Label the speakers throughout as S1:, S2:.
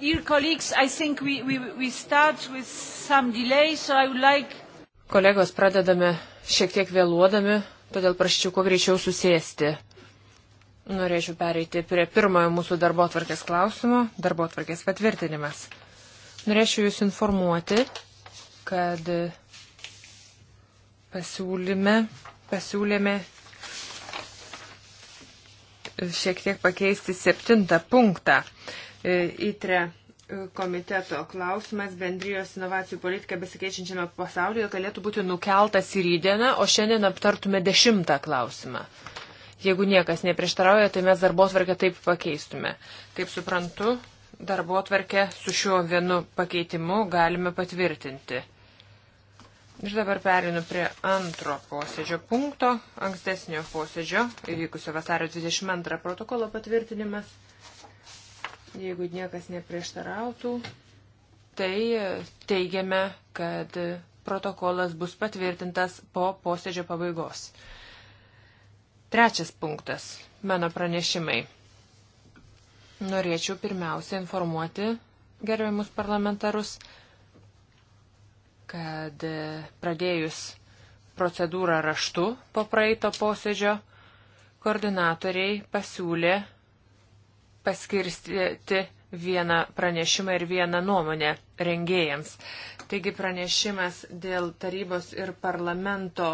S1: Dear colleagues, I think we, we, we start with some delay, so I would like. Kolegos, pradedame šiek tiek vėluodami, todėl prašyčiau kuo greičiau susėsti. Norėčiau pereiti prie pirmojo mūsų darbo atvarkės klausimo - darbo atvarkės patvirtinimas. Norėčiau Jūs informuoti, kad pasiūlyme, pasiūlėme šiek tiek pakeisti septintą punktą. E, ITRE e, komiteto klausimas bendrijos inovacijų politika besikeičiančiame pasaulyje galėtų būti nukeltas į rydieną, o šiandien aptartume dešimtą klausimą. Jeigu niekas neprieštarauja, tai mes darbo tvarkę taip pakeistume. Kaip suprantu, darbo tvarkę su šiuo vienu pakeitimu galime patvirtinti. Ir dabar perinu prie antro posėdžio punkto, ankstesnio posėdžio, įvykusio vasario 22 protokolo patvirtinimas. Jeigu niekas neprieštarautų, tai teigiame, kad protokolas bus patvirtintas po posėdžio pabaigos. Trečias punktas - mano pranešimai. Norėčiau pirmiausia informuoti gerbiamus parlamentarus, kad pradėjus procedūrą raštu po praeito posėdžio, koordinatoriai pasiūlė paskirstyti vieną pranešimą ir vieną nuomonę rengėjams. Taigi pranešimas dėl tarybos ir parlamento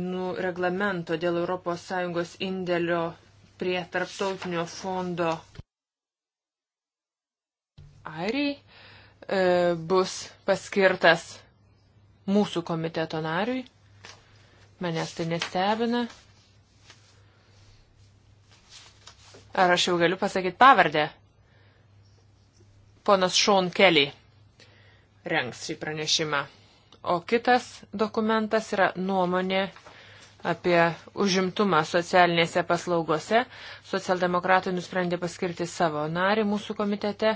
S1: nu, reglamento dėl ES indėlio prie tarptautinio fondo Airijai e, bus paskirtas mūsų komiteto nariui. Manęs tai nestebina. Ar aš jau galiu pasakyti pavardę? Ponas Šon Kelly rengs šį pranešimą. O kitas dokumentas yra nuomonė apie užimtumą socialinėse paslaugose. Socialdemokratai nusprendė paskirti savo narį mūsų komitete.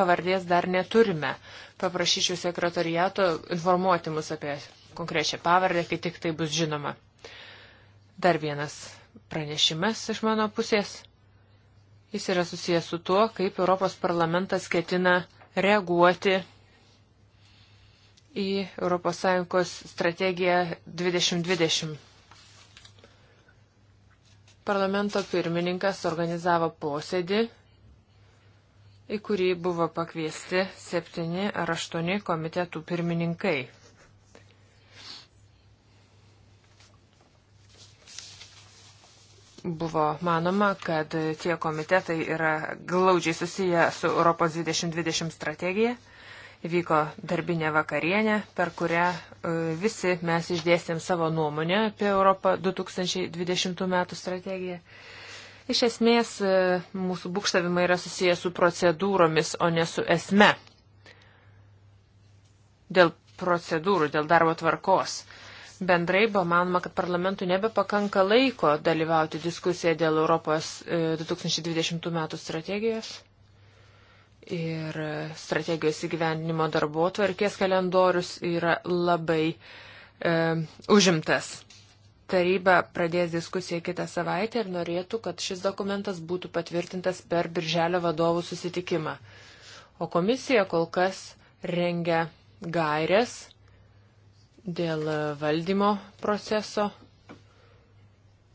S1: Pavardės dar neturime. Paprašyčiau sekretariato informuoti mus apie konkrečią pavardę, kai tik tai bus žinoma. Dar vienas pranešimas iš mano pusės. Jis yra susijęs su tuo, kaip Europos parlamentas ketina reaguoti į ES strategiją 2020. Parlamento pirmininkas organizavo posėdį, į kurį buvo pakviesti septyni ar aštuoni komitetų pirmininkai. buvo manoma, kad tie komitetai yra glaudžiai susiję su Europos 2020 strategija. Vyko darbinė vakarienė, per kurią e, visi mes išdėstėm savo nuomonę apie Europą 2020 metų strategiją. Iš esmės, e, mūsų būkštavimai yra susiję su procedūromis, o ne su esme. Dėl procedūrų, dėl darbo tvarkos Bendrai buvo manoma, kad parlamentui nebepakanka laiko dalyvauti diskusiją dėl Europos 2020 e, metų strategijos ir strategijos įgyvendinimo darbo tvarkės kalendorius yra labai e, užimtas. Taryba pradės diskusiją kitą savaitę ir norėtų, kad šis dokumentas būtų patvirtintas per Birželio vadovų susitikimą. O komisija kol kas rengia gairės Dėl valdymo proceso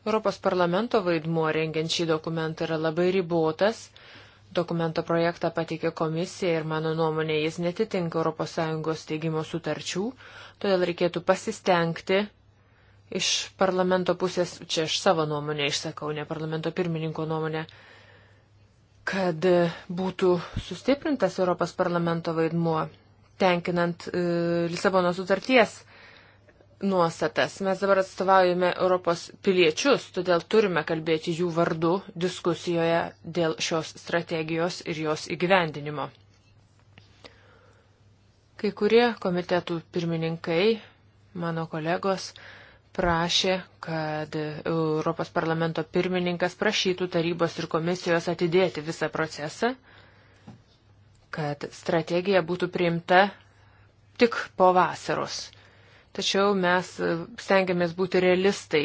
S1: Europos parlamento vaidmuo rengiant šį dokumentą yra labai ribotas. Dokumento projektą pateikė komisija ir mano nuomonė jis netitinka ES teigimo sutarčių, todėl reikėtų pasistengti iš parlamento pusės, čia aš savo nuomonę išsakau, ne parlamento pirmininko nuomonę, kad būtų sustiprintas Europos parlamento vaidmuo, tenkinant e, Lisabono sutarties nuostatas. Mes dabar atstovaujame Europos piliečius, todėl turime kalbėti jų vardu diskusijoje dėl šios strategijos ir jos įgyvendinimo. Kai kurie komitetų pirmininkai, mano kolegos, prašė, kad Europos parlamento pirmininkas prašytų tarybos ir komisijos atidėti visą procesą, kad strategija būtų priimta tik po vasaros tačiau mes e, stengiamės būti realistai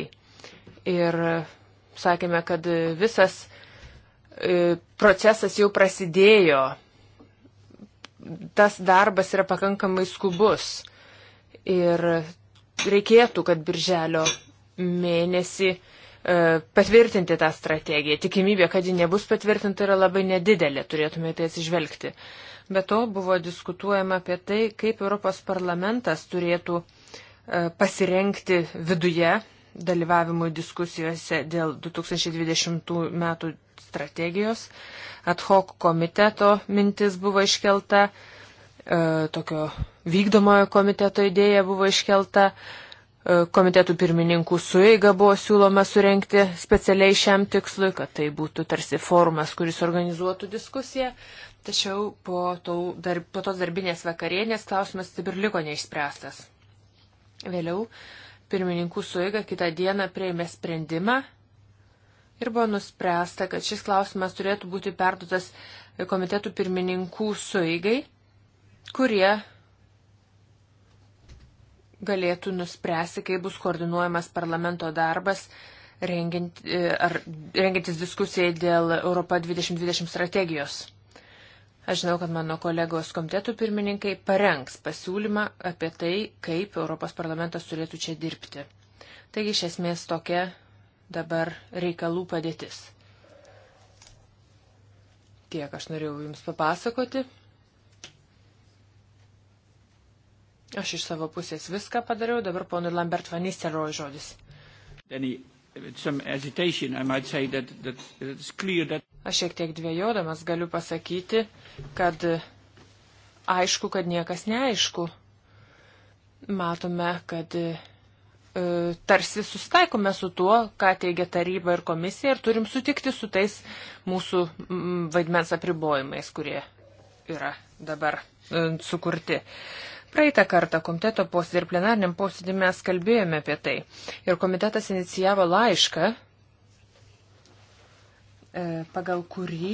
S1: ir e, sakėme, kad e, visas procesas jau prasidėjo. Tas darbas yra pakankamai skubus. Ir reikėtų, kad birželio mėnesį patvirtinti tą strategiją. Tikimybė, kad ji nebus patvirtinta, yra labai nedidelė, turėtume tai atsižvelgti. Be to buvo diskutuojama apie tai, kaip Europos parlamentas turėtų uh, E, pasirenkti viduje dalyvavimui diskusijose dėl 2020 metų strategijos. Ad hoc komiteto mintis buvo iškelta, e, tokio vykdomojo komiteto idėja buvo iškelta, e, komitetų pirmininkų sueiga buvo siūloma surenkti specialiai šiam tikslui, kad tai būtų tarsi forumas, kuris organizuotų diskusiją. Tačiau po, to, dar, po tos darbinės vakarienės klausimas taip ir liko neišspręstas. Vėliau pirmininkų suiga kitą dieną prieimė sprendimą ir buvo nuspręsta, kad šis klausimas turėtų būti perduotas komitetų pirmininkų suigai, kurie galėtų nuspręsti, kaip bus koordinuojamas parlamento darbas rengiant, e, ar, rengiantis diskusijai dėl Europa 2020 strategijos. Aš žinau, kad mano kolegos komitetų pirmininkai parengs pasiūlymą apie tai, kaip Europos parlamentas turėtų čia dirbti. Taigi iš esmės tokia dabar reikalų padėtis. Tiek aš norėjau Jums papasakoti. Aš iš savo pusės viską padariau, dabar ponui Lambert Vanisteroj žodis. Danny, with some hesitation, I might say that, that, that it's clear that Aš šiek tiek dvėjodamas galiu pasakyti, kad aišku, kad niekas neaišku. Matome, kad e, tarsi sustaikome su tuo, ką teigia taryba ir komisija ir turim sutikti su tais mūsų m, vaidmens apribojimais, kurie yra dabar e, sukurti. Praeitą kartą komiteto posėdį ir plenariniam posėdį mes kalbėjome apie tai. Ir komitetas inicijavo laišką E, pagal kurį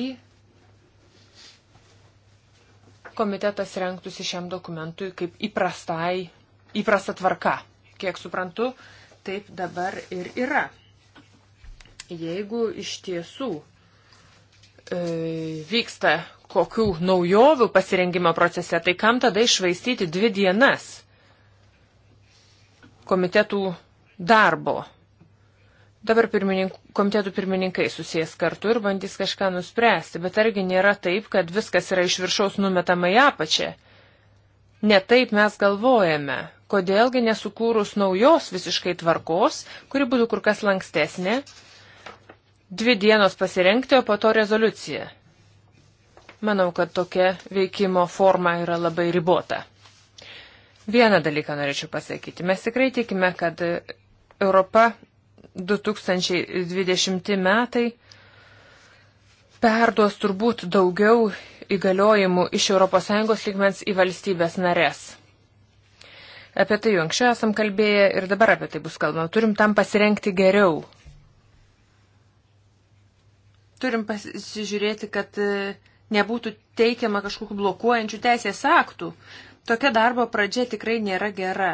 S1: komitetas renktųsi šiam dokumentui kaip įprastai, įprasta tvarka. Kiek suprantu, taip dabar ir yra. Jeigu iš tiesų e, vyksta kokių naujovių pasirengimo procese, tai kam tada išvaistyti dvi dienas komitetų darbo? dabar pirmininkų, komitetų pirmininkai susijęs kartu ir bandys kažką nuspręsti, bet argi nėra taip, kad viskas yra iš viršaus numetama į apačią? Ne taip mes galvojame, kodėlgi nesukūrus naujos visiškai tvarkos, kuri būtų kur kas lankstesnė, dvi dienos pasirenkti, o po to rezoliucija. Manau, kad tokia veikimo forma yra labai ribota. Vieną dalyką norėčiau pasakyti. Mes tikrai tikime, kad Europa 2020 metai perduos turbūt daugiau įgaliojimų iš ES lygmens į valstybės narės. Apie tai jau anksčiau esam kalbėję ir dabar apie tai bus kalbama. Turim tam pasirenkti geriau. Turim pasižiūrėti, kad e, nebūtų teikiama kažkokiu blokuojančių teisės aktų. Tokia darbo pradžia tikrai nėra gera.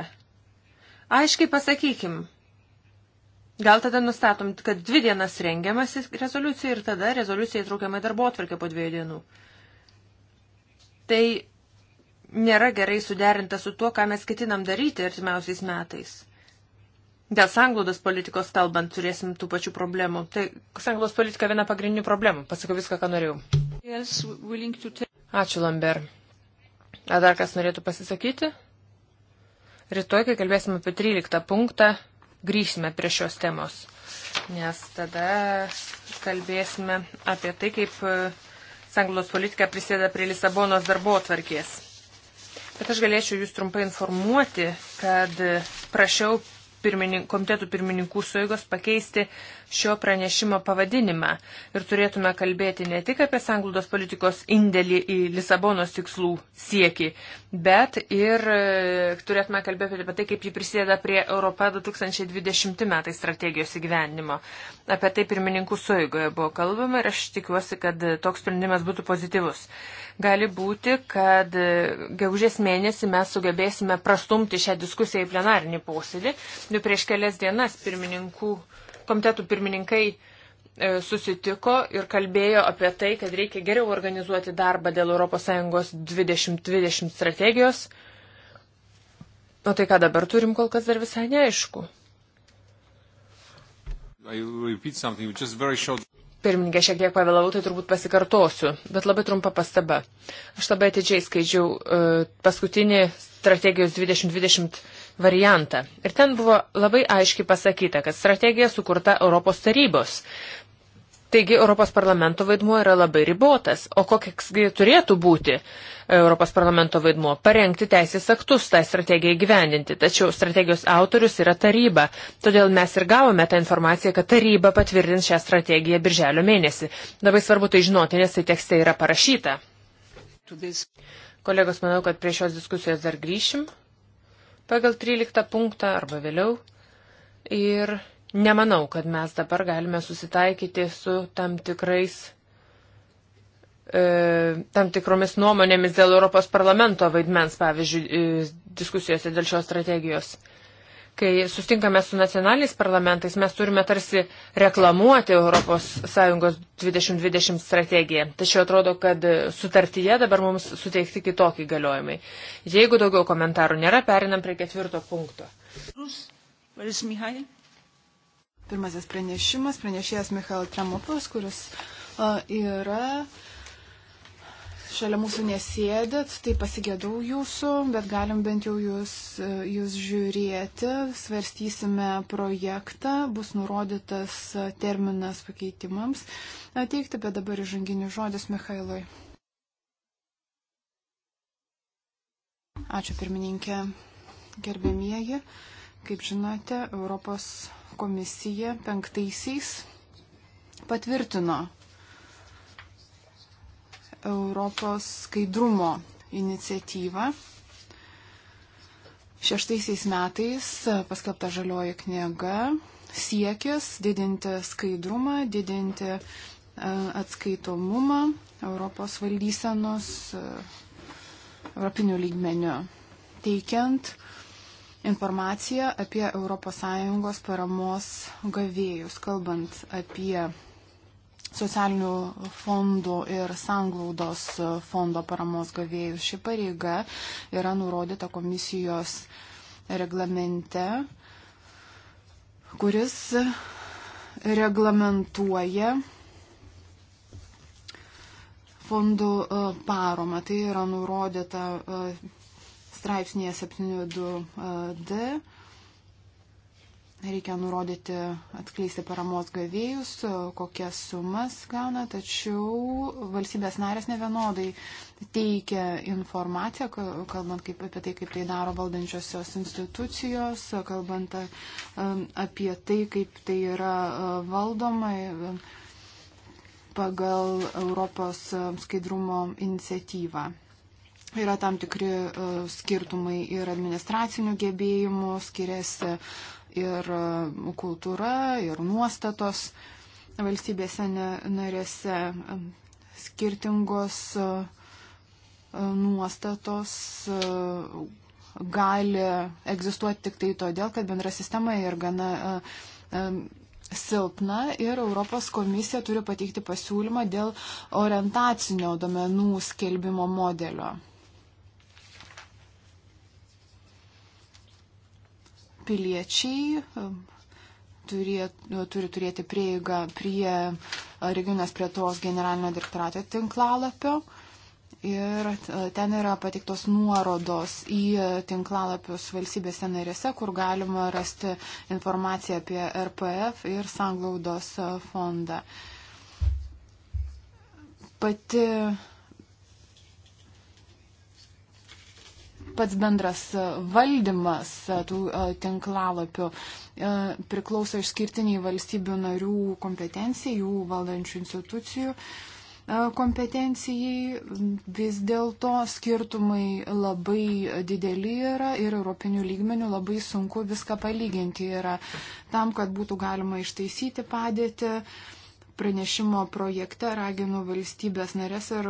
S1: Aiškiai pasakykim, Gal tada nustatom, kad dvi dienas rengiamasi rezoliucija ir tada rezoliucija įtraukiama į darbo atvarkę po dviejų dienų. Tai nėra gerai suderinta su tuo, ką mes ketinam daryti artimiausiais metais. Dėl sanglaudos politikos kalbant turėsim tų pačių problemų. Tai sanglaudos politika viena pagrindinių problemų. Pasakau viską, ką norėjau. Yes, Ačiū, Lambert. Ar dar kas norėtų pasisakyti? Rytoj, kai kalbėsim apie 13 punktą, grįžsime prie šios temos, nes tada kalbėsime apie tai, kaip e, sanglos politika prisėda prie Lisabonos darbo atvarkės. Bet aš galėčiau jūs trumpai informuoti, kad e, prašiau pirmininink, komitetų pirmininkų suėgos pakeisti šio pranešimo pavadinimą. Ir turėtume kalbėti ne tik apie sanglaudos politikos indėlį į Lisabonos tikslų siekį, bet ir e, turėtume kalbėti apie tai, kaip ji prisideda prie Europa 2020 metai strategijos įgyvendimo. Apie tai pirmininkų suėgoje buvo kalbama ir aš tikiuosi, kad toks sprendimas būtų pozityvus. Gali būti, kad gegužės mėnesį mes sugebėsime prastumti šią diskusiją į plenarinį posėdį. Nu, prieš kelias dienas pirmininkų, komitetų pirmininkai e, susitiko ir kalbėjo apie tai, kad reikia geriau organizuoti darbą dėl ES 2020 strategijos. O tai ką dabar turim, kol kas dar visai neaišku pirmininkė šiek tiek pavėlavau, tai turbūt pasikartosiu, bet labai trumpa pastaba. Aš labai atidžiai skaičiau e, paskutinį strategijos 2020 variantą. Ir ten buvo labai aiškiai pasakyta, kad strategija sukurta Europos tarybos. Taigi Europos parlamento vaidmuo yra labai ribotas, o kokiksgi turėtų būti Europos parlamento vaidmuo - parengti teisės aktus tą strategiją gyvendinti. Tačiau strategijos autorius yra taryba, todėl mes ir gavome tą informaciją, kad taryba patvirtins šią strategiją birželio mėnesį. Labai svarbu tai žinoti, nes tai tekste yra parašyta. Kolegos, manau, kad prie šios diskusijos dar grįšim pagal 13 punktą arba vėliau. Ir Nemanau, kad mes dabar galime susitaikyti su tam tikrais e, tam tikromis nuomonėmis dėl Europos parlamento vaidmens, pavyzdžiui, e, diskusijose dėl šios strategijos kai sustinkame su nacionaliniais parlamentais, mes turime tarsi reklamuoti ES 2020 strategiją. Tačiau atrodo, kad sutartyje dabar mums suteikti kitokį galiojimai. Jeigu daugiau komentarų nėra, perinam prie ketvirto punkto.
S2: Rus, Pirmasis pranešimas, pranešėjas Michael Tremopos, kuris uh, yra šalia mūsų nesėdėt, tai pasigėdau jūsų, bet galim bent jau jūs, jūs žiūrėti, svarstysime projektą, bus nurodytas terminas pakeitimams teikti, bet dabar įžanginis žodis Mikhailui. Ačiū pirmininkė, gerbėmieji. Kaip žinote, Europos komisija penktaisiais patvirtino Europos skaidrumo iniciatyvą. Šeštaisiais metais paskelbta žalioji knyga siekis didinti skaidrumą, didinti e, atskaitomumą Europos valdysenos e, europinių lygmenių, teikiant informaciją apie ES paramos gavėjus, kalbant apie socialinių fondų ir sanglaudos fondo paramos gavėjus. Ši pareiga yra nurodyta komisijos reglamente, kuris reglamentuoja fondų e, paromą. Tai yra nurodyta e, straipsnėje 72D e, reikia nurodyti, atskleisti paramos gavėjus, e, kokias sumas gauna, tačiau valstybės narės nevienodai teikia informaciją, kalbant kaip, apie tai, kaip tai daro valdančiosios institucijos, kalbant e, apie tai, kaip tai yra valdoma pagal Europos skaidrumo iniciatyvą yra tam tikri e, skirtumai ir administracinių gebėjimų, skiriasi ir e, kultūra, ir nuostatos valstybėse narėse e, skirtingos nuostatos gali egzistuoti tik tai todėl, kad bendra sistema yra gana silpna ir Europos komisija turi pateikti pasiūlymą dėl orientacinio domenų skelbimo modelio. piliečiai um, turė, nu, turi turėti prieigą prie uh, regionės prietos generalinio direktorato tinklalapio. Ir uh, ten yra patiktos nuorodos į tinklalapius valstybėse narėse, kur galima rasti informaciją apie RPF ir sanglaudos uh, fondą. Pati pats bendras valdymas tų e, tinklalapių e, priklauso išskirtiniai valstybių narių kompetencijai, jų valdančių institucijų e, kompetencijai, vis dėlto skirtumai labai dideli yra ir europinių lygmenių labai sunku viską palyginti yra tam, kad būtų galima ištaisyti padėtį. Pranešimo projekte raginu valstybės narės ir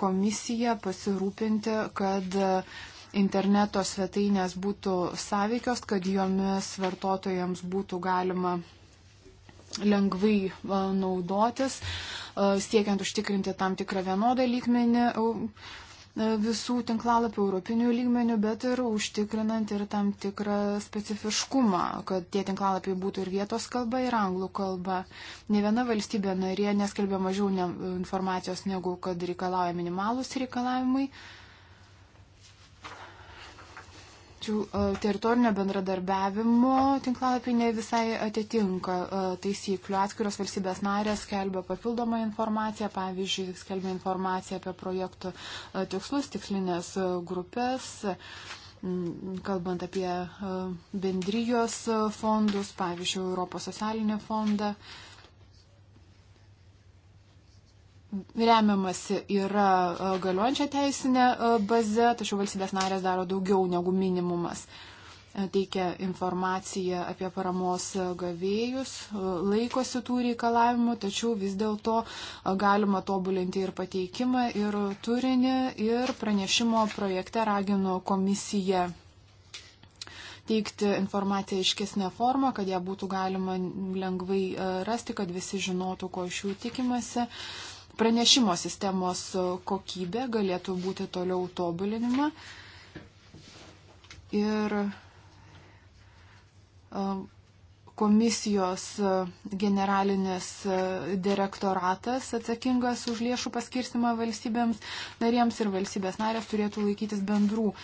S2: komisiją pasirūpinti, kad uh, interneto svetainės būtų sąveikios, kad jomis vartotojams būtų galima lengvai naudotis, e, siekiant užtikrinti tam tikrą vienodą lygmenį e, visų tinklalapių europinių lygmenių, bet ir užtikrinant ir tam tikrą specifiškumą, kad tie tinklalapiai būtų ir vietos kalba, ir anglų kalba. Ne viena valstybė narė neskelbia mažiau informacijos, negu kad reikalauja minimalūs reikalavimai. Uh, E, teritorinio bendradarbiavimo tinklalapiai ne visai atitinka e, taisyklių. Atskiros valstybės narės skelbia papildomą informaciją, pavyzdžiui, skelbia informaciją apie projektų e, tikslus, tikslinės grupės kalbant apie bendrijos fondus, pavyzdžiui, Europos socialinį fondą. Uh, remiamasi yra e, galiojančia teisinė e, baze, tačiau valstybės narės daro daugiau negu minimumas. E, teikia informaciją apie paramos gavėjus, laikosi tų reikalavimų, tačiau vis dėlto galima tobulinti ir pateikimą, ir turinį, ir pranešimo projekte ragino komisiją teikti informaciją iškesnę formą, kad ją būtų galima lengvai rasti, kad visi žinotų, ko iš jų tikimasi pranešimo sistemos kokybė galėtų būti toliau tobulinima. Ir e, komisijos generalinis direktoratas atsakingas už lėšų paskirstimą valstybėms narėms ir valstybės narės turėtų laikytis bendrų e,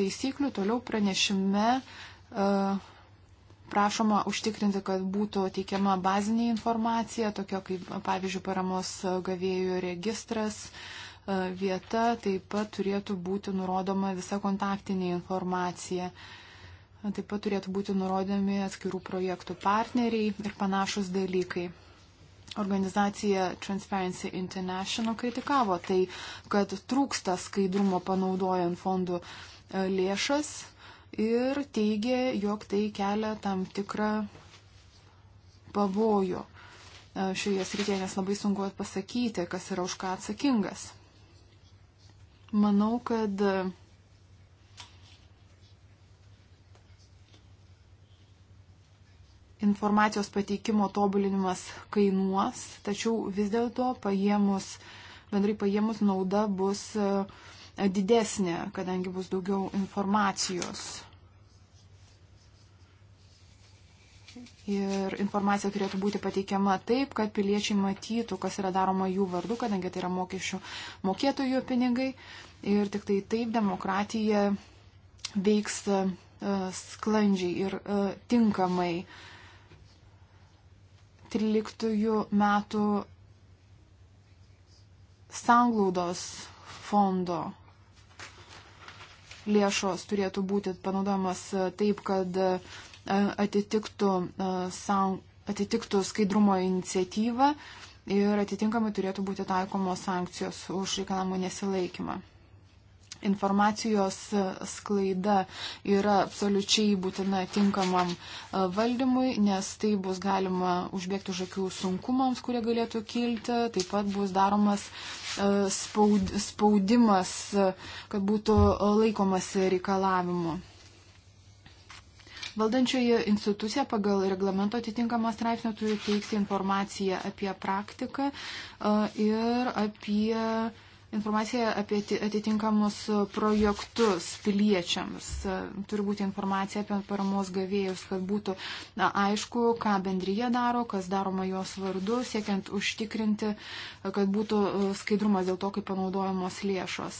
S2: taisyklių. Toliau pranešime e, prašoma užtikrinti, kad būtų teikiama bazinė informacija, tokia kaip, pavyzdžiui, paramos gavėjų registras, e, vieta, taip pat turėtų būti nurodoma visa kontaktinė informacija. Taip pat turėtų būti nurodomi atskirų projektų partneriai ir panašus dalykai. Organizacija Transparency International kritikavo tai, kad trūksta skaidrumo panaudojant fondų e, lėšas, ir teigė, jog tai kelia tam tikrą pavojų e, šioje srityje, nes labai sunku pasakyti, kas yra už ką atsakingas. Manau, kad e, informacijos pateikimo tobulinimas kainuos, tačiau vis dėlto paėmus, bendrai paėmus nauda bus uh, didesnė, kadangi bus daugiau informacijos. Ir informacija turėtų būti pateikiama taip, kad piliečiai matytų, kas yra daroma jų vardu, kadangi tai yra mokesčių mokėtojų pinigai. Ir tik tai taip demokratija veiks e, sklandžiai ir e, tinkamai. 13 metų sanglaudos fondo lėšos turėtų būti panaudojamas e, taip, kad e, atitiktų, e, atitiktų skaidrumo iniciatyvą ir atitinkamai turėtų būti taikomos sankcijos už reikalavimų nesilaikymą informacijos sklaida yra absoliučiai būtina tinkamam e, valdymui, nes tai bus galima užbėgti už akių sunkumams, kurie galėtų kilti, taip pat bus daromas e, spaudimas, e, kad būtų laikomasi reikalavimu. Valdančioji institucija pagal reglamento atitinkamą straipsnį turi teikti informaciją apie praktiką ir apie informacija apie atitinkamus projektus piliečiams. Turi būti informacija apie paramos gavėjus, kad būtų na, aišku, ką bendryje daro, kas daroma jos vardu, siekiant užtikrinti, kad būtų e, skaidrumas dėl to, kaip panaudojamos lėšos.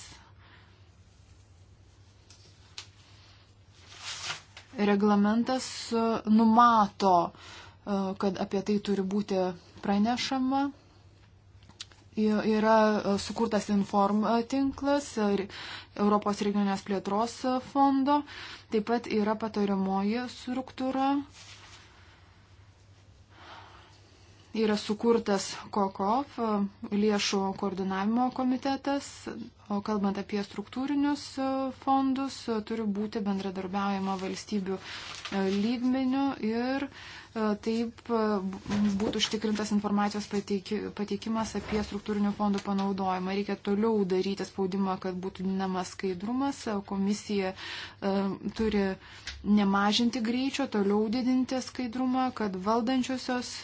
S2: Reglamentas e, numato, e, kad apie tai turi būti pranešama yra e, sukurtas Inform e, tinklas e, Europos regionės plėtros fondo, taip pat yra patariamoji struktūra, yra sukurtas KOKOF lėšų koordinavimo komitetas, O kalbant apie struktūrinius e, fondus, e, turi būti bendradarbiaujama valstybių e, lygmenių ir taip būtų užtikrintas informacijos pateikimas apie struktūrinių fondų panaudojimą. Reikia toliau daryti spaudimą, kad būtų dinamas skaidrumas. Komisija turi nemažinti greičio, toliau didinti skaidrumą, kad valdančiosios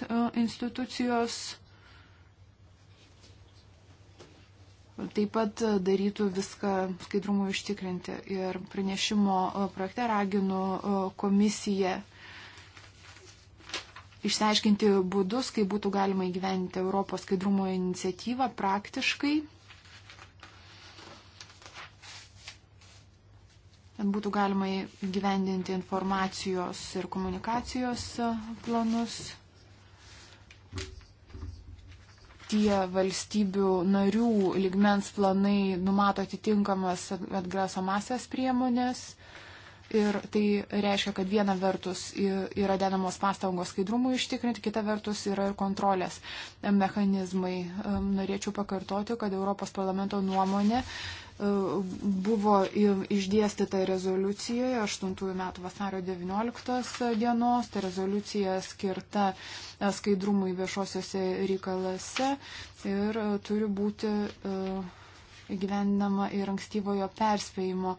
S2: institucijos taip pat darytų viską skaidrumui užtikrinti. Ir pranešimo e, projekte raginu e, komisiją išsiaiškinti būdus, kaip būtų galima įgyventi Europos skaidrumo iniciatyvą praktiškai. Būtų galima įgyvendinti informacijos ir komunikacijos e, planus tie valstybių narių ligmens planai numato atitinkamas atgrasomasias priemonės. Ir tai reiškia, kad viena vertus yra dedamos pastangos skaidrumui ištikrinti, kita vertus yra ir kontrolės mechanizmai. Norėčiau pakartoti, kad Europos parlamento nuomonė E, buvo išdėstyta rezoliucijoje 8 metų vasario 19 dienos. Ta rezoliucija skirta e, skaidrumui viešosiuose reikalose ir e, turi būti įgyvendinama ir ankstyvojo perspėjimo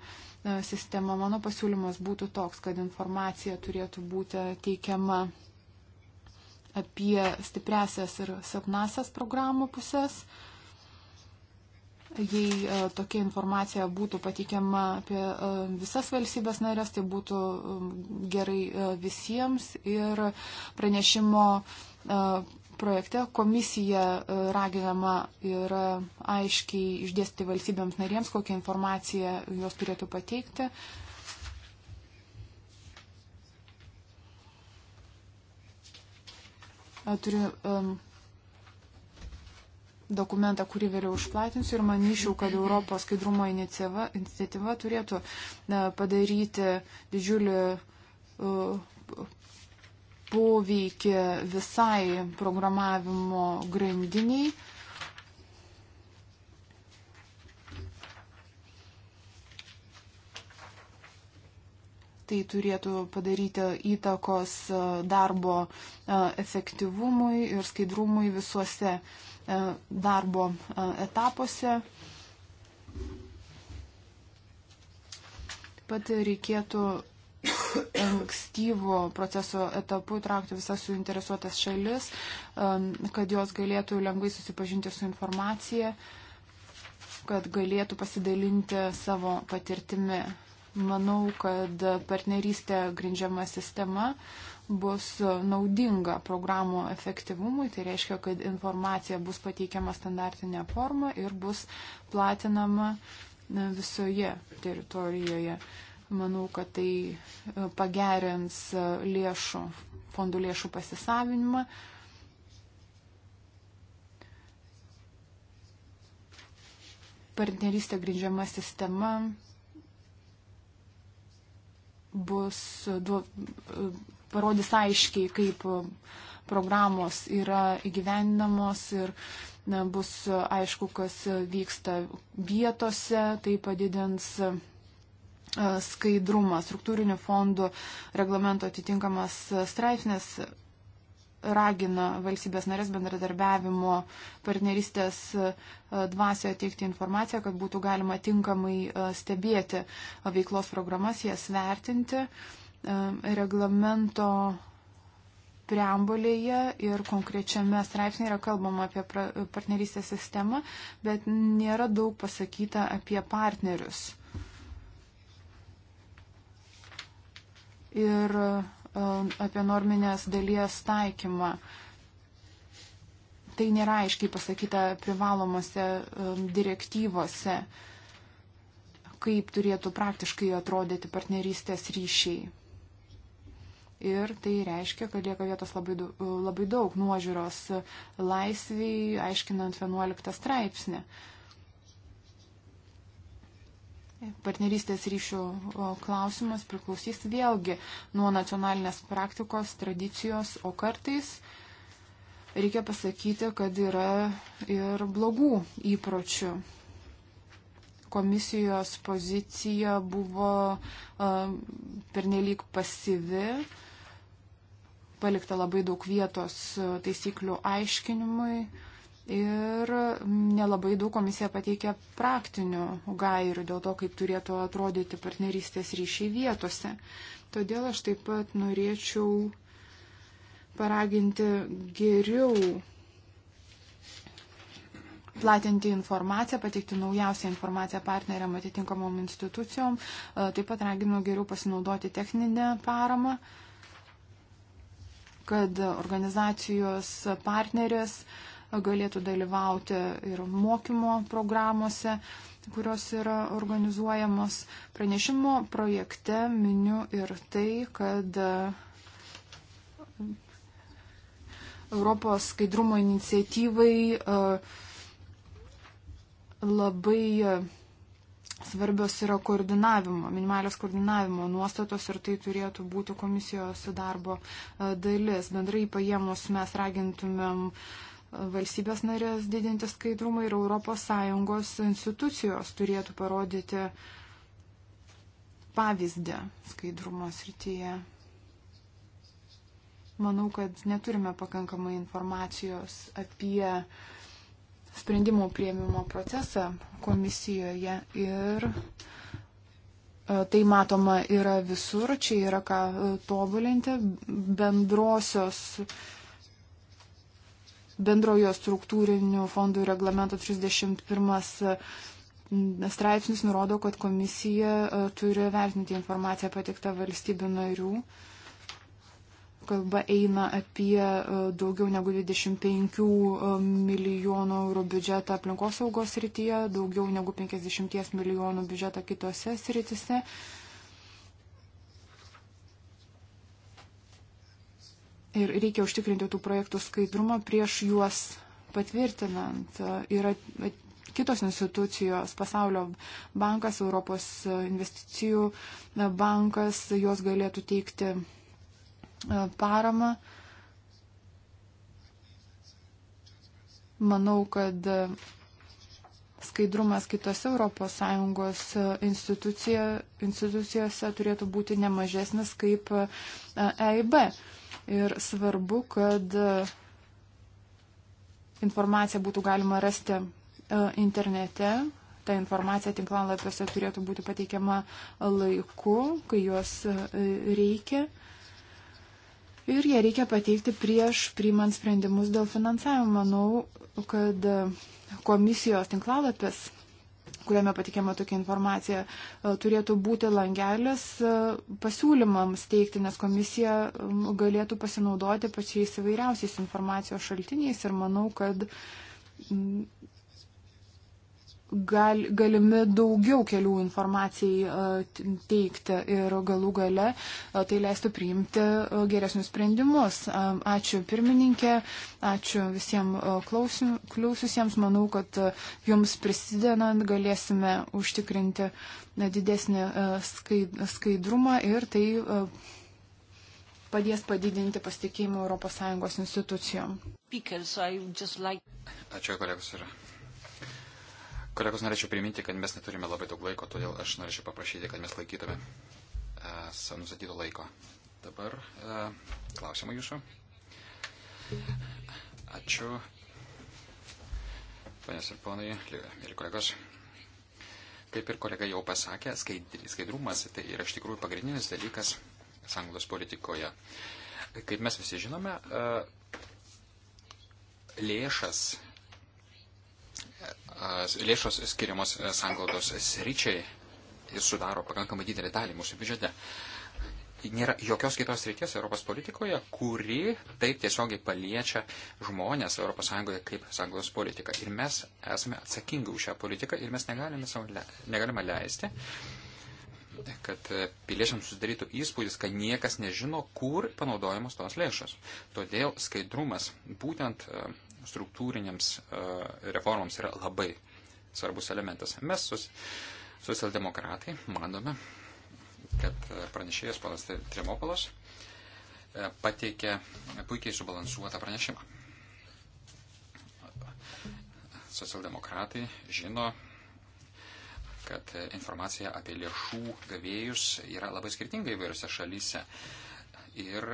S2: sistema. Mano pasiūlymas būtų toks, kad informacija turėtų būti teikiama apie stipresias ir silpnasias programų pusės. Uh, jei e, tokia informacija būtų pateikiama apie e, visas valstybės narės, tai būtų e, gerai visiems. Ir pranešimo projekte komisija raginama yra aiškiai išdėstyti valstybėms narėms, kokią informaciją jos turėtų pateikti. Turiu um, dokumentą, kurį vėliau išplatinsiu ir manyčiau, kad Europos skaidrumo iniciatyva, iniciatyva turėtų padaryti didžiulį e, poveikį visai programavimo grandiniai. tai turėtų padaryti įtakos e, darbo e, efektyvumui ir skaidrumui visuose E, darbo e, etapuose. Taip pat reikėtų ankstyvo proceso etapu traukti visas suinteresuotas šalis, e, kad jos galėtų lengvai susipažinti su informacija, kad galėtų pasidalinti savo patirtimi. Manau, kad partnerystė grindžiama sistema bus naudinga programų efektyvumui. Tai reiškia, kad informacija bus pateikiama standartinė forma ir bus platinama e, visoje teritorijoje. Manau, kad tai e, pagerins e, lėšų, fondų lėšų pasisavinimą. Partnerystė grindžiama sistema bus du, parodys aiškiai, kaip e, programos yra įgyvendinamos ir na, bus e, aišku, kas e, vyksta vietose, tai padidins skaidrumą. Struktūrinių fondų reglamento atitinkamas straipsnis ragina valstybės narės bendradarbiavimo partneristės dvasioje teikti informaciją, kad būtų galima tinkamai stebėti veiklos programas, jas vertinti. Uh, E, reglamento preambulėje ir konkrečiame straipsnėje yra kalbama apie partnerystės sistemą, bet nėra daug pasakyta apie partnerius. Ir e, apie norminės dalies taikymą. Tai nėra aiškiai pasakyta privalomose e, direktyvose, kaip turėtų praktiškai atrodyti partnerystės ryšiai. Ir tai reiškia, kad lieka vietos labai, labai daug nuožiūros laisviai, aiškinant 11 straipsnį. Partnerystės ryšių klausimas priklausys vėlgi nuo nacionalinės praktikos, tradicijos, o kartais reikia pasakyti, kad yra ir blogų įpročių. Komisijos pozicija buvo um, pernelyg pasyvi. Uh, palikta labai daug vietos e, taisyklių aiškinimui ir nelabai daug komisija pateikė praktinių gairių dėl to, kaip turėtų atrodyti partnerystės ryšiai vietose. Todėl aš taip pat norėčiau paraginti geriau platinti informaciją, pateikti naujausią informaciją partneriam atitinkamom institucijom. E, taip pat raginu geriau pasinaudoti techninę paramą. Uh, kad organizacijos partnerės galėtų dalyvauti ir mokymo programuose, kurios yra organizuojamos. Pranešimo projekte miniu ir tai, kad Europos skaidrumo iniciatyvai e, labai svarbios yra koordinavimo, minimalios koordinavimo nuostatos ir tai turėtų būti komisijos darbo e, dalis. Bendrai paėmus mes ragintumėm e, valstybės narės didinti skaidrumą ir ES institucijos turėtų parodyti pavyzdį skaidrumo srityje. Manau, kad neturime pakankamai informacijos apie uh, sprendimų prieimimo procesą komisijoje ir e, tai matoma yra visur, čia yra ką e, tobulinti bendrosios bendrojo struktūrinių fondų reglamento 31 e, straipsnis nurodo, kad komisija turi vertinti informaciją patiktą valstybių narių Kalba eina apie e, daugiau negu 25 e, milijonų eurų biudžetą aplinkosaugos srityje, daugiau negu 50 milijonų biudžetą kitose srityse. Ir reikia užtikrinti tų projektų skaidrumą prieš juos patvirtinant. E, yra kitos institucijos, pasaulio bankas, Europos investicijų bankas, jos galėtų teikti E, paramą. Manau, kad skaidrumas kitose ES e, institucijose turėtų būti nemažesnis kaip EIB. E Ir svarbu, kad informaciją būtų galima rasti internete, ta informacija tinklalapiuose turėtų būti pateikiama laiku, kai jos reikia ir ją reikia pateikti prieš priimant sprendimus dėl finansavimo. Manau, kad komisijos tinklalapis kuriame patikėma tokia informacija, e, turėtų būti langelis e, pasiūlymams teikti, nes komisija galėtų pasinaudoti pačiais įvairiausiais informacijos šaltiniais ir manau, kad gal, galimi daugiau kelių informacijai teikti ir galų gale tai leistų priimti geresnius sprendimus. Ačiū pirmininkė, ačiū visiems klaususiems. Manau, kad jums prisidedant galėsime užtikrinti didesnį skaidrumą ir tai padės padidinti pasitikėjimą ES institucijom.
S1: Ačiū
S3: kolegos ir Kolegos, norėčiau priminti, kad mes neturime labai daug laiko, todėl aš norėčiau paprašyti, kad mes laikytume uh, e, nusatyto laiko. Dabar uh, klausimai jūsų. Ačiū. Panės ir ponai, mėly kolegos. Kaip ir kolega jau pasakė, skaidrumas tai yra iš tikrųjų pagrindinis dalykas sanglos politikoje. Kaip mes visi žinome, uh, lėšas lėšos skiriamos e, sanglaudos sričiai ir sudaro pakankamai didelį dalį mūsų biudžete. Nėra jokios kitos reikės Europos politikoje, kuri taip tiesiogiai paliečia žmonės ES kaip sanglos politika. Ir mes esame atsakingi už šią politiką ir mes negalime, savo, le, negalime leisti, kad e, piliečiams susidarytų įspūdis, kad niekas nežino, kur panaudojamos tos lėšos. Todėl skaidrumas būtent uh, struktūrinėms e, reformams yra labai svarbus elementas. Mes, sus, socialdemokratai, manome, kad pranešėjas panas Tremopolas e, pateikė puikiai subalansuotą pranešimą. Socialdemokratai žino, kad informacija apie lėšų gavėjus yra labai skirtinga įvairiose šalyse. Ir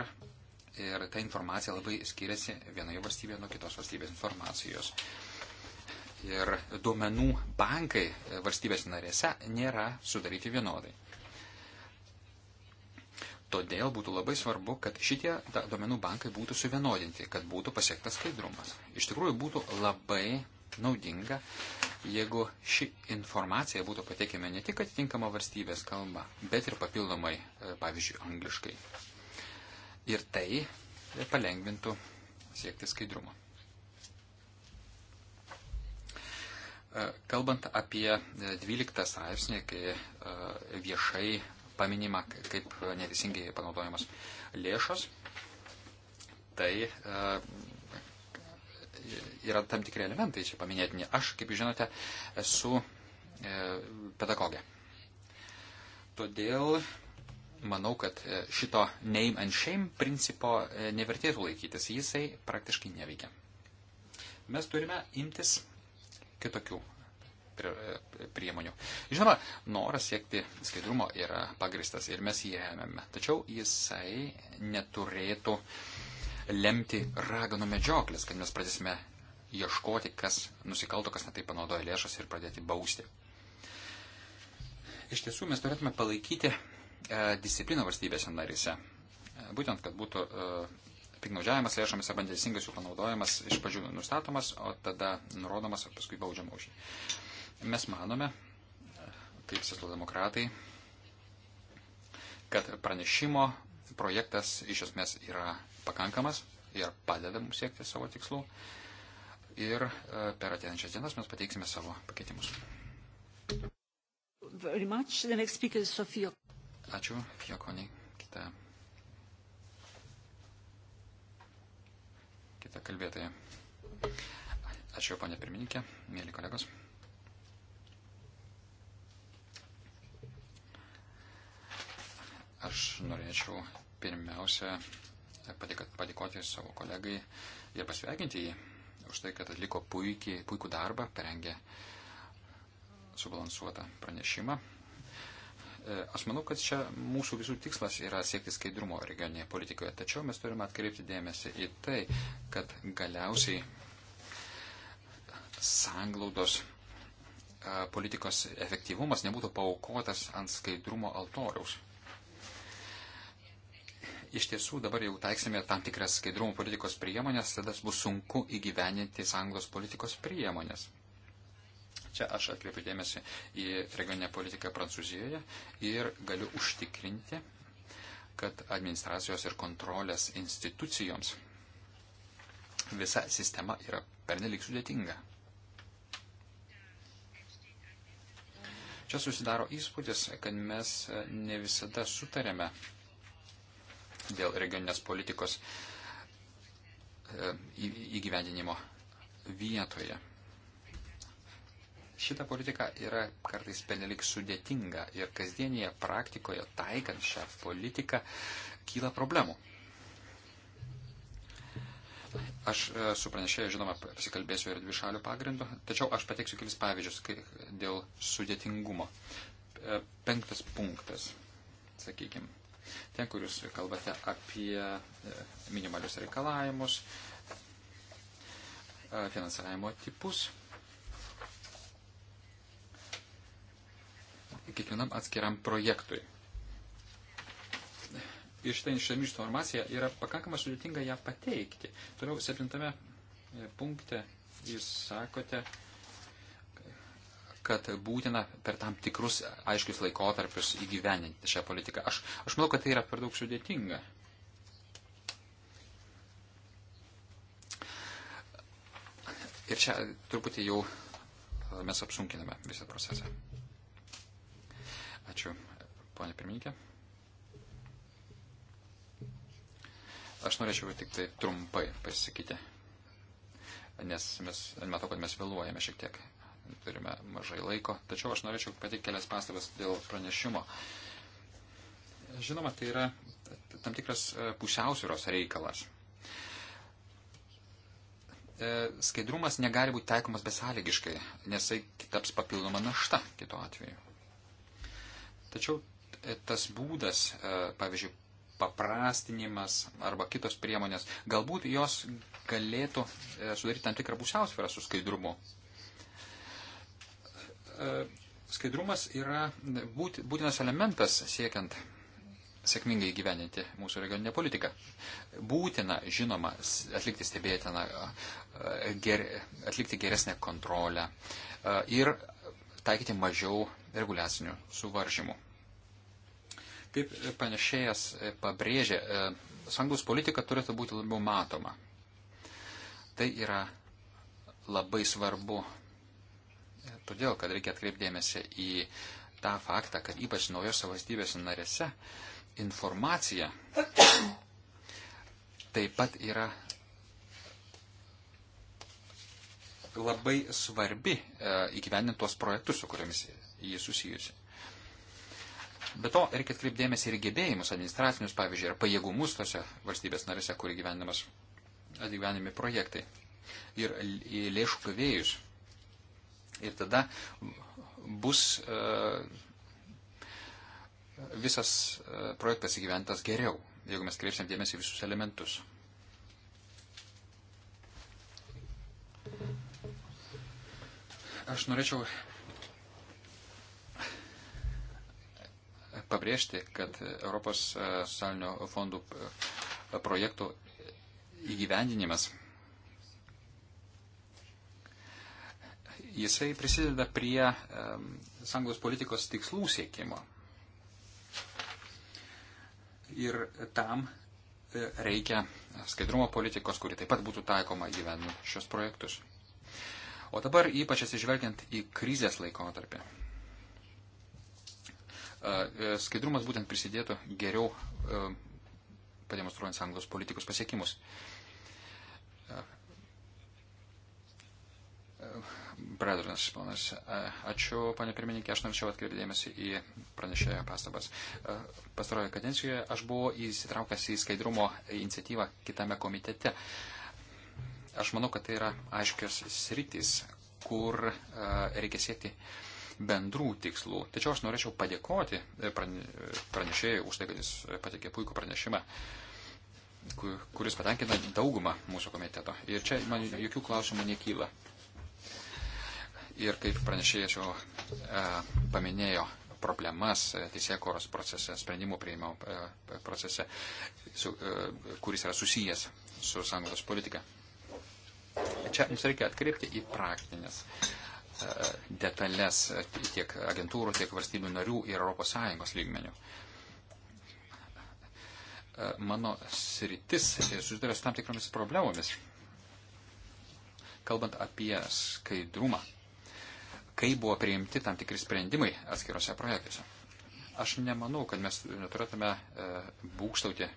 S3: ir ta informacija labai skiriasi vienoje valstybėje nuo kitos valstybės informacijos. Ir duomenų bankai valstybės narėse nėra sudaryti vienodai. Todėl būtų labai svarbu, kad šitie duomenų bankai būtų suvienodinti, kad būtų pasiektas skaidrumas. Iš tikrųjų būtų labai naudinga, jeigu ši informacija būtų pateikiama ne tik atitinkama valstybės kalba, bet ir papildomai, e, pavyzdžiui, angliškai ir tai palengvintų siekti skaidrumo. E, kalbant apie 12 straipsnį, kai e, viešai paminima, kaip neteisingai panaudojamos lėšos, tai e, yra tam tikri elementai čia paminėtini. Aš, kaip žinote, esu pedagogė. Todėl manau, kad e, šito name and shame principo e, nevertėtų laikytis. Jisai praktiškai neveikia. Mes turime imtis kitokių e, priemonių. Žinoma, noras siekti skaidrumo yra pagristas ir mes jį ėmėme. Tačiau jisai neturėtų lemti raganų medžioklės, kad mes pradėsime ieškoti, kas nusikalto, kas netai panaudoja lėšas ir pradėti bausti. Iš tiesų, mes turėtume palaikyti E, discipliną valstybėse narise. E, būtent, kad būtų e, piknaudžiavimas lėšomis arba neteisingas jų panaudojimas iš pradžių nustatomas, o tada nurodomas, o paskui baudžiama už jį. Mes manome, kaip socialdemokratai, kad pranešimo projektas iš esmės yra pakankamas ir padeda mums siekti savo tikslų. Ir per ateinančias dienas mes pateiksime savo pakeitimus. Ačiū, Fiokoniai. Kita. Kita kalbėtoja. Ačiū, ponė pirmininkė, mėly kolegos. Aš norėčiau pirmiausia padėkoti savo kolegai ir pasveikinti jį už tai, kad atliko puikiai, puikų darbą, perengė subalansuotą pranešimą E, aš manau, kad čia mūsų visų tikslas yra siekti skaidrumo regioninėje politikoje, tačiau mes turime atkreipti dėmesį į tai, kad galiausiai sanglaudos e, politikos efektyvumas nebūtų paukotas ant skaidrumo altoriaus. Iš tiesų, dabar jau taiksime tam tikras skaidrumo politikos priemonės, tada bus sunku įgyveninti sanglos politikos priemonės. Čia aš atkreipiu dėmesį į regioninę politiką Prancūzijoje ir galiu užtikrinti, kad administracijos ir kontrolės institucijoms visa sistema yra pernelik sudėtinga. Čia susidaro įspūdis, kad mes ne visada sutarėme dėl regioninės politikos e, įgyvendinimo vietoje šita politika yra kartais penelik sudėtinga ir kasdienėje praktikoje taikant šią politiką kyla problemų. Aš e, su pranešėju, žinoma, pasikalbėsiu ir dvi šalių pagrindų, tačiau aš pateiksiu kelis pavyzdžius dėl sudėtingumo. E, penktas punktas, sakykime, ten, kur jūs kalbate apie e, minimalius reikalavimus, finansavimo tipus kiekvienam atskiram projektui. Ir štai šiandien informacija yra pakankamai sudėtinga ją pateikti. Toliau septintame e, punkte jūs sakote, kad būtina per tam tikrus aiškius laikotarpius įgyveninti šią politiką. Aš, aš manau, kad tai yra per daug sudėtinga. Ir čia truputį jau mes apsunkiname visą procesą. Ačiū, ponė pirmininkė. Aš norėčiau tik tai trumpai pasisakyti, nes mes, matau, kad mes vėluojame šiek tiek, turime mažai laiko, tačiau aš norėčiau pateikti kelias pastabas dėl pranešimo. Žinoma, tai yra tam tikras e, pusiausvyros reikalas. E, skaidrumas negali būti taikomas besąlygiškai, nes tai taps papildoma našta kitu atveju. Tačiau e, tas būdas, e, pavyzdžiui, paprastinimas arba kitos priemonės, galbūt jos galėtų e, sudaryti tam tikrą pusiausvyrą su skaidrumu. Skaidrumas yra būtinas elementas siekiant sėkmingai gyveninti mūsų regioninę politiką. Būtina, žinoma, atlikti stebėtiną, ger, atlikti geresnę kontrolę ir taikyti mažiau reguliacinių suvaržymų. Kaip panešėjas pabrėžė, e, sanglaus politika turėtų būti labiau matoma. Tai yra labai svarbu, todėl, kad reikia atkreipdėmėsi į tą faktą, kad ypač naujose valstybėse narėse informacija taip pat yra labai svarbi e, įgyveninti tuos projektus, su kuriamis jį susijusi. Be to, reikia atkreipdėmėsi ir gebėjimus administracinius, pavyzdžiui, ar pajėgumus tose valstybės narėse, kur gyvenimas atgyvenimi projektai. Ir lėšų gavėjus. Ir tada bus uh, visas uh, projektas įgyventas geriau, jeigu mes kreipsim dėmesį visus elementus. Aš norėčiau pabrėžti, kad Europos e, socialinio fondų e, projektų įgyvendinimas jisai prisideda prie e, sąjungos politikos tikslų siekimo. Ir tam reikia skaidrumo politikos, kuri taip pat būtų taikoma gyvenant šios projektus. O dabar ypač atsižvelgiant į krizės laikotarpį. E, skaidrumas būtent prisidėtų geriau e, pademonstruojant sąjungos politikos pasiekimus. E, Bredrinas, ponas, ačiū, panė pirmininkė, aš norėčiau atkreipti dėmesį į pranešėjo pastabas. Pastarojo kadencijoje aš buvau įsitraukęs į skaidrumo iniciatyvą kitame komitete. Aš manau, kad tai yra aiškios sritis, kur reikia siekti uh, bendrų tikslų. Tačiau aš norėčiau padėkoti e, pranešėjai už tai, kad jis e, patikė puikų pranešimą kuris patenkina daugumą mūsų komiteto. Ir čia man jokių klausimų nekyla. Ir kaip pranešėjas jau e, paminėjo problemas e, teisėkoros procese, sprendimų prieimimo e, procese, su, e, kuris yra susijęs su sąjungos politika. Čia mums reikia atkreipti į praktinės detalės tiek agentūrų, tiek valstybių narių ir ES lygmenių. Mano sritis susiduria su tam tikromis problemomis, kalbant apie skaidrumą, kai buvo priimti tam tikri sprendimai atskiruose projektuose. Aš nemanau, kad mes neturėtume e, būkštauti e,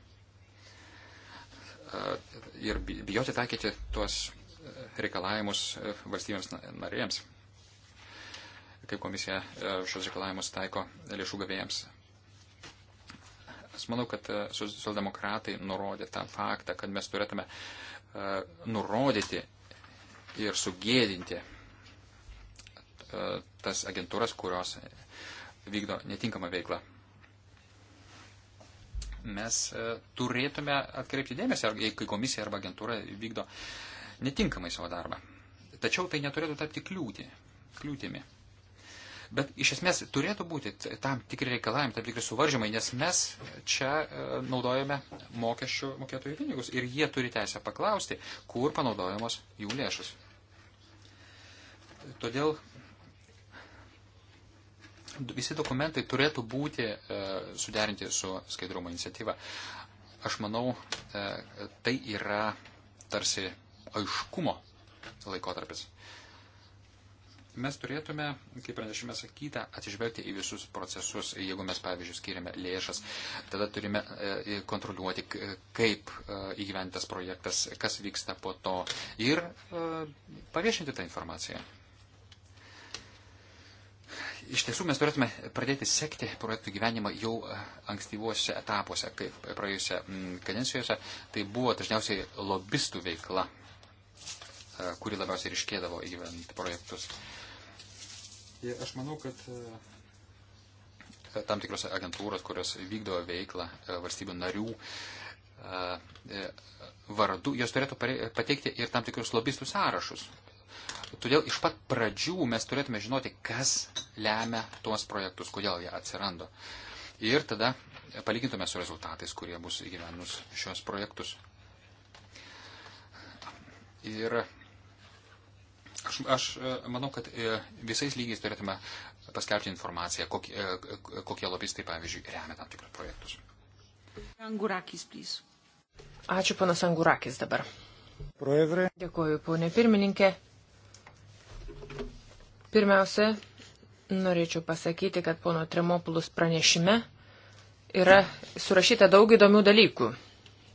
S3: ir bijoti taikyti tuos e, reikalavimus valstybėms narėms kaip komisija e, šios reikalavimus taiko lėšų gavėjams. Aš manau, kad e, socialdemokratai nurodė tą faktą, kad mes turėtume e, nurodyti ir sugėdinti tas agentūras, kurios vykdo netinkamą veiklą. Mes turėtume atkreipti dėmesį, kai komisija arba agentūra vykdo netinkamai savo darbą. Tačiau tai neturėtų tapti kliūtį, kliūtimi. Bet iš esmės turėtų būti tam tikri reikalavimai, tam tikri suvaržymai, nes mes čia e, naudojame mokesčių mokėtojų pinigus ir jie turi teisę paklausti, kur panaudojamos jų lėšus. Todėl visi dokumentai turėtų būti e, suderinti su skaidrumo iniciatyva. Aš manau, e, tai yra tarsi aiškumo laikotarpis. Mes turėtume, kaip pranešime sakyta, atsižvelgti į visus procesus. Jeigu mes, pavyzdžiui, skiriame lėšas, tada turime e, kontroliuoti, kaip e, įgyventas projektas, kas vyksta po to ir e, paviešinti tą informaciją. Iš tiesų mes turėtume pradėti sekti projektų gyvenimą jau ankstyvuose etapuose, kaip praėjusią kadencijose. Tai buvo dažniausiai lobistų veikla, kuri labiausiai ryškėdavo įgyventi projektus. Ir aš manau, kad e, tam tikros agentūros, kurios vykdo veiklą e, valstybių narių e, vardu, jos turėtų pateikti ir tam tikrus lobistų sąrašus. Todėl iš pat pradžių mes turėtume žinoti, kas lemia tuos projektus, kodėl jie atsirado. Ir tada palygintume su rezultatais, kurie bus įgyvenus šios projektus. Ir Aš, aš e, manau, kad e, visais lygiais turėtume paskelbti informaciją, kokie, e, kokie lobistai, pavyzdžiui, remia tam tikrus projektus.
S1: Angurakis, plys. Ačiū, panas Angurakis dabar. Proedrė. Dėkuoju, ponė pirmininkė. Pirmiausia, norėčiau pasakyti, kad pono Tremopulus pranešime yra surašyta daug įdomių dalykų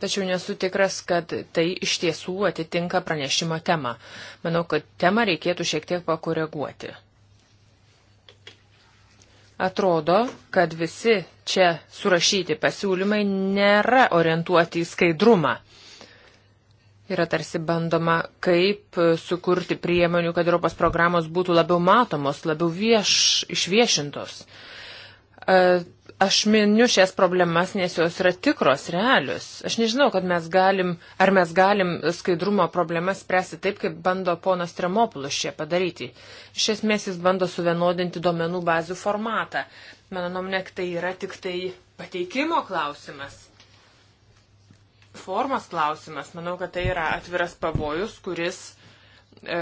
S1: tačiau nesu tikras, kad tai iš tiesų atitinka pranešimo temą. Manau, kad temą reikėtų šiek tiek pakoreguoti. Atrodo, kad visi čia surašyti pasiūlymai nėra orientuoti į skaidrumą. Yra tarsi bandoma, kaip sukurti priemonių, kad Europos programos būtų labiau matomos, labiau vieš, išviešintos e, Aš miniu šias problemas, nes jos yra tikros, realius. Aš nežinau, kad mes galim, ar mes galim skaidrumo problemas spręsti taip, kaip bando ponas Tremopulus čia padaryti. Iš esmės jis bando suvienodinti duomenų bazių formatą. Mano nuomonė, tai yra tik tai pateikimo klausimas. Formos klausimas. Manau, kad tai yra atviras pavojus, kuris. E,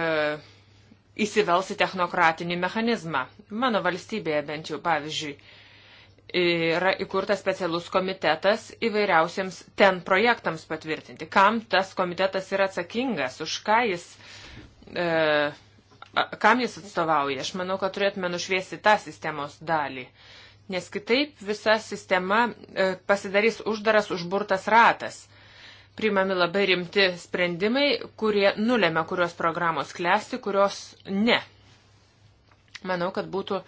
S1: Įsivels į technokratinį mechanizmą. Mano valstybėje bent jau, pavyzdžiui, yra įkurtas specialus komitetas įvairiausiems ten projektams patvirtinti. Kam tas komitetas yra atsakingas, už ką jis, e, kam jis atstovauja. Aš manau, kad turėtume nušviesti tą sistemos dalį. Nes kitaip visa sistema e, pasidarys uždaras užburtas ratas. Primami labai rimti sprendimai, kurie nulėmė, kurios programos klesti, kurios ne. Manau, kad būtų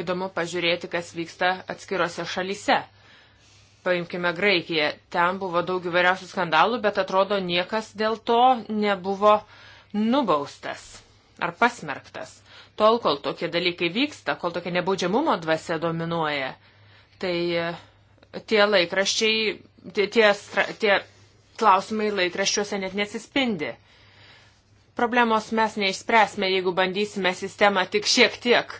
S1: įdomu pažiūrėti, kas vyksta atskirose šalyse. Paimkime Graikiją. Ten buvo daug įvairiausių skandalų, bet atrodo niekas dėl to nebuvo nubaustas ar pasmerktas. Tol, kol tokie dalykai vyksta, kol tokia nebaudžiamumo dvasia dominuoja, tai e, tie laikraščiai, tie, tie, tie klausimai laikraščiuose net nesispindi. Problemos mes neišspręsime, jeigu bandysime sistemą tik šiek tiek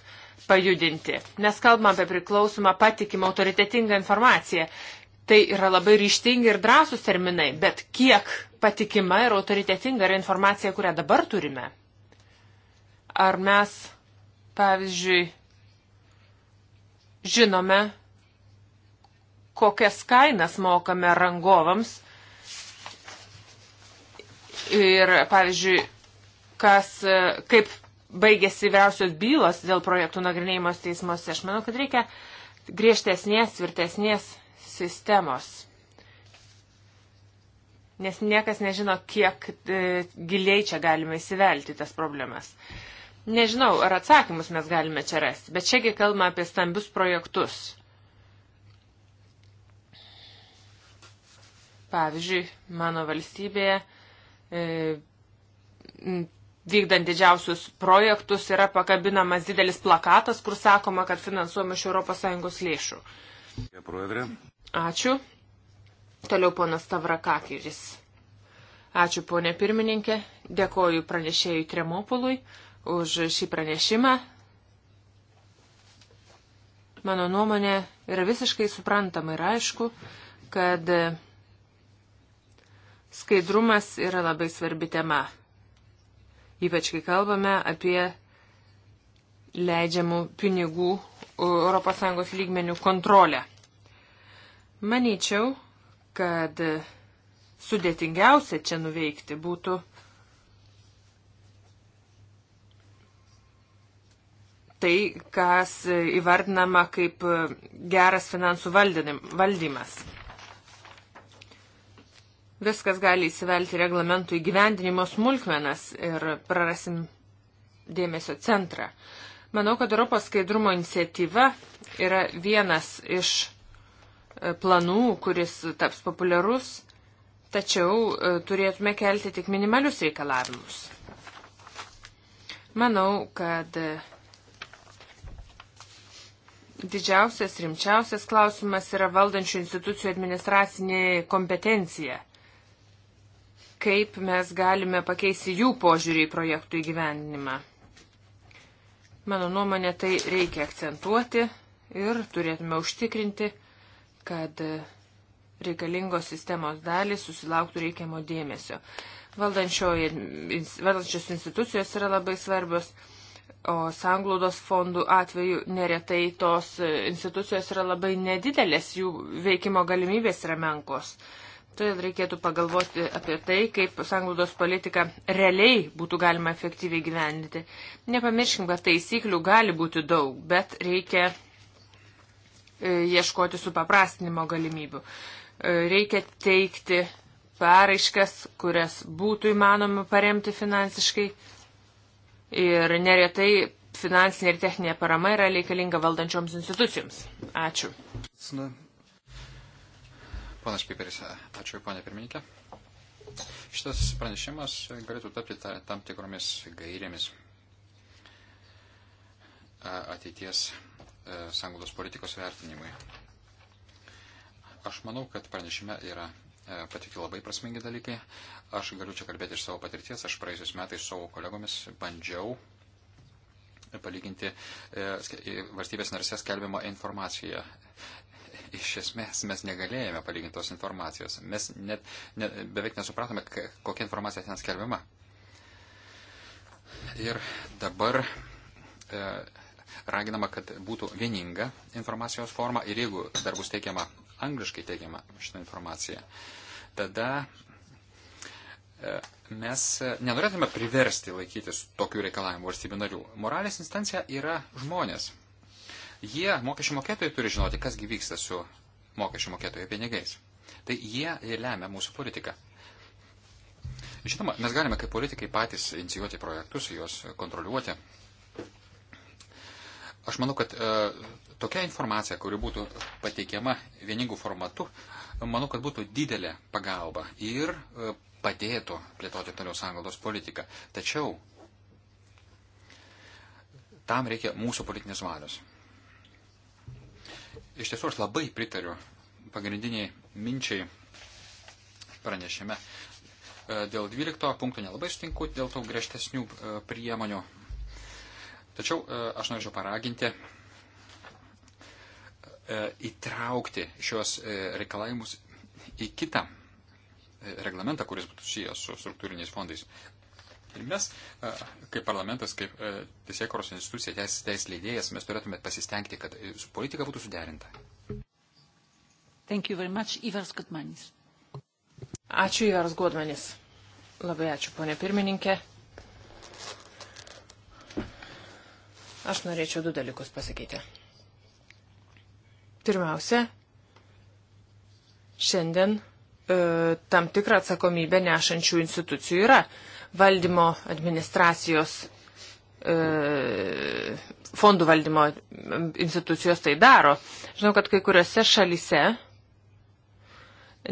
S1: pajudinti. Nes kalbam apie priklausomą patikimą autoritetingą informaciją. Tai yra labai ryštingi ir drąsūs terminai, bet kiek patikima ir autoritetinga yra informacija, kurią dabar turime? Ar mes, pavyzdžiui, žinome, kokias kainas mokame rangovams ir, pavyzdžiui, kas, kaip baigėsi įvairiausios bylos dėl projektų nagrinėjimos teismuose. Aš manau, kad reikia griežtesnės, tvirtesnės sistemos. Nes niekas nežino, kiek e, giliai čia galime įsivelti tas problemas. Nežinau, ar atsakymus mes galime čia rasti, bet čiagi kalbame apie stambius projektus. Pavyzdžiui, mano valstybėje e, vykdant didžiausius projektus yra pakabinamas didelis plakatas, kur sakoma, kad finansuojama iš ES lėšų. Ačiū. Toliau ponas Tavrakakiris. Ačiū ponė pirmininkė. Dėkoju pranešėjui Tremopolui už šį pranešimą. Mano nuomonė yra visiškai suprantama ir aišku, kad skaidrumas yra labai svarbi tema ypač kai kalbame apie leidžiamų pinigų ES lygmenių kontrolę. Manyčiau, kad sudėtingiausia čia nuveikti būtų tai, kas įvardinama kaip geras finansų valdymas viskas gali įsivelti reglamentų įgyvendinimo smulkmenas ir prarasim dėmesio centrą. Manau, kad Europos skaidrumo iniciatyva yra vienas iš e, planų, kuris taps populiarus, tačiau e, turėtume kelti tik minimalius reikalavimus. Manau, kad e, didžiausias, rimčiausias klausimas yra valdančių institucijų administracinė kompetencija – kaip mes galime pakeisti jų požiūrį į projektų įgyvendinimą. Mano nuomonė, tai reikia akcentuoti ir turėtume užtikrinti, kad reikalingos sistemos dalys susilauktų reikiamo dėmesio. Valdančios institucijos yra labai svarbios, o sanglaudos fondų atveju neretai tos institucijos yra labai nedidelės, jų veikimo galimybės yra menkos. Uh, Todėl reikėtų pagalvoti apie tai, kaip sanglaudos politika realiai būtų galima efektyviai gyveninti. Nepamirškim, kad taisyklių gali būti daug, bet reikia e, ieškoti supaprastinimo galimybių. E, reikia teikti paraiškas, kurias būtų įmanoma paremti finansiškai. Ir neretai finansinė ir techninė parama yra reikalinga valdančioms institucijoms. Ačiū.
S3: Panas Piperis, ačiū, ponė pirmininkė. Šitas pranešimas galėtų tapti tam tikromis gairėmis ateities e, sanglaudos politikos vertinimui. Aš manau, kad pranešime yra e, patikti labai prasmingi dalykai. Aš galiu čia kalbėti iš savo patirties. Aš praėjusius metais savo kolegomis bandžiau e, palyginti valstybės narse skelbiamą informaciją iš esmės mes negalėjome palyginti tos informacijos. Mes net, net beveik nesupratome, kokia informacija ten skelbiama. Ir dabar e, raginama, kad būtų vieninga informacijos forma ir jeigu dar bus teikiama angliškai teikiama šitą informaciją, tada e, mes nenorėtume priversti laikytis tokių reikalavimų valstybių narių. Moralės instancija yra žmonės. Jie, mokesčių mokėtojai, turi žinoti, kasgi vyksta su mokesčių mokėtojų pinigais. Tai jie lemia mūsų politiką. Žinoma, mes galime kaip politikai patys inicijuoti projektus, juos kontroliuoti. Aš manau, kad e, tokia informacija, kuri būtų pateikiama vieningų formatų, manau, kad būtų didelė pagalba ir e, padėtų plėtoti toliau sąngaldos politiką. Tačiau tam reikia mūsų politinės valios. Iš tiesų aš labai pritariu pagrindiniai minčiai pranešime. E, dėl 12 punktų nelabai sutinku, dėl tų griežtesnių e, priemonių. Tačiau e, aš norėčiau paraginti įtraukti šios reikalavimus į kitą reglamentą, kuris būtų susijęs su struktūriniais fondais, Ir mes, kaip parlamentas, kaip teisėkoros institucija, teis, teis leidėjas, mes turėtume pasistengti, kad e, su politika būtų suderinta.
S1: Much, Ivers Gutmanis. Ačiū, Ivers Godmanis. Labai ačiū, ponė pirmininkė. Aš norėčiau du dalykus pasakyti. Pirmiausia, šiandien e, tam tikrą atsakomybę nešančių institucijų yra. E, valdymo administracijos, e, fondų valdymo institucijos tai daro. Žinau, kad kai kuriuose šalise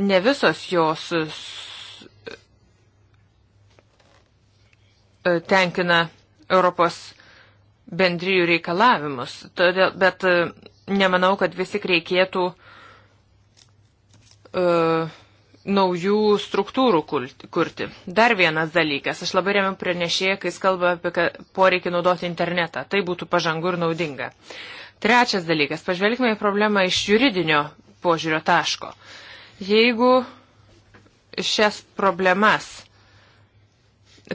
S1: ne visos jos e, tenkina Europos bendryjų reikalavimus. Todėl, bet e, nemanau, kad vis tik reikėtų uh, naujų struktūrų kurti. Dar vienas dalykas, aš labai remiu pranešėją, kai jis kalba apie poreikį naudoti internetą. Tai būtų pažangu ir naudinga. Trečias dalykas, pažvelgime į problemą iš juridinio požiūrio taško. Jeigu šias problemas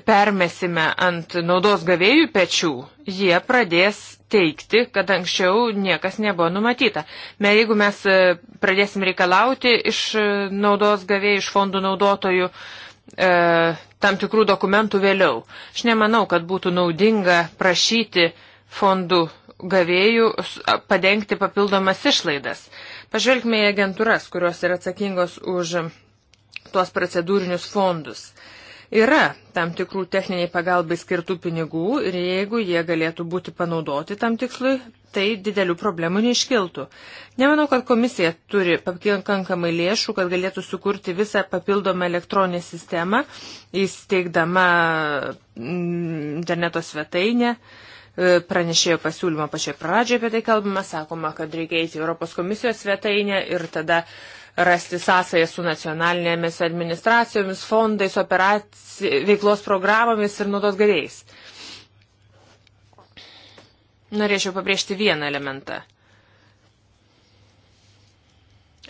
S1: permesime ant naudos gavėjų pečių, jie pradės teikti, kad anksčiau niekas nebuvo numatyta. Me, jeigu mes e, pradėsim reikalauti iš e, naudos gavėjų, iš fondų naudotojų e, tam tikrų dokumentų vėliau, aš nemanau, kad būtų naudinga prašyti fondų gavėjų padengti papildomas išlaidas. Pažvelgime į agentūras, kurios yra atsakingos už tuos procedūrinius fondus. E, Yra tam tikrų techniniai pagalbai skirtų pinigų ir jeigu jie galėtų būti panaudoti tam tikslui, tai didelių problemų neiškiltų. Nemanau, kad komisija turi pakankamai lėšų, kad galėtų sukurti visą papildomą elektroninę sistemą, įsteigdama mm, interneto svetainę e, pranešėjo pasiūlymą pačioj pradžioje apie tai kalbama, sakoma, kad reikia eiti Europos komisijos svetainę ir tada rasti sąsąją su nacionalinėmis administracijomis, fondais, operaci... veiklos programomis ir naudos gavėjais. Norėčiau pabrėžti vieną elementą.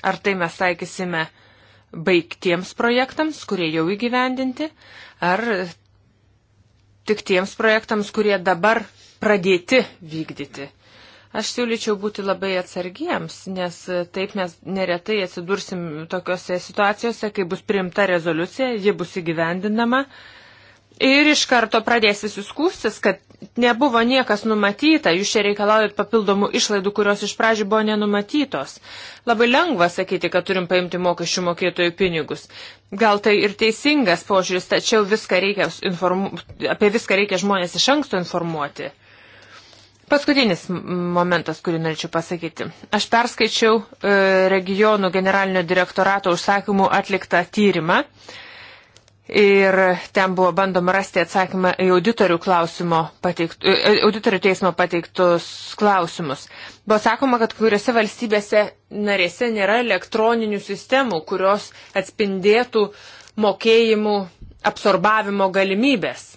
S1: Ar tai mes taikysime baigtiems projektams, kurie jau įgyvendinti, ar tik tiems projektams, kurie dabar pradėti vykdyti. Aš siūlyčiau būti labai atsargiems, nes taip mes neretai atsidursim tokiuose situacijose, kai bus priimta rezoliucija, ji bus įgyvendinama ir iš karto pradės visi skūstis, kad nebuvo niekas numatyta, jūs čia reikalaujat papildomų išlaidų, kurios iš pradžių buvo nenumatytos. Labai lengva sakyti, kad turim paimti mokesčių mokėtojų pinigus. Gal tai ir teisingas požiūris, tačiau viską reikia informu... apie viską reikia žmonės iš anksto informuoti. Paskutinis momentas, kurį norėčiau pasakyti. Aš perskaičiau e, regionų generalinio direktorato užsakymų atliktą tyrimą ir ten buvo bandoma rasti atsakymą į auditorių, pateikt, e, e, auditorių teismo pateiktus klausimus. Buvo sakoma, kad kuriuose valstybėse narėse nėra elektroninių sistemų, kurios atspindėtų mokėjimų absorbavimo galimybės.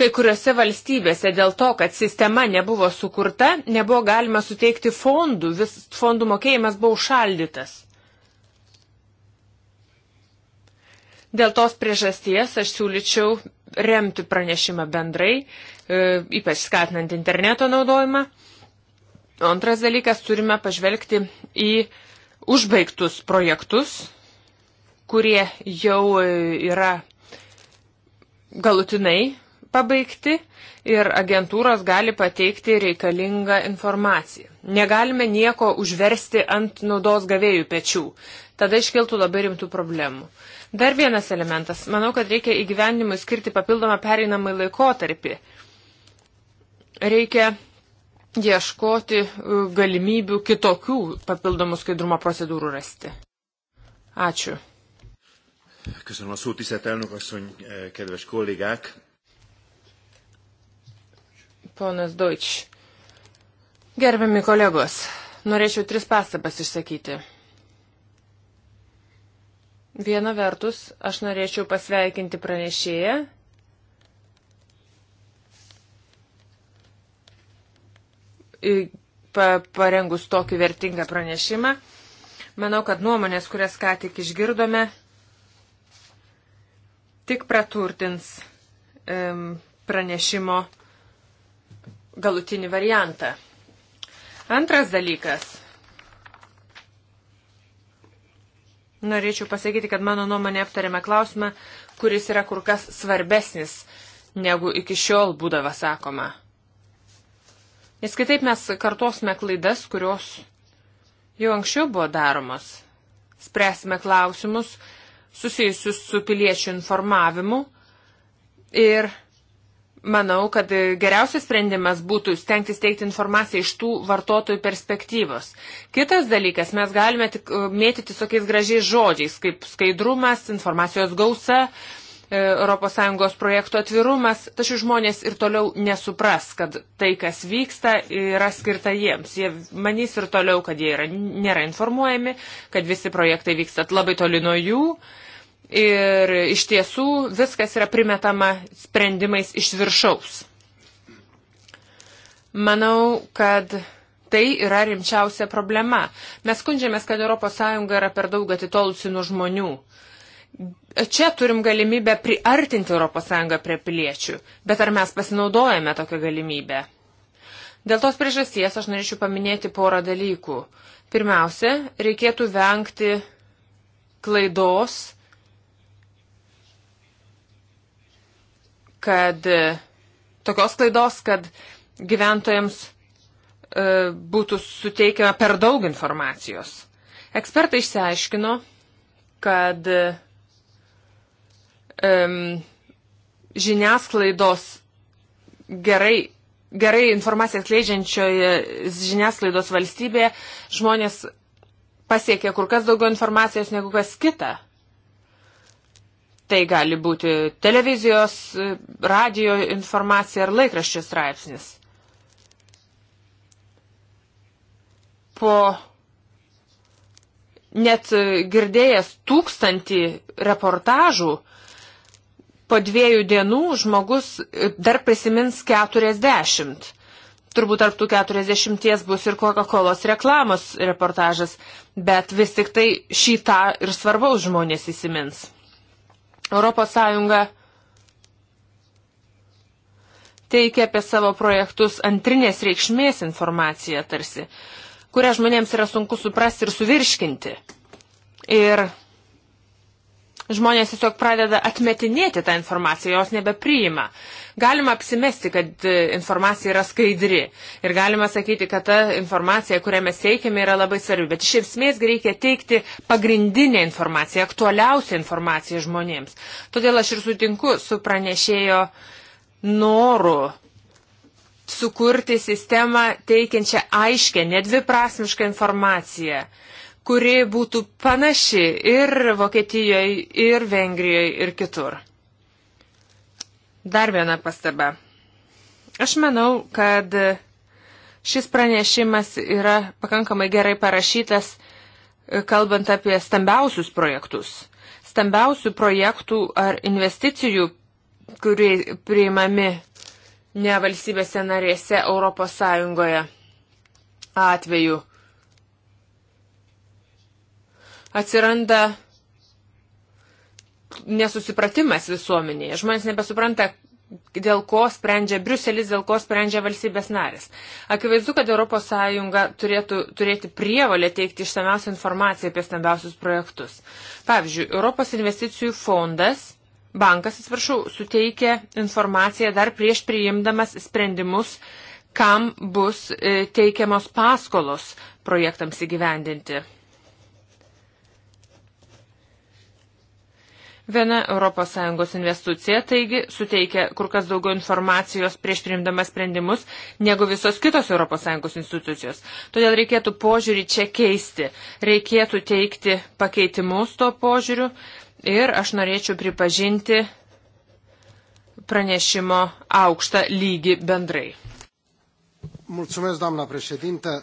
S1: Kai kuriuose valstybėse dėl to, kad sistema nebuvo sukurta, nebuvo galima suteikti fondų, vis fondų mokėjimas buvo užšaldytas. Dėl tos priežasties aš siūlyčiau remti pranešimą bendrai, e, ypač skatinant interneto naudojimą. O antras dalykas, turime pažvelgti į užbaigtus projektus, kurie jau e, yra galutinai pabaigti ir agentūros gali pateikti reikalingą informaciją. Negalime nieko užversti ant naudos gavėjų pečių. Tada iškiltų labai rimtų problemų. Dar vienas elementas. Manau, kad reikia įgyvendimui skirti papildomą pereinamą laikotarpį. Reikia ieškoti e, galimybių kitokių papildomų skaidrumo procedūrų rasti. Ačiū.
S3: Köszönöm a szót, tisztelt elnök asszony, eh, kedves kollégák!
S1: Ponas Deutsch. Gerbiami kolegos, norėčiau tris pastabas išsakyti. Viena vertus, aš norėčiau pasveikinti pranešėją. Pa, parengus tokį vertingą pranešimą. Manau, kad nuomonės, kurias ką tik išgirdome, tik praturtins um, pranešimo galutinį variantą. Antras dalykas. Norėčiau pasakyti, kad mano nuomonė aptarėme klausimą, kuris yra kur kas svarbesnis, negu iki šiol būdavo sakoma. Nes kitaip mes kartosime klaidas, kurios jau anksčiau buvo daromos. Spręsime klausimus susijusius su piliečių informavimu ir Manau, kad geriausias sprendimas būtų stengtis teikti informaciją iš tų vartotojų perspektyvos. Kitas dalykas, mes galime tik e, mėtyti tokiais gražiais žodžiais, kaip skaidrumas, informacijos gausa, e, ES projektų atvirumas, tačiau žmonės ir toliau nesupras, kad tai, kas vyksta, yra skirta jiems. Jie manys ir toliau, kad jie yra, nėra informuojami, kad visi projektai vyksta labai toli nuo jų. Uh, ir iš tiesų viskas yra primetama sprendimais iš viršaus. Manau, kad tai yra rimčiausia problema. Mes skundžiamės, kad ES yra per daug atitolusi nuo žmonių. Čia turim galimybę priartinti ES prie piliečių, bet ar mes pasinaudojame tokią galimybę? Dėl tos priežasties aš norėčiau paminėti porą dalykų. Pirmiausia, reikėtų vengti klaidos, kad tokios klaidos, kad gyventojams e, būtų suteikiama per daug informacijos. Ekspertai išsiaiškino, kad e, žiniasklaidos gerai, gerai informaciją skleidžiančioje žiniasklaidos valstybėje žmonės pasiekė kur kas daugiau informacijos negu kas kita. Tai gali būti televizijos, radio informacija ar laikraščių straipsnis. Po net girdėjęs tūkstantį reportažų, po dviejų dienų žmogus dar prisimins 40. Turbūt tarp tų 40 bus ir Coca-Colos reklamos reportažas, bet vis tik tai šitą ir svarbaus žmonės įsimins. Europos Sąjunga teikia apie savo projektus antrinės reikšmės informaciją tarsi, kurią žmonėms yra sunku suprasti ir suvirškinti. Ir žmonės tiesiog pradeda atmetinėti tą informaciją, jos nebepriima. Galima apsimesti, kad e, informacija yra skaidri ir galima sakyti, kad ta informacija, kurią mes teikiame, yra labai svarbi, bet iš esmės reikia teikti pagrindinę informaciją, aktualiausią informaciją žmonėms. Todėl aš ir sutinku su pranešėjo noru sukurti sistemą teikiančią aiškę, nedviprasmišką informaciją kuri būtų panaši ir Vokietijoje, ir Vengrijoje, ir kitur. Dar viena pastaba. Aš manau, kad šis pranešimas yra pakankamai gerai parašytas, e, kalbant apie stambiausius projektus. Stambiausių projektų ar investicijų, kurie priimami ne valstybėse narėse Europos Sąjungoje atveju. Atsiranda nesusipratimas visuomenėje. Žmonės nebesupranta, dėl ko sprendžia Briuselis, dėl ko sprendžia valstybės narės. Akivaizdu, kad ES turėtų turėti prievalę teikti išsamiausią informaciją apie stambiausius projektus. Pavyzdžiui, Europos investicijų fondas, bankas, atsiprašau, suteikia informaciją dar prieš priimdamas sprendimus, kam bus e, teikiamos paskolos projektams įgyvendinti. Viena ES investicija taigi suteikia kur kas daugiau informacijos prieš priimdamas sprendimus negu visos kitos ES institucijos. Todėl reikėtų požiūrį čia keisti, reikėtų teikti pakeitimus to požiūriu ir aš norėčiau pripažinti pranešimo aukštą lygį bendrai.
S3: Mulțumesc, doamna președintă.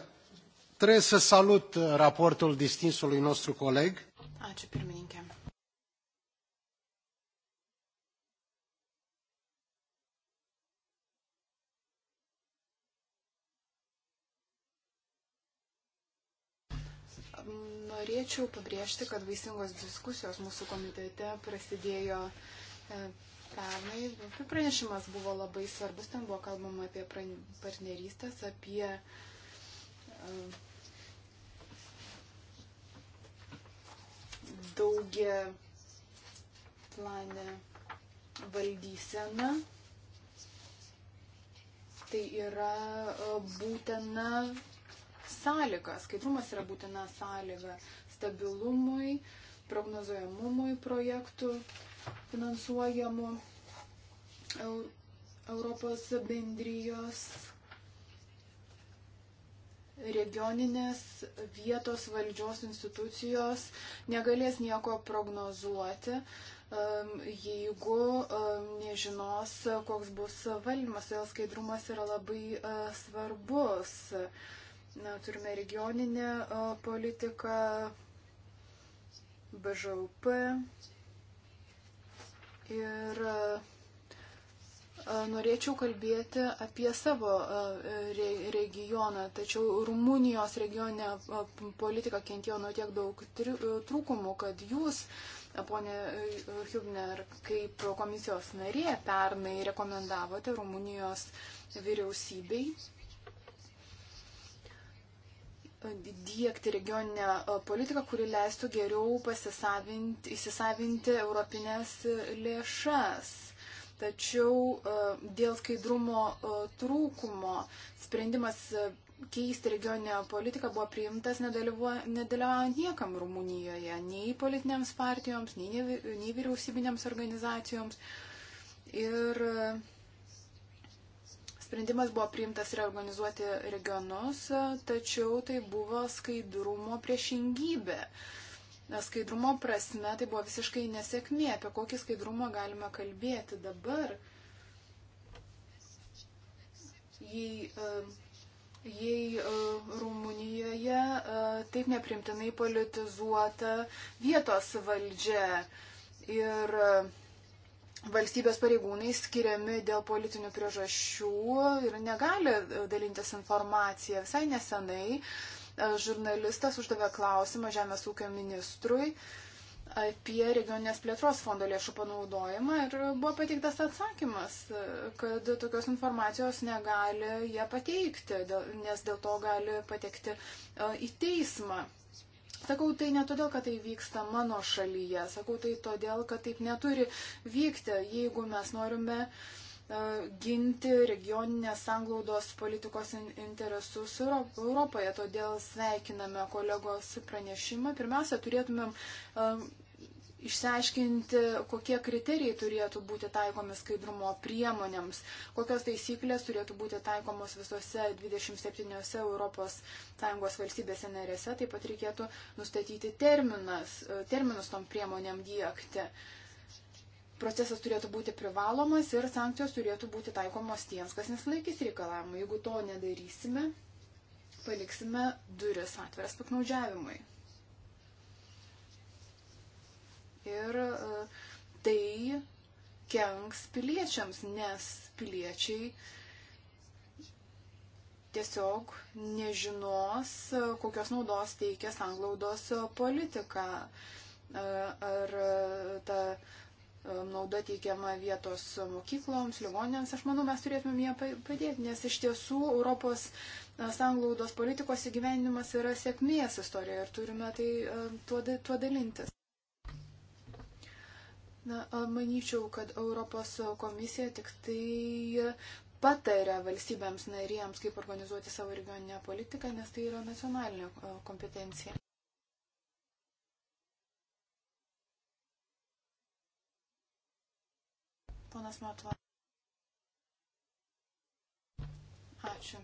S3: Trebuie să salut raportul distinsului nostru coleg. Ačiū pirmininkė.
S2: norėčiau pabrėžti, kad vaisingos diskusijos mūsų komitete prasidėjo e, pernai. Pranešimas buvo labai svarbus, ten buvo kalbama apie partnerystės, apie e, daugia planę valdyseną. Tai yra e, būtina sąlyga, skaidrumas yra būtina sąlyga stabilumui, prognozuojamumui projektų finansuojamų Europos bendrijos regioninės vietos valdžios institucijos negalės nieko prognozuoti, um, jeigu um, nežinos, koks bus valdymas. Todėl skaidrumas yra labai uh, svarbus. Na, turime regioninę politiką, BŽUP ir norėčiau kalbėti apie savo regioną, tačiau Rumunijos regioninė politika kentėjo nuo tiek daug trūkumų, kad jūs, ponė Hübner, kaip komisijos narė pernai rekomendavote Rumunijos vyriausybei dėkti regioninę politiką, kuri leistų geriau pasisavinti, įsisavinti europinės e, lėšas. Tačiau dėl skaidrumo trūkumo sprendimas keisti regioninę politiką buvo priimtas nedalyvaujant niekam Rumunijoje, nei politinėms partijoms, nei, nei vyriausybinėms organizacijoms. Ir uh, Sprendimas buvo priimtas reorganizuoti regionus, tačiau tai buvo skaidrumo priešingybė. Skaidrumo prasme tai buvo visiškai nesėkmė. Apie kokį skaidrumą galime kalbėti dabar? Jei uh, jei e, Rumunijoje e, taip neprimtinai politizuota vietos valdžia. Ir valstybės pareigūnai skiriami dėl politinių priežasčių ir negali e, dalintis informaciją. Visai nesenai e, žurnalistas uždavė klausimą Žemės ūkio ministrui apie regioninės plėtros fondo lėšų panaudojimą ir buvo pateiktas atsakymas, e, kad tokios informacijos negali jie pateikti, nes dėl to gali patekti į teismą. Sakau tai ne todėl, kad tai vyksta mano šalyje, sakau tai todėl, kad taip neturi vykti, jeigu mes norime e, ginti regioninės sanglaudos politikos interesus Europoje. Todėl sveikiname kolegos pranešimą. Pirmiausia, turėtumėm e, išsiaiškinti, kokie kriterijai turėtų būti taikomi skaidrumo priemonėms, kokios taisyklės turėtų būti taikomos visose 27 ES valstybėse narėse, taip pat reikėtų nustatyti terminas, terminus tom priemonėm diegti. Procesas turėtų būti privalomas ir sankcijos turėtų būti taikomos tiems, kas nesilaikys reikalavimų. Jeigu to nedarysime, paliksime duris atviras piknaudžiavimui. ir e, tai kenks piliečiams, nes piliečiai tiesiog nežinos, e, kokios naudos teikia sanglaudos e, politika. Ar ta nauda teikiama vietos mokykloms, ligoninėms, aš manau, mes turėtume ją padėti, nes iš tiesų Europos sanglaudos politikos įgyvenimas yra sėkmės istorija ir turime tai tuo, tuo dalintis. Na, manyčiau, kad Europos komisija tik tai patarė valstybėms narėms, kaip organizuoti savo regioninę politiką, nes tai yra nacionalinė kompetencija. Ponas Matva. Ačiū.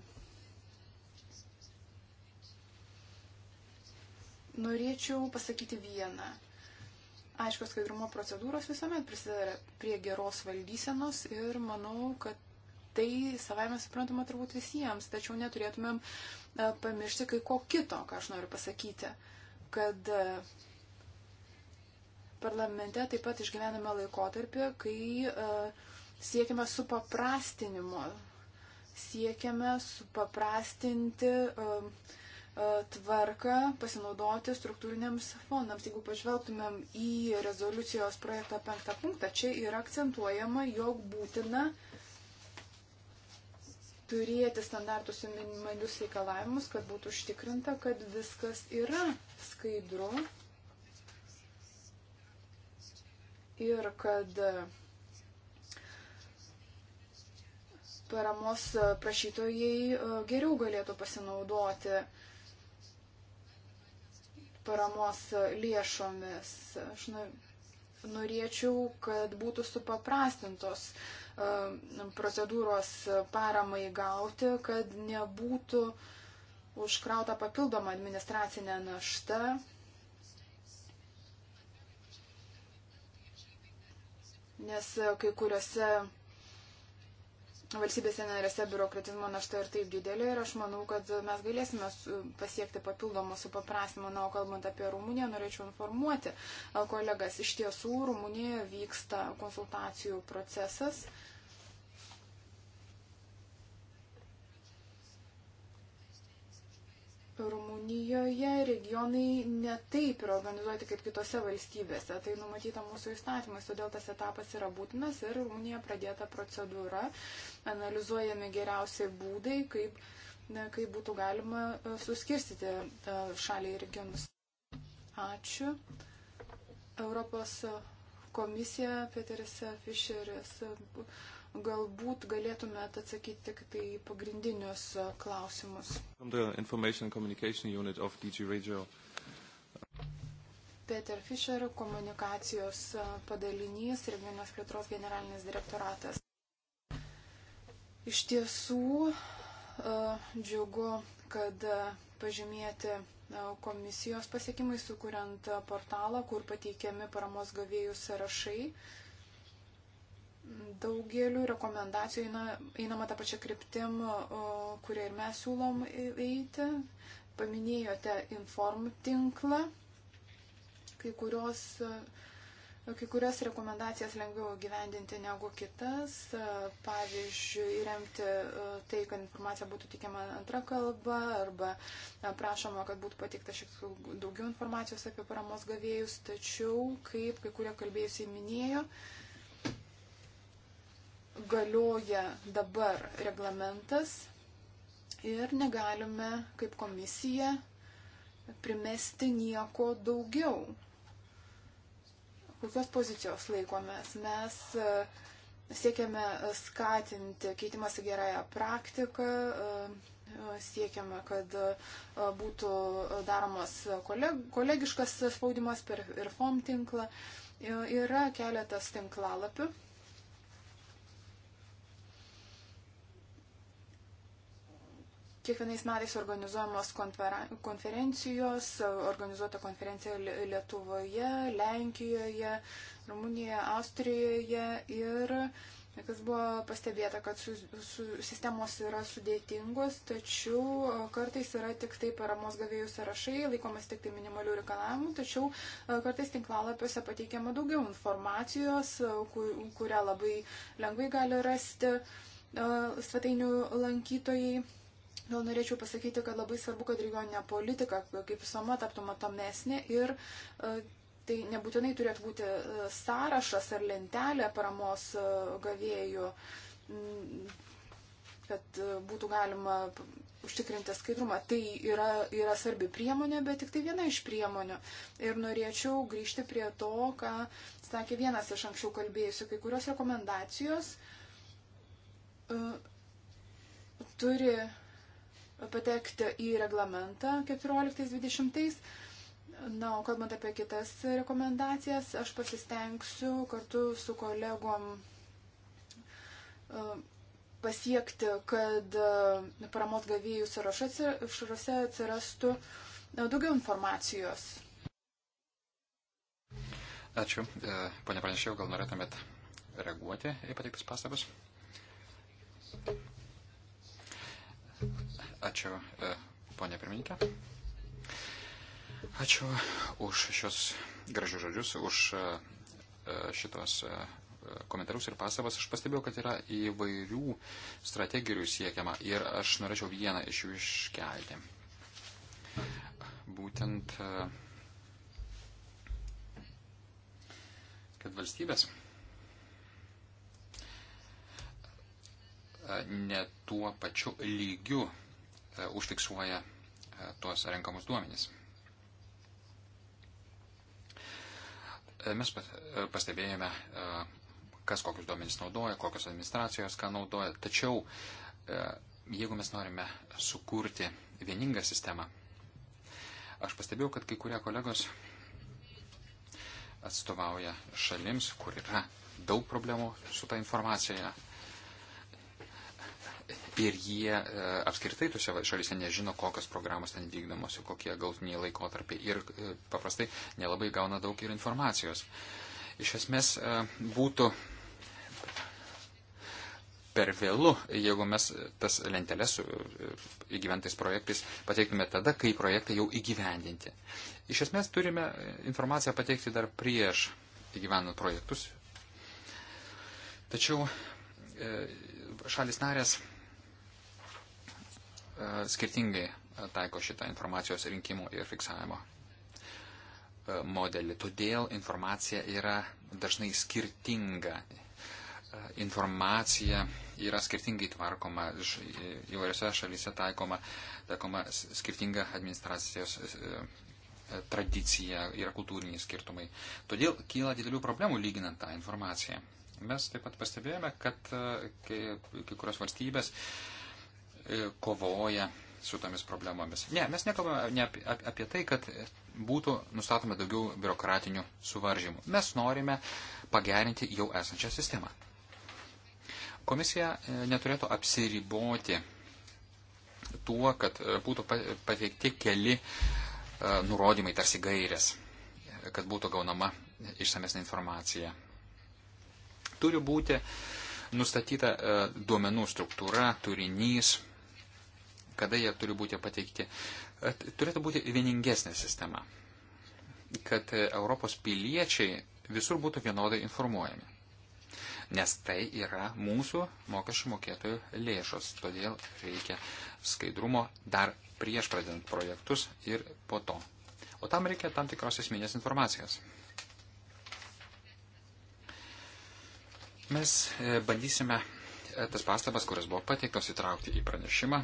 S2: Norėčiau pasakyti vieną Aišku, skaidrumo procedūros visuomet prisideda prie geros valdysenos ir manau, kad tai savaime suprantama turbūt visiems, tačiau neturėtumėm e, pamiršti kai ko kito, ką aš noriu pasakyti, kad e, parlamente taip pat išgyvename laikotarpį, kai e, siekime supaprastinimo, siekiame supaprastinti uh, E, tvarką pasinaudoti struktūriniams fondams. Jeigu pažvelgtumėm į rezoliucijos projekto penktą punktą, čia yra akcentuojama, jog būtina turėti standartus ir minimalius reikalavimus, kad būtų užtikrinta, kad viskas yra skaidru ir kad paramos prašytojai e, geriau galėtų pasinaudoti uh, paramos lėšomis. Aš nu, norėčiau, kad būtų supaprastintos e, procedūros paramai gauti, kad nebūtų užkrauta papildoma administracinė našta. Nes kai kuriuose valstybėse narėse biurokratizmo našta ir taip didelė ir aš manau, kad mes galėsime pasiekti papildomą supaprastimą. Na, o kalbant apie Rumuniją, norėčiau informuoti kolegas. Iš tiesų, Rumunijoje vyksta konsultacijų procesas. Rumunijoje regionai netaip yra organizuoti kaip kitose valstybėse. Tai numatyta mūsų įstatymais, todėl tas etapas yra būtinas ir Rumunija pradėta procedūra. Analizuojami geriausiai būdai, kaip, ne, kaip būtų galima e, suskirstyti e, šaliai regionus. Ačiū. Europos komisija Peteris Fischeris Galbūt galėtumėt atsakyti tik tai pagrindinius klausimus. Peter Fischer, komunikacijos padalinys, regionės plėtros generalinis direktoratas. Iš tiesų, džiugu, kad pažymėti komisijos pasiekimai, sukuriant portalą, kur pateikiami paramos gavėjų sąrašai, daugeliu rekomendacijų eina, einama tą pačią kryptim, kurią ir mes siūlom eiti. Paminėjote inform tinklą, kai, kurios, kai kurias rekomendacijas lengviau gyvendinti negu kitas. Pavyzdžiui, remti e, tai, kad informacija būtų tikiama antra kalba arba e, prašoma, kad būtų pateikta šiek tiek daugiau informacijos apie paramos gavėjus. Tačiau, kaip kai kurie kalbėjusiai minėjo, galioja dabar reglamentas ir negalime kaip komisija primesti nieko daugiau. Kokios pozicijos laikomės? Mes e, siekiame skatinti keitimąsi gerąją praktiką, e, siekiame, kad e, būtų daromas kolegiškas spaudimas per ir FOM tinklą. Yra keletas tinklalapių Kiekvienais metais organizuojamos konferencijos, organizuota konferencija Lietuvoje, Lenkijoje, Rumunijoje, Austrijoje ir kas buvo pastebėta, kad su, su, sistemos yra sudėtingos, tačiau e, kartais yra tik tai paramos gavėjų sąrašai, laikomas tik tai minimalių reikalavimų, tačiau e, kartais tinklalapiuose pateikiama daugiau informacijos, e, kur, kurią labai lengvai gali rasti svetainių lankytojai. Vėl norėčiau pasakyti, kad labai svarbu, kad regioninė politika, kaip visuomet, taptų matomesnė ir e, tai nebūtinai turėtų būti e, sąrašas ar lentelė paramos e, gavėjų, mm, kad būtų galima užtikrinti skaidrumą. Tai yra, yra svarbi priemonė, bet tik tai viena iš priemonių. Ir norėčiau grįžti prie to, ką sakė vienas iš anksčiau kalbėjusių, kai kurios rekomendacijos uh, turi uh, patekti į reglamentą 14-20. Na, o kalbant apie kitas rekomendacijas, aš pasistengsiu kartu su kolegom e, pasiekti, kad e, paramos gavėjų sąrašuose atsirastų e, daugiau informacijos.
S3: Ačiū. Pane pranešėjau, gal norėtumėt reaguoti į pateiktas pastabas? Ačiū, e, ponė pirmininkė. Ačiū už šios gražius žodžius, už e, e, šitos komentarus ir pastabas. Aš pastebėjau, kad yra įvairių strategijų siekiama ir aš norėčiau vieną iš jų iškelti. Būtent, kad valstybės ne tuo pačiu lygiu E, užfiksuoja e, tuos renkamus duomenys. E, mes pastebėjome, kas kokius duomenys naudoja, kokios administracijos ką naudoja, tačiau jeigu mes norime sukurti vieningą sistemą, aš pastebėjau, kad kai kurie kolegos atstovauja šalims, kur yra daug problemų su ta informacija, ir jie e, apskritai tuose šalyse nežino, kokios programos ten vykdomos, kokie galtiniai laikotarpiai ir e, paprastai nelabai gauna daug ir informacijos. Iš esmės e, būtų per vėlų, jeigu mes tas lenteles su įgyventais projektais pateiktume tada, kai projektai jau įgyvendinti. Iš esmės turime informaciją pateikti dar prieš įgyvendant projektus. Tačiau šalis narės E, skirtingai taiko šitą informacijos rinkimo ir fiksavimo e, modelį. Todėl informacija yra dažnai skirtinga. E, informacija yra skirtingai tvarkoma, įvairiose šalyse taikoma, taikoma skirtinga administracijos tradicija, yra kultūriniai skirtumai. Todėl kyla didelių problemų lyginant tą informaciją. Mes taip pat pastebėjome, kad kai, kai kurios valstybės uh, E, kovoja su tomis problemomis. Ne, mes nekalbame ne apie, apie tai, kad būtų nustatoma daugiau biurokratinių suvaržymų. Mes norime pagerinti jau esančią sistemą. Komisija e, neturėtų apsiriboti tuo, kad e, būtų pateikti keli nurodymai tarsi gairės, kad būtų gaunama išsamesnė informacija. Turi būti nustatyta duomenų struktūra, turinys, kada jie turi būti pateikti. Turėtų būti vieningesnė sistema, kad Europos piliečiai visur būtų vienodai informuojami. Nes tai yra mūsų mokesčių mokėtojų lėšos, todėl reikia skaidrumo dar prieš pradedant projektus ir po to. O tam reikia tam tikros esminės informacijos. Mes e, bandysime e, tas pastabas, kurias buvo pateiktos įtraukti į pranešimą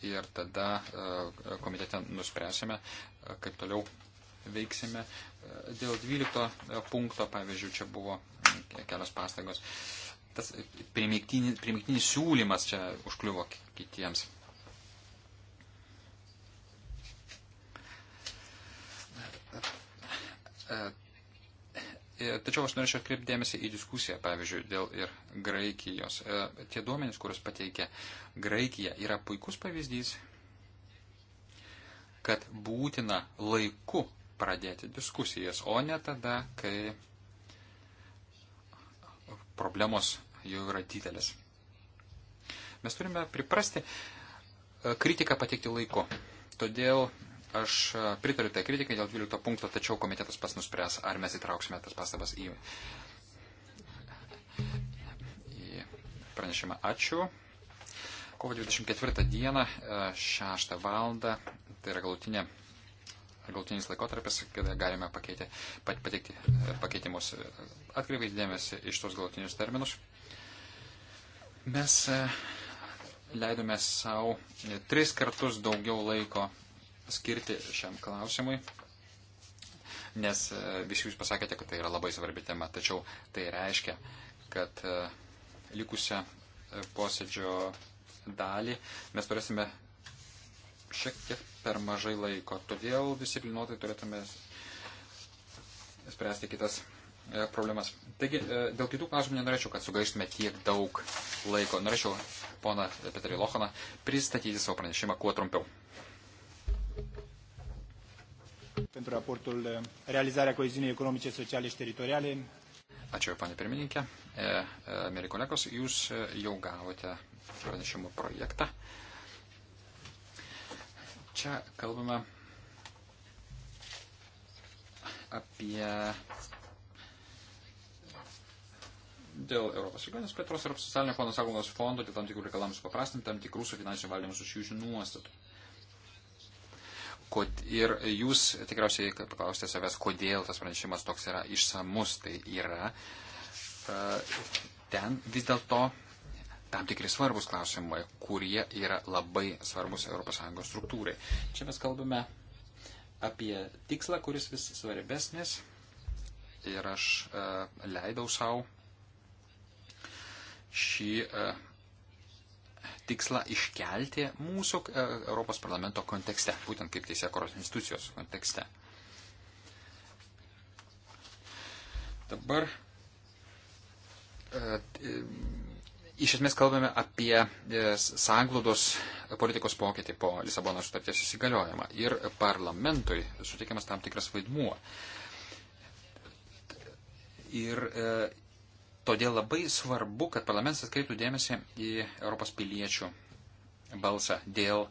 S3: ir tada e, komitete nuspręsime, e, kaip toliau veiksime. E, dėl 12 punkto, pavyzdžiui, čia buvo kelios pastangos. Tas primiktinis, primiktinis siūlymas čia užkliuvo kitiems. E, tačiau aš norėčiau atkreipdėmėsi į diskusiją, pavyzdžiui, dėl ir Graikijos. E, tie duomenys, kuriuos pateikia Graikija, yra puikus pavyzdys, kad būtina laiku pradėti diskusijas, o ne tada, kai problemos jau yra didelės. Mes turime priprasti e, kritiką pateikti laiku. Todėl Aš e, pritariu tai kritikai dėl 12 punkto, tačiau komitetas pas nuspręs, ar mes įtrauksime tas pastabas į, į pranešimą. Ačiū. Kovo 24 dieną, 6 e, val. tai yra galutinė, galutinis laikotarpis, kada galime pakeiti, pateikti e, pakeitimus. Atkreipkite dėmesį iš tos galutinius terminus. Mes leidome savo tris kartus daugiau laiko skirti šiam klausimui, nes e, visi jūs pasakėte, kad tai yra labai svarbi tema, tačiau tai reiškia, kad e, likusią e, posėdžio dalį mes turėsime šiek tiek per mažai laiko, todėl disciplinuotai turėtume spręsti kitas problemas. Taigi, dėl kitų klausimų nenorėčiau, kad sugaištume tiek daug laiko. Norėčiau poną Petrį Lohoną pristatyti savo pranešimą kuo trumpiau. Pentru raportul eh, realizarea koezinei ekonomice, sociale și teritoriale. Ačiū, panė pirmininkė. E, e, mėly kolegos, jūs e, jau gavote pranešimo projektą. Čia kalbame apie dėl Europos regionės plėtros ir socialinio fondo saugomos fondo, dėl tam tikrų reikalavimų supaprastinti, tam tikrų su finansiniu valdymu susijusių nuostatų. Kod, ir jūs tikriausiai paklausite savęs, kodėl tas pranešimas toks yra išsamus. Tai yra, e, ten vis dėlto tam tikri svarbus klausimai, kurie yra labai svarbus ES struktūrai. Čia mes kalbame apie tikslą, kuris vis svarbesnis. Ir aš e, leidau savo šį e, tikslą iškelti mūsų e, Europos parlamento kontekste, būtent kaip teisėkoros institucijos kontekste. Dabar e, e, iš esmės kalbame apie sąnglaudos politikos pokytį po Lisabono sutarties įsigaliojimą ir parlamentui suteikiamas tam tikras vaidmuo. Ir Todėl labai svarbu, kad parlamentas atkreiptų dėmesį į Europos piliečių balsą dėl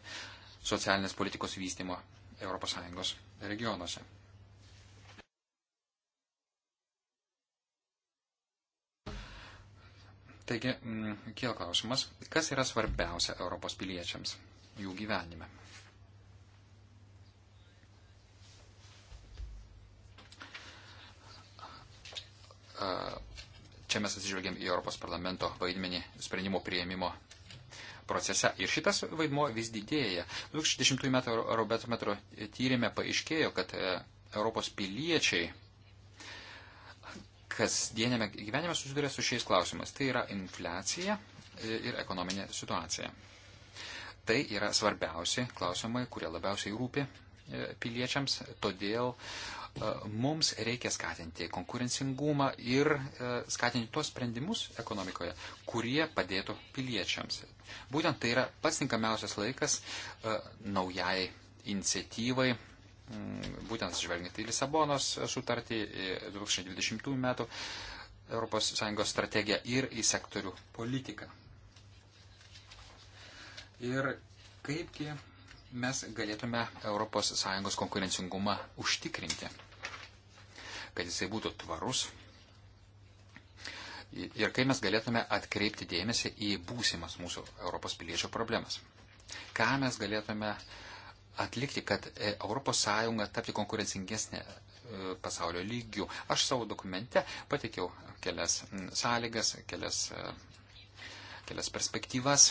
S3: socialinės politikos vystimo ES regionuose. Taigi, mm, kiel klausimas, kas yra svarbiausia Europos piliečiams jų gyvenime? Uh, čia mes atsižvelgiam į Europos parlamento vaidmenį sprendimo prieimimo procese. Ir šitas vaidmo vis didėja. 2010 m. Robertometro tyrimė paaiškėjo, kad e, Europos piliečiai kasdienėme gyvenime susiduria su šiais klausimais. Tai yra infliacija e, ir ekonominė situacija. Tai yra svarbiausi klausimai, kurie labiausiai rūpi e, piliečiams, todėl uh, E, mums reikia skatinti konkurencingumą ir e, skatinti tuos sprendimus ekonomikoje, kurie padėtų piliečiams. Būtent tai yra pats tinkamiausias laikas e, naujai iniciatyvai, mm, būtent žvelgiant į Lisabonos sutartį 2020 metų ES strategiją ir į sektorių politiką. Ir kaipgi mes galėtume ES konkurencingumą užtikrinti kad jisai būtų tvarus. Ir kai mes galėtume atkreipti dėmesį į būsimas mūsų Europos piliečių problemas. Ką mes galėtume atlikti, kad ES tapti konkurencingesnė e, pasaulio lygių. Aš savo dokumente patikiau kelias sąlygas, kelias, e, kelias perspektyvas,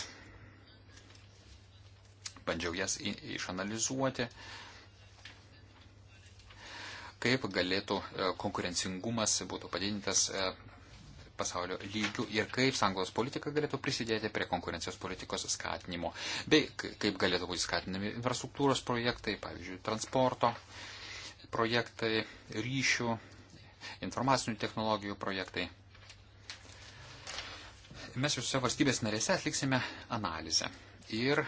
S3: bandžiau jas išanalizuoti. I, kaip galėtų e, konkurencingumas būtų padidintas e, pasaulio lygių ir kaip sanglos politika galėtų prisidėti prie konkurencijos politikos skatinimo, bei kaip galėtų būti skatinami infrastruktūros projektai, pavyzdžiui, transporto projektai, ryšių, informacinių technologijų projektai. Mes visose valstybės narėse atliksime analizę ir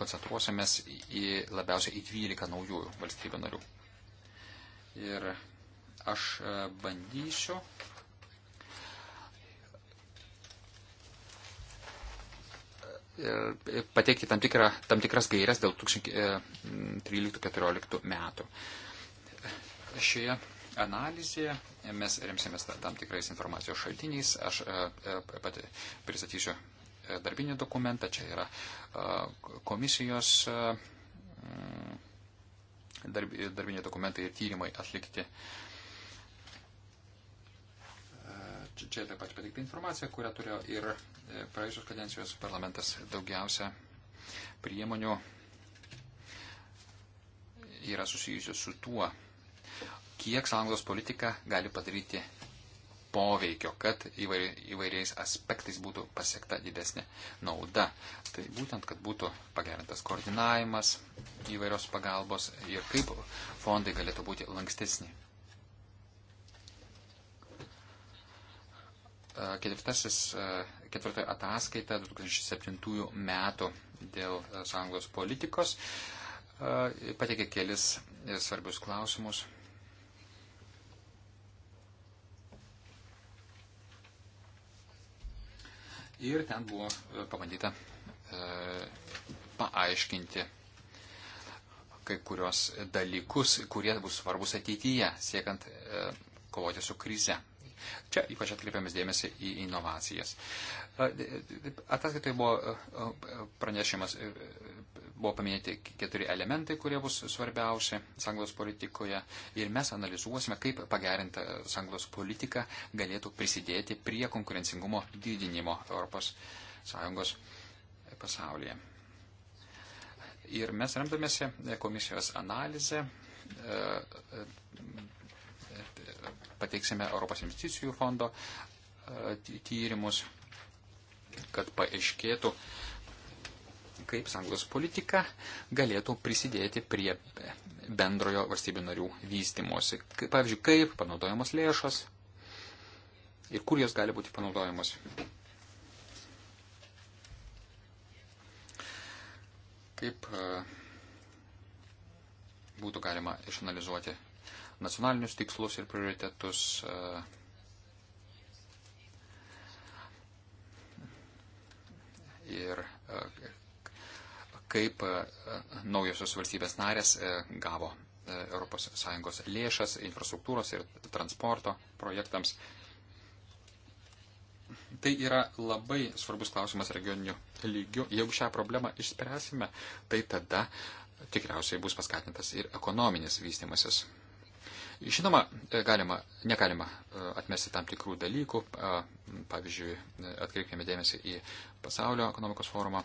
S3: koncentruosimės į labiausiai į 12 naujųjų valstybių narių. Ir aš e, bandysiu pateikti tam, tikrą, tam tikras gairias dėl 2013-2014 e, metų. Šioje analizėje mes remsimės tam tikrais informacijos šaltiniais. Aš e, pat pristatysiu darbinį dokumentą. Čia yra komisijos darbiniai dokumentai ir tyrimai atlikti. E, čia taip pat pateikta informacija, kurią turėjo ir e, praėjusios kadencijos parlamentas daugiausia priemonių yra susijusios su tuo, kiek sąjungos politika gali padaryti poveikio, kad įvairiais aspektais būtų pasiekta didesnė nauda. Tai būtent, kad būtų pagerintas koordinavimas įvairios pagalbos ir kaip fondai galėtų būti lankstesni. E, ketvirtasis, e, ketvirtoji ataskaita 2007 metų dėl e, sąjungos politikos pateikė kelis svarbius klausimus ir ten buvo e, pabandyta e, paaiškinti kai kurios dalykus, kurie bus svarbus ateityje, siekant e, kovoti su krize. Čia ypač atkreipiamės dėmesį į inovacijas. Ataskaitoje buvo pranešimas, e, buvo paminėti keturi elementai, kurie bus svarbiausi sanglos politikoje ir mes analizuosime, kaip pagerinta sanglos politika galėtų prisidėti prie konkurencingumo didinimo Europos Sąjungos pasaulyje. Ir mes remdamėsi komisijos analizę e, e, pateiksime Europos investicijų fondo e, tyrimus, kad paaiškėtų, kaip sąjungos politika galėtų prisidėti prie bendrojo valstybių narių vystimuose. Pavyzdžiui, kaip panaudojamos lėšos ir kur jos gali būti panaudojamos. Kaip e, būtų galima išanalizuoti nacionalinius tikslus ir prioritetus. E, ir e, kaip e, naujosios valstybės narės gavo ES lėšas infrastruktūros ir transporto projektams. Tai yra labai svarbus klausimas regioniniu lygiu. Jeigu šią problemą išspręsime, tai tada tikriausiai bus paskatintas ir ekonominis vystimasis. Žinoma, e, galima, negalima e, atmesti tam tikrų dalykų. E, pavyzdžiui, atkreipkime dėmesį į pasaulio ekonomikos forumą.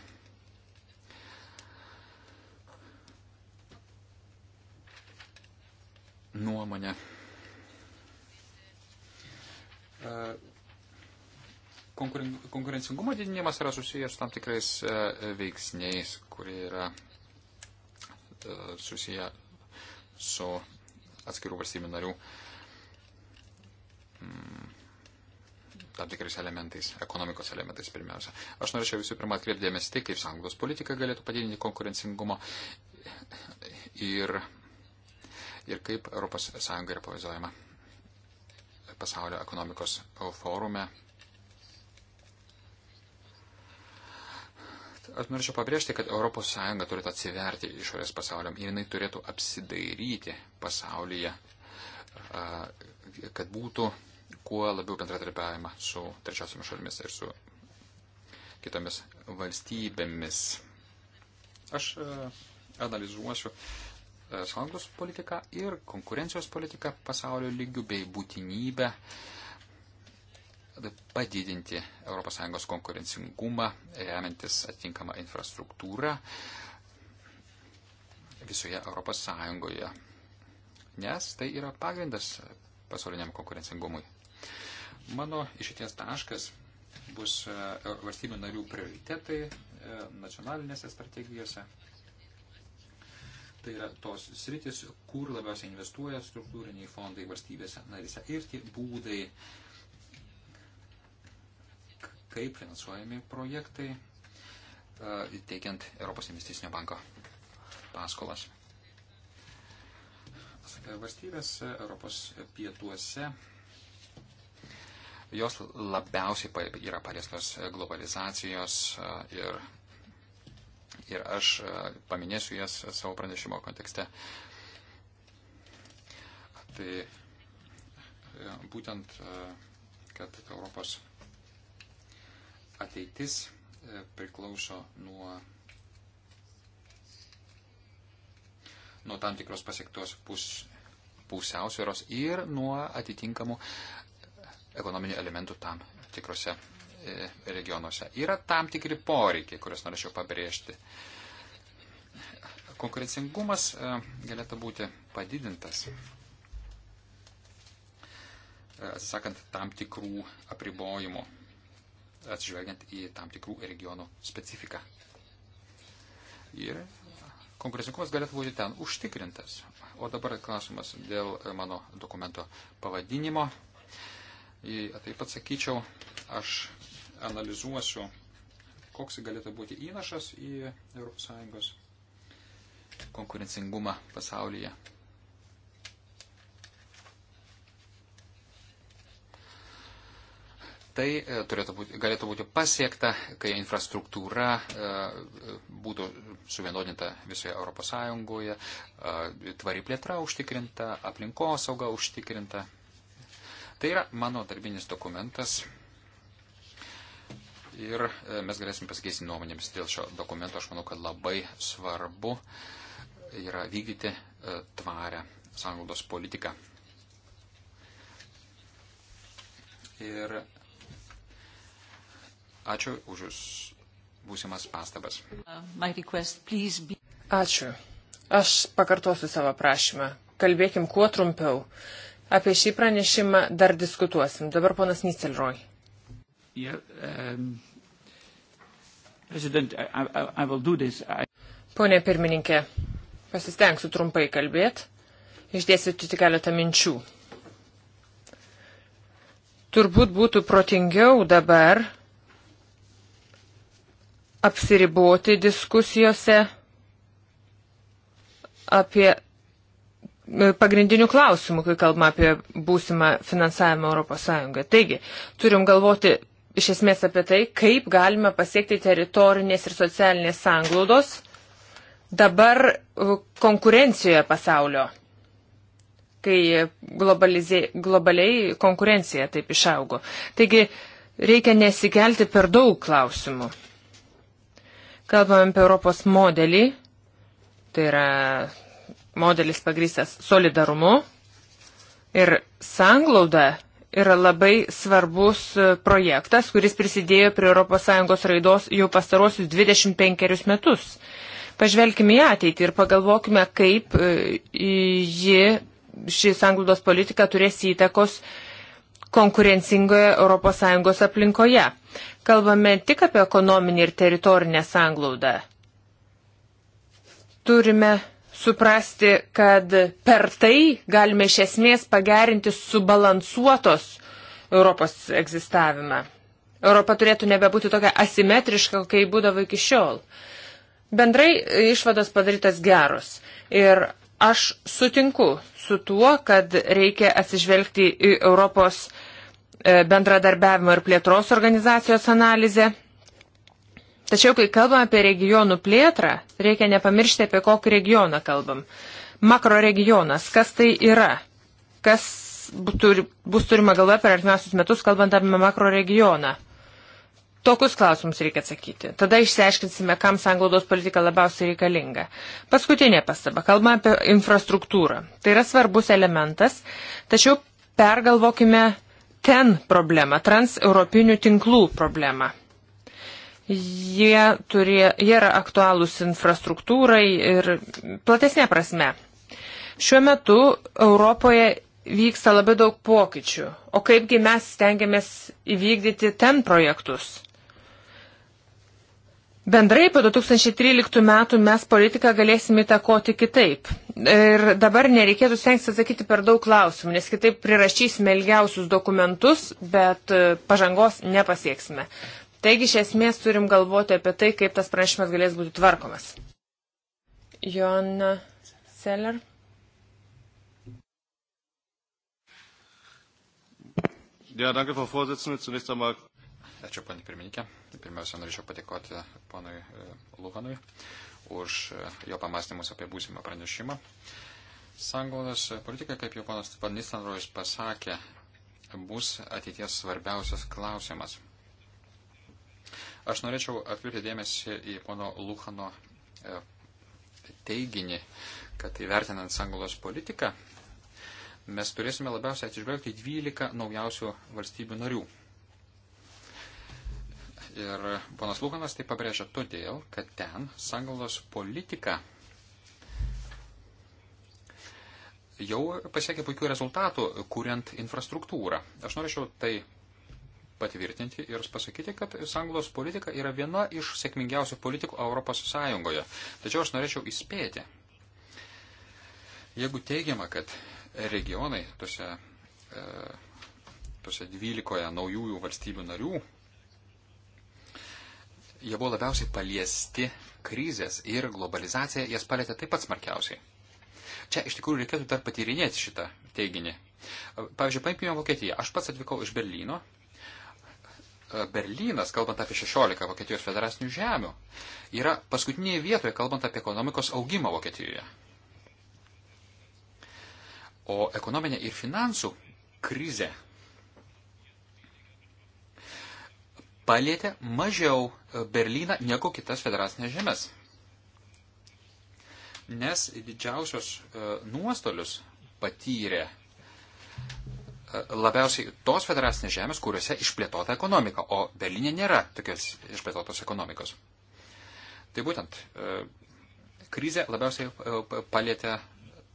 S3: Nuomonė. Konkurencingumo didinimas yra susijęs su tam tikrais veiksniais, kurie yra susiję su atskirų valstybių narių mm, tam tikrais elementais, ekonomikos elementais pirmiausia. Aš norėčiau visų pirma atkreipdėmės tai, kaip sąjungos politika galėtų padidinti konkurencingumą ir, ir kaip ES yra pavaizduojama pasaulio ekonomikos forume Aš norėčiau pabrėžti, kad ES turėtų atsiverti išorės pasauliam ir jinai turėtų apsidairyti pasaulyje, kad būtų kuo labiau bendradarbiavimą su trečiosiomis šalimis ir su kitomis valstybėmis. Aš analizuosiu sąjungos politiką ir konkurencijos politiką pasaulio lygių bei būtinybę uh, padidinti ES konkurencingumą, remiantis atitinkamą infrastruktūrą visoje ES. Nes tai yra pagrindas pasauliniam konkurencingumui. Mano išėties taškas bus e, valstybių narių prioritetai e, nacionalinėse strategijose. Tai yra tos sritis, kur labiausiai investuoja struktūriniai fondai valstybėse narise ir tie būdai, uh, kaip finansuojami projektai, e, teikiant Europos investicinio banko paskolas. E, valstybės e, Europos pietuose jos labiausiai yra paliestos globalizacijos ir, ir aš paminėsiu jas savo pranešimo kontekste. Tai būtent, kad Europos ateitis e, priklauso nuo, nuo tam tikros pasiektos pus, pusiausvėros ir nuo atitinkamų ekonominių elementų tam tikrose e, regionuose. Yra tam tikri poreikiai, kuriuos norėčiau pabrėžti. Konkurencingumas e, galėtų būti padidintas, sakant, tam tikrų apribojimų atsižvelgiant į tam tikrų regionų specifiką. Ir konkurencingumas galėtų būti ten užtikrintas. O dabar klausimas dėl mano dokumento pavadinimo. Ir tai taip pat sakyčiau, aš analizuosiu, koks galėtų būti įnašas į ES konkurencingumą pasaulyje. Tai e, būti, galėtų būti pasiekta, kai infrastruktūra e, būtų suvienodinta visoje ES, e, tvari plėtra užtikrinta, aplinkosauga užtikrinta. Tai yra mano darbinis dokumentas ir mes galėsim pasikeisti nuomonėmis dėl šio dokumento. Aš manau, kad labai svarbu yra vykdyti tvarę sąnaudos politiką. Ir Ačiū už Jūs būsimas pastabas.
S1: Ačiū. Aš pakartosiu savo prašymą. Kalbėkim kuo trumpiau. Apie šį pranešimą dar diskutuosim. Dabar ponas Nicelroj.
S3: Yeah, um, I, I, I...
S1: Pone pirmininkė, pasistengsiu trumpai kalbėti. Išdėsiu tik keletą minčių. Turbūt būtų protingiau dabar apsiriboti diskusijose apie e, pagrindinių klausimų, kai kalbame apie būsimą finansavimą ES. Taigi, turim galvoti iš esmės apie tai, kaip galime pasiekti teritorinės ir socialinės sanglaudos dabar e, konkurencijoje pasaulio, kai globaliai konkurencija taip išaugo. Taigi, reikia nesikelti per daug klausimų. Kalbam apie Europos modelį, tai yra modelis pagrystas solidarumu ir sanglauda yra labai svarbus projektas, kuris prisidėjo prie ES raidos jau pastarosius 25 metus. Pažvelkime į ateitį ir pagalvokime, kaip e, ji, ši sanglaudos politika turės įtakos uh, konkurencingoje ES aplinkoje. Kalbame tik apie ekonominį ir teritorinę sanglaudą. Turime suprasti, kad per tai galime iš esmės pagerinti subalansuotos Europos egzistavimą. Europa turėtų nebebūti tokia asimetriška, kai būdavo iki šiol. Bendrai išvados padarytas geros. Ir Aš sutinku su tuo, kad reikia atsižvelgti į Europos e, bendradarbiavimo ir plėtros organizacijos analizę. Tačiau, kai kalbam apie regionų plėtrą, reikia nepamiršti, apie kokį regioną kalbam. Makroregionas, kas tai yra? Kas turi, bus turima galva per artimiausius metus, kalbant apie makroregioną? Tokius klausimus reikia atsakyti. Tada išsiaiškinsime, kam sanglaudos politika labiausiai reikalinga. Paskutinė pastaba. Kalbame apie infrastruktūrą. Tai yra svarbus elementas, tačiau pergalvokime ten problemą, transeuropinių tinklų problemą. Jie, turė, jie yra aktualūs infrastruktūrai ir platesnė prasme. Šiuo metu Europoje vyksta labai daug pokyčių. O kaipgi mes stengiamės įvykdyti ten projektus? Bendrai po 2013 metų mes politiką galėsime įtakoti kitaip. Ir dabar nereikėtų stengtis atsakyti per daug klausimų, nes kitaip prirašysime ilgiausius dokumentus, bet e, pažangos nepasieksime. Taigi iš esmės turim galvoti apie tai, kaip tas pranešimas galės būti tvarkomas. Joanna Seller.
S3: Ja, danke, Frau Vorsitzende. Zunächst einmal Ačiū, ponė pirmininkė. Pirmiausia, norėčiau padėkoti ponui e, Luhanui už e, jo pamastymus apie būsimą pranešimą. Sanglaudos politika, kaip jau ponas Padnistanrojus pasakė, bus ateities svarbiausias klausimas. Aš norėčiau atkreipti dėmesį į pono Luhano e, teiginį, kad įvertinant tai sanglaudos politiką, mes turėsime labiausiai atsižvelgti į 12 naujausių valstybių narių ir ponas Lukanas tai pabrėžia todėl, kad ten sanglaudos politika jau pasiekė puikių rezultatų, kuriant infrastruktūrą. Aš norėčiau tai patvirtinti ir pasakyti, kad sanglaudos politika yra viena iš sėkmingiausių politikų Europos Sąjungoje. Tačiau aš norėčiau įspėti, jeigu teigiama, kad regionai tose, e, tose 12 naujųjų valstybių narių jie buvo labiausiai paliesti krizės ir globalizacija jas palėtė taip pat smarkiausiai. Čia iš tikrųjų reikėtų dar patyrinėti šitą teiginį. Pavyzdžiui, paimkime Vokietiją. Aš pats atvykau iš Berlyno. Berlynas, kalbant apie 16 Vokietijos federacinių žemių, yra paskutinėje vietoje, kalbant apie ekonomikos augimą Vokietijoje. O ekonominė ir finansų krizė palėtė mažiau Berlyną negu kitas federacinės žemės. Nes didžiausios e, nuostolius patyrė e, labiausiai tos federacinės žemės, kuriuose išplėtota ekonomika, o Berlinė nėra tokios išplėtotos ekonomikos. Tai būtent e, krizė labiausiai palėtė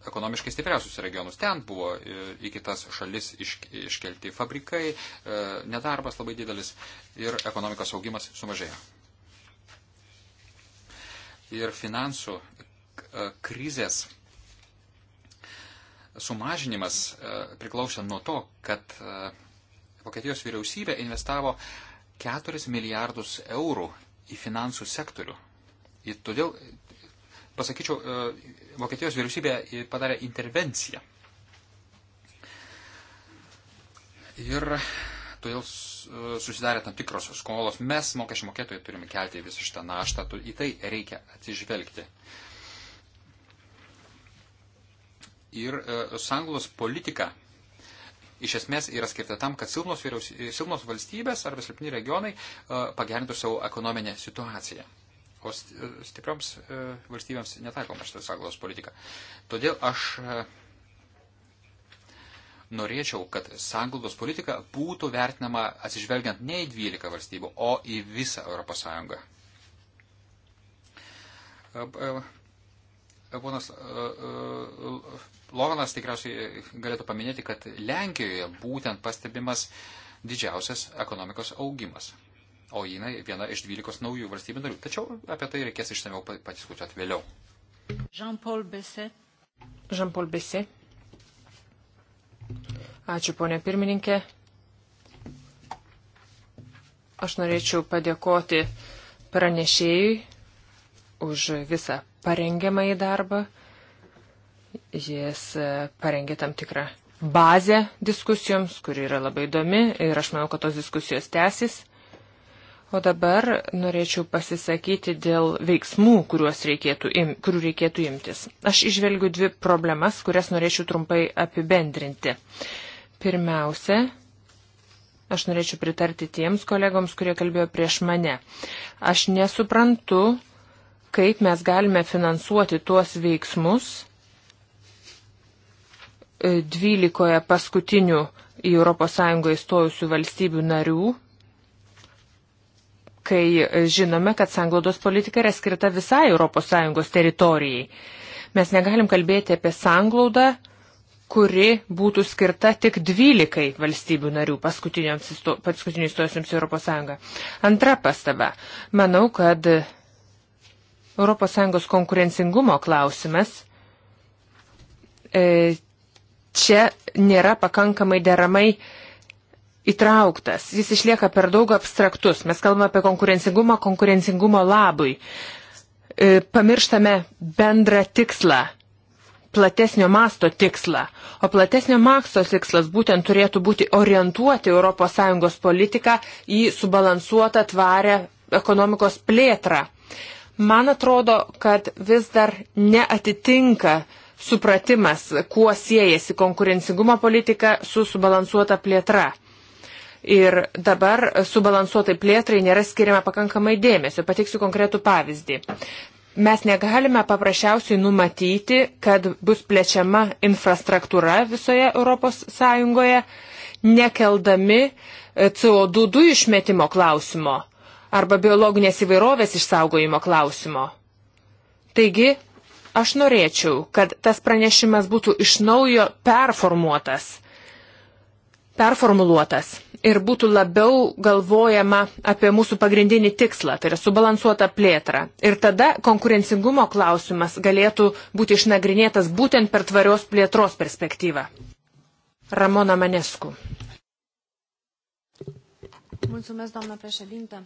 S3: ekonomiškai stipriausius regionus. Ten buvo e, į kitas šalis iš, iškelti fabrikai, e, nedarbas labai didelis ir ekonomikos augimas sumažėjo. Ir finansų e, krizės sumažinimas priklausė nuo to, kad Vokietijos vyriausybė investavo 4 milijardus eurų į finansų sektorių. Ir todėl pasakyčiau, e, Vokietijos vyriausybė padarė intervenciją. Ir todėl e, susidarė tam tikros skolos. Mes, mokesčių mokėtojai, turime kelti visą šitą naštą, į tai reikia atsižvelgti. Ir e, sanglos politika iš esmės yra skirta tam, kad silpnos, silpnos valstybės arba silpni regionai pagerintų savo ekonominę situaciją o stiprioms e, valstybėms netaikoma šitą sąglaudos politiką. Todėl aš e, norėčiau, kad sąglaudos politika būtų vertinama atsižvelgiant ne į 12 valstybių, o į visą ES. E, ponas Lovanas tikriausiai galėtų paminėti, kad Lenkijoje būtent pastebimas didžiausias ekonomikos augimas o jinai viena iš dvylikos naujų valstybių narių. Tačiau apie tai reikės išsameu padiskutuoti vėliau.
S2: Jean-Paul Besset.
S1: Jean-Paul Besset. Ačiū, ponė pirmininkė. Aš norėčiau padėkoti pranešėjui už visą parengiamąjį darbą. Jis e, parengė tam tikrą bazę diskusijoms, kuri yra labai įdomi ir aš manau, kad tos diskusijos tęsis. O dabar norėčiau pasisakyti dėl veiksmų, reikėtų im, kurių reikėtų imtis. Aš išvelgiu dvi problemas, kurias norėčiau trumpai apibendrinti. Pirmiausia, aš norėčiau pritarti tiems kolegoms, kurie kalbėjo prieš mane. Aš nesuprantu, kaip mes galime finansuoti tuos veiksmus 12 e, paskutinių į ES įstojusių valstybių narių kai žinome, kad sanglaudos politika yra skirta visai ES teritorijai. Mes negalim kalbėti apie sanglaudą, kuri būtų skirta tik 12 valstybių narių paskutiniai stojusiems į ES. Antra pastaba. Manau, kad ES konkurencingumo klausimas e, čia nėra pakankamai deramai įtrauktas, jis išlieka per daug abstraktus. Mes kalbame apie konkurencingumą konkurencingumo labui. E, pamirštame bendrą tikslą platesnio masto tikslą. O platesnio masto tikslas būtent turėtų būti orientuoti ES politiką į subalansuotą tvarę ekonomikos plėtrą. Man atrodo, kad vis dar neatitinka supratimas, kuo siejasi konkurencingumo politika su subalansuota plėtra. Ir dabar subalansuotai plėtrai nėra skiriama pakankamai dėmesio. Pateiksiu konkretų pavyzdį. Mes negalime paprasčiausiai numatyti, kad bus plečiama infrastruktūra visoje ES, nekeldami e, CO2 dujų išmetimo klausimo arba biologinės įvairovės išsaugojimo klausimo. Taigi, aš norėčiau, kad tas pranešimas būtų iš naujo performuotas performuluotas ir būtų labiau galvojama apie mūsų pagrindinį tikslą, tai yra subalansuota plėtra. Ir tada konkurencingumo klausimas galėtų būti išnagrinėtas būtent per tvarios plėtros perspektyvą. Ramona Manescu. Mulțumesc, doamna președintă.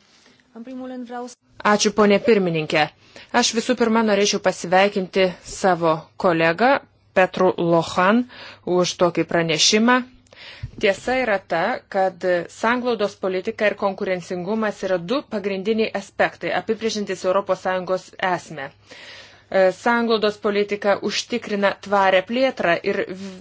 S1: În primul rând vreau să... Ačiū, ponė pirmininkė. Aš visų pirma norėčiau pasiveikinti savo kolegą Petru Lohan už tokį pranešimą Tiesa yra ta, kad sanglaudos politika ir konkurencingumas yra du pagrindiniai aspektai, apibrėžintis ES esmę. E, sanglaudos politika užtikrina tvarę plėtrą ir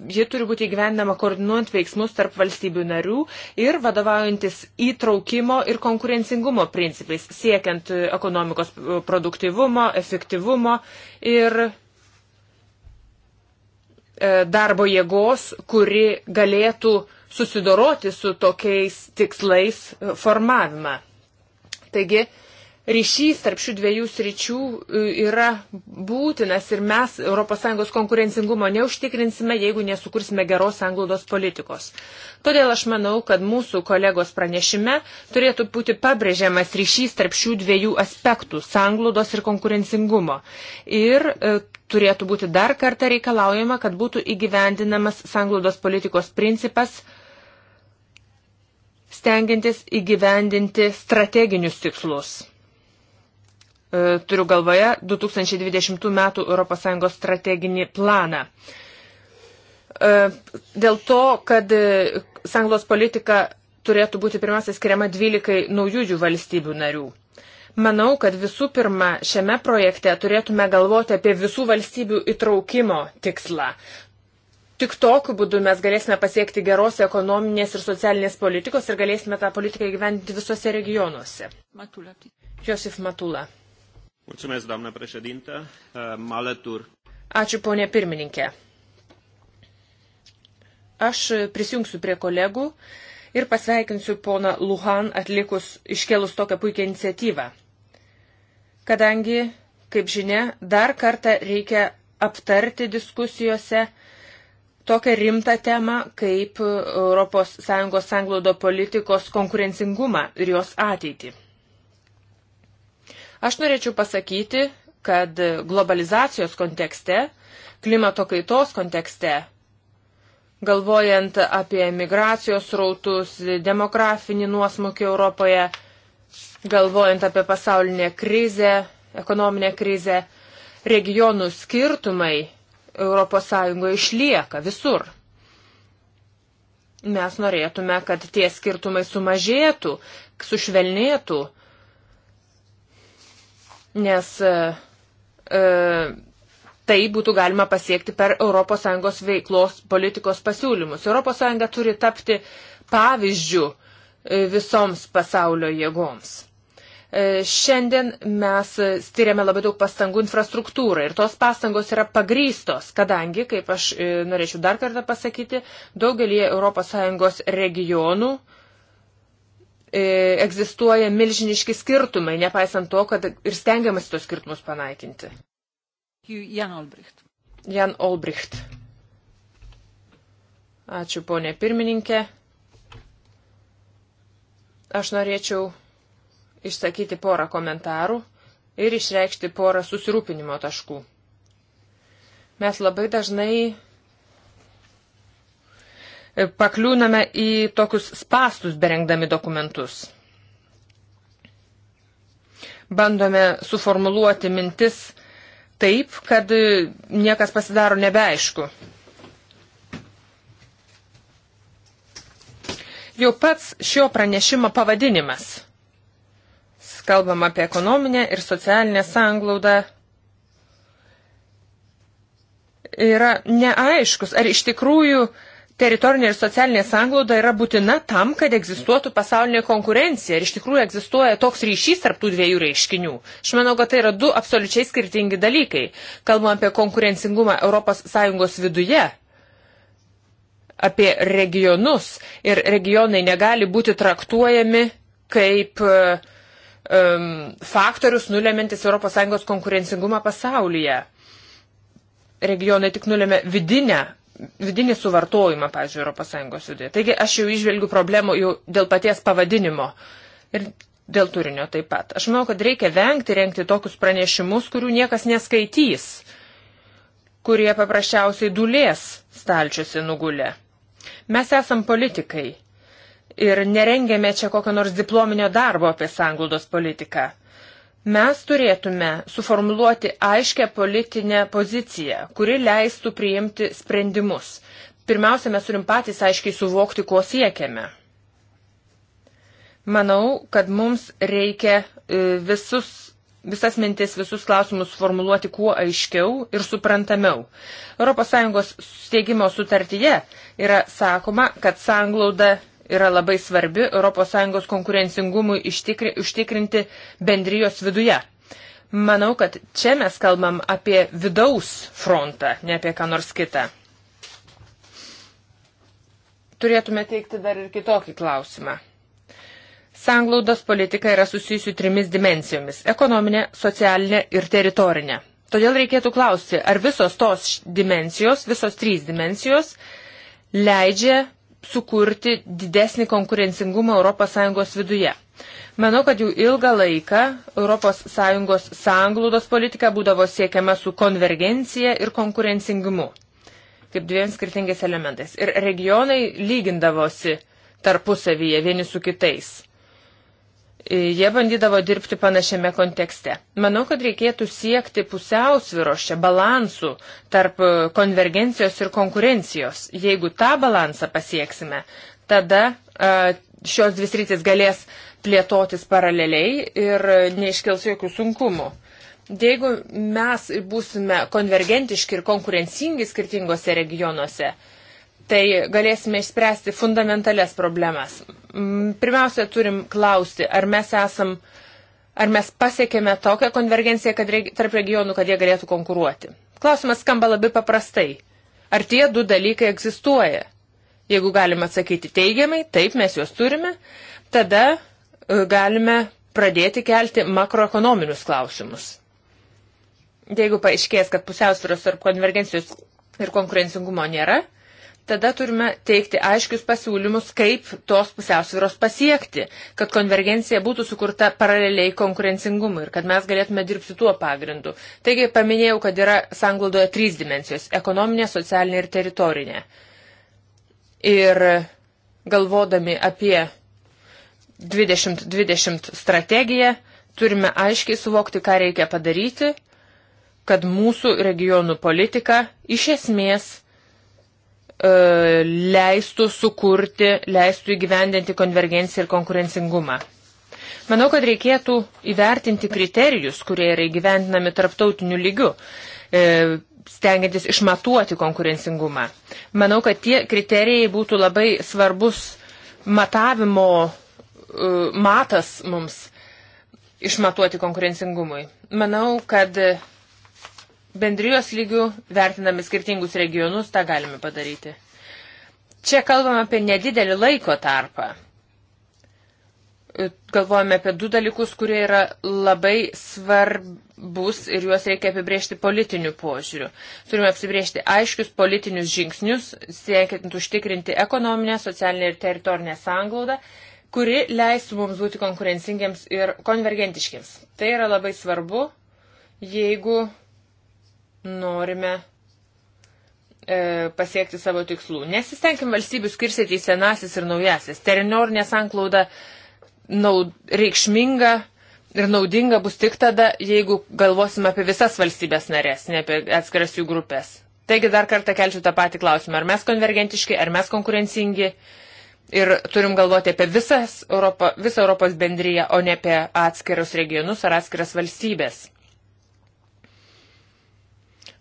S1: ji turi būti įgyvendama koordinuojant veiksmus tarp valstybių narių ir vadovaujantis įtraukimo ir konkurencingumo principais, siekiant ekonomikos produktivumo, efektyvumo ir e, darbo jėgos, kuri galėtų susidoroti su tokiais tikslais e, formavimą. Taigi, ryšys tarp šių dviejų sričių e, yra būtinas ir mes ES konkurencingumo neužtikrinsime, jeigu nesukursime geros anglaudos politikos. Todėl aš manau, kad mūsų kolegos pranešime turėtų būti pabrėžiamas ryšys tarp šių dviejų aspektų - sanglaudos ir konkurencingumo. Ir e, turėtų būti dar kartą reikalaujama, kad būtų įgyvendinamas sanglaudos politikos principas stengiantis įgyvendinti strateginius tikslus. E, turiu galvoje 2020 m. ES strateginį planą. E, dėl to, kad e, sanglos politika turėtų būti pirmiausia skiriama 12 naujųjų valstybių narių. Manau, kad visų pirma šiame projekte turėtume galvoti apie visų valstybių įtraukimo tikslą. Tik tokiu būdu mes galėsime pasiekti geros ekonominės ir socialinės politikos ir galėsime tą politiką įgyvendinti visose regionuose. Matula. Josif Matula.
S3: Mulțumesc, doamnă președintă. Uh, mă alătur.
S1: Ačiū, ponė pirmininkė. Aš prisijungsiu prie kolegų ir pasveikinsiu poną Luhan atlikus iškelus tokią puikią iniciatyvą. Kadangi, kaip žinia, dar kartą reikia aptarti diskusijose, tokią rimtą temą kaip ES sanglaudo politikos konkurencingumą ir jos ateitį. Aš norėčiau pasakyti, kad globalizacijos kontekste, klimato kaitos kontekste, galvojant apie migracijos rautus, demografinį nuosmukį Europoje, galvojant apie pasaulinę krizę, ekonominę krizę, regionų skirtumai ES išlieka visur. Mes norėtume, kad tie skirtumai sumažėtų, sušvelnėtų, nes e, e tai būtų galima pasiekti per ES veiklos politikos pasiūlymus. ES turi tapti pavyzdžių e, visoms pasaulio jėgoms. E, šiandien mes skiriame labai daug pastangų infrastruktūrai ir tos pastangos yra pagrystos, kadangi, kaip aš e, norėčiau dar kartą pasakyti, daugelį ES regionų e, egzistuoja milžiniški skirtumai, nepaisant to, kad ir stengiamasi tos skirtumus panaikinti. Jan Olbricht. Jan Olbricht. Ačiū, ponė pirmininkė. Aš norėčiau išsakyti porą komentarų ir išreikšti porą susirūpinimo taškų. Mes labai dažnai e, pakliūname į tokius spastus berengdami dokumentus. Bandome suformuluoti mintis taip, kad e, niekas pasidaro nebeaišku. Jau pats šio pranešimo pavadinimas kalbam apie ekonominę ir socialinę sanglaudą, yra neaiškus, ar iš tikrųjų teritorinė ir socialinė sanglauda yra būtina tam, kad egzistuotų pasaulinė konkurencija. Ir iš tikrųjų egzistuoja toks ryšys tarp tų dviejų reiškinių. Aš manau, kad tai yra du absoliučiai skirtingi dalykai. Kalbam apie konkurencingumą ES viduje apie regionus ir regionai negali būti traktuojami kaip uh, um, faktorius nulemantis ES konkurencingumą pasaulyje. Regionai tik nulėmė vidinę, vidinį suvartojimą, pavyzdžiui, ES viduje. Taigi aš jau išvelgiu problemų jau dėl paties pavadinimo ir dėl turinio taip pat. Aš manau, kad reikia vengti renkti tokius pranešimus, kurių niekas neskaitys, kurie paprasčiausiai dulės stalčiuose nugulė. Mes esam politikai ir nerengėme čia kokio nors diplominio darbo apie sanglaudos politiką. Mes turėtume suformuluoti aiškę politinę poziciją, kuri leistų priimti sprendimus. Pirmiausia, mes turim patys aiškiai suvokti, ko siekiame. Manau, kad mums reikia e, visus visas mintis, visus klausimus formuluoti kuo aiškiau ir suprantamiau. ES steigimo sutartyje yra sakoma, kad sanglauda yra labai svarbi ES konkurencingumui ištikri, užtikrinti bendrijos viduje. Manau, kad čia mes kalbam apie vidaus frontą, ne apie ką nors kitą. Turėtume teikti dar ir kitokį klausimą. Sanglaudos politika yra susijusi trimis dimencijomis - ekonominė, socialinė ir teritorinė. Todėl reikėtų klausti, ar visos tos dimensijos, visos trys dimensijos leidžia sukurti didesnį konkurencingumą ES viduje. Manau, kad jau ilgą laiką ES sanglaudos politika būdavo siekiama su konvergencija ir konkurencingumu, kaip dviem skirtingais elementais. Ir regionai lygindavosi tarpusavyje vieni su kitais. E, jie bandydavo dirbti panašiame kontekste. Manau, kad reikėtų siekti pusiausviros čia balansų tarp e, konvergencijos ir konkurencijos. Jeigu tą balansą pasieksime, tada e, šios dvi sritis galės plėtotis paraleliai ir neiškils jokių sunkumų. Jeigu mes būsime konvergentiški ir konkurencingi skirtingose regionuose, tai galėsime išspręsti fundamentales problemas. Pirmiausia, turim klausti, ar mes esam, ar mes pasiekėme tokią konvergenciją regi, tarp regionų, kad jie galėtų konkuruoti. Klausimas skamba labai paprastai. Ar tie du dalykai egzistuoja? Jeigu galime atsakyti teigiamai, taip mes juos turime, tada e, galime pradėti kelti makroekonominius klausimus. Jeigu paaiškės, kad pusiausvėros tarp konvergencijos ir konkurencingumo nėra, tada turime teikti aiškius pasiūlymus, kaip tos pusiausvyros pasiekti, kad konvergencija būtų sukurta paraleliai konkurencingumui ir kad mes galėtume dirbti tuo pagrindu. Taigi paminėjau, kad yra sanglaudoje trys dimensijos - ekonominė, socialinė ir teritorinė. Ir galvodami apie 2020 strategiją, turime aiškiai suvokti, ką reikia padaryti, kad mūsų regionų politika iš esmės E, leistų sukurti, leistų įgyvendinti konvergenciją ir konkurencingumą. Manau, kad reikėtų įvertinti kriterijus, kurie yra įgyvendinami tarptautiniu lygiu, e, stengiantis išmatuoti konkurencingumą. Manau, kad tie kriterijai būtų labai svarbus matavimo e, matas mums išmatuoti konkurencingumui. Manau, kad bendrijos lygių, vertinami skirtingus regionus, tą galime padaryti. Čia kalbam apie nedidelį laiko tarpą. Galvojame apie du dalykus, kurie yra labai svarbus ir juos reikia apibriežti politiniu požiūriu. Turime apsibriežti aiškius politinius žingsnius, siekiant užtikrinti ekonominę, socialinę ir teritorinę sanglaudą, kuri leistų mums būti konkurencingiams ir konvergentiškiams. Tai yra labai svarbu, jeigu norime e, pasiekti savo tikslų. Nesistengim valstybių skirstyti į senasis ir naujasis. Terinorinė sanklauda naud, reikšminga ir naudinga bus tik tada, jeigu galvosim apie visas valstybės narės, ne apie atskiras jų grupės. Taigi dar kartą kelčiu tą patį klausimą. Ar mes konvergentiški, ar mes konkurencingi ir turim galvoti apie visas Europą, visą Europos bendryją, o ne apie atskirus regionus ar atskiras valstybės.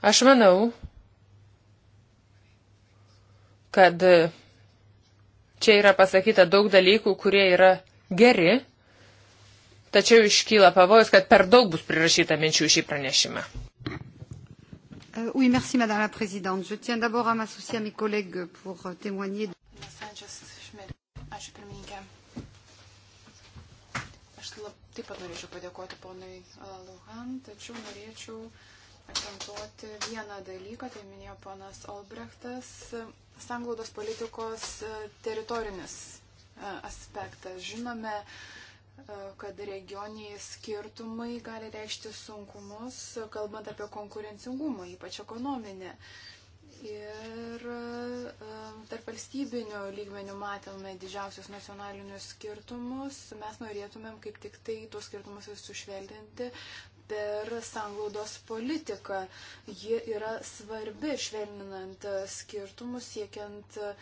S1: Aš manau, kad čia yra pasakyta daug dalykų, kurie yra geri, tačiau iškyla pavojus, kad per daug bus prirašyta minčių šį pranešimą.
S2: Euh, oui, merci Madame la Présidente. Je tiens d'abord à m'associer à mes collègues pour euh, témoigner de... Ačiū pirmininkė. Aš lab, taip pat norėčiau padėkoti ponui Luhan, tačiau norėčiau uh, akcentuoti vieną dalyką, tai minėjo ponas Olbrechtas, sanglaudos politikos e, teritorinis e, aspektas. Žinome, e, kad regioniai skirtumai gali reikšti sunkumus, kalbant apie konkurencingumą, ypač ekonominį. Ir tarp valstybinių lygmenių matome didžiausius nacionalinius skirtumus. Mes norėtumėm kaip tik tai tuos skirtumus sušvelninti, per sanglaudos politiką. Ji yra svarbi švelninant skirtumus, siekiant e,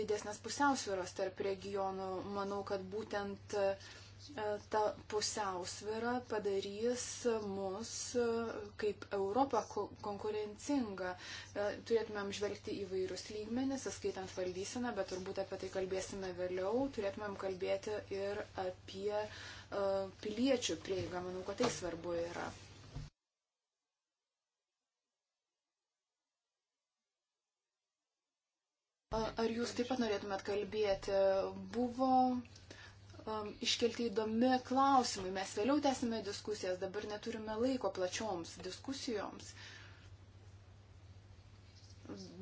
S2: didesnės pusiausvėros tarp regionų. Manau, kad būtent uh, E, ta pusiausvėra padarys mus e, kaip Europą konkurencingą. E, turėtumėm žvelgti įvairius lygmenis, skaitant valdyseną, bet turbūt apie tai kalbėsime vėliau. Turėtumėm kalbėti ir apie piliečių prieigą. Manau, kad tai svarbu yra. Ar jūs taip pat norėtumėt kalbėti? Buvo um, iškelti įdomi klausimai. Mes vėliau tęsime diskusijas, dabar neturime laiko plačioms diskusijoms.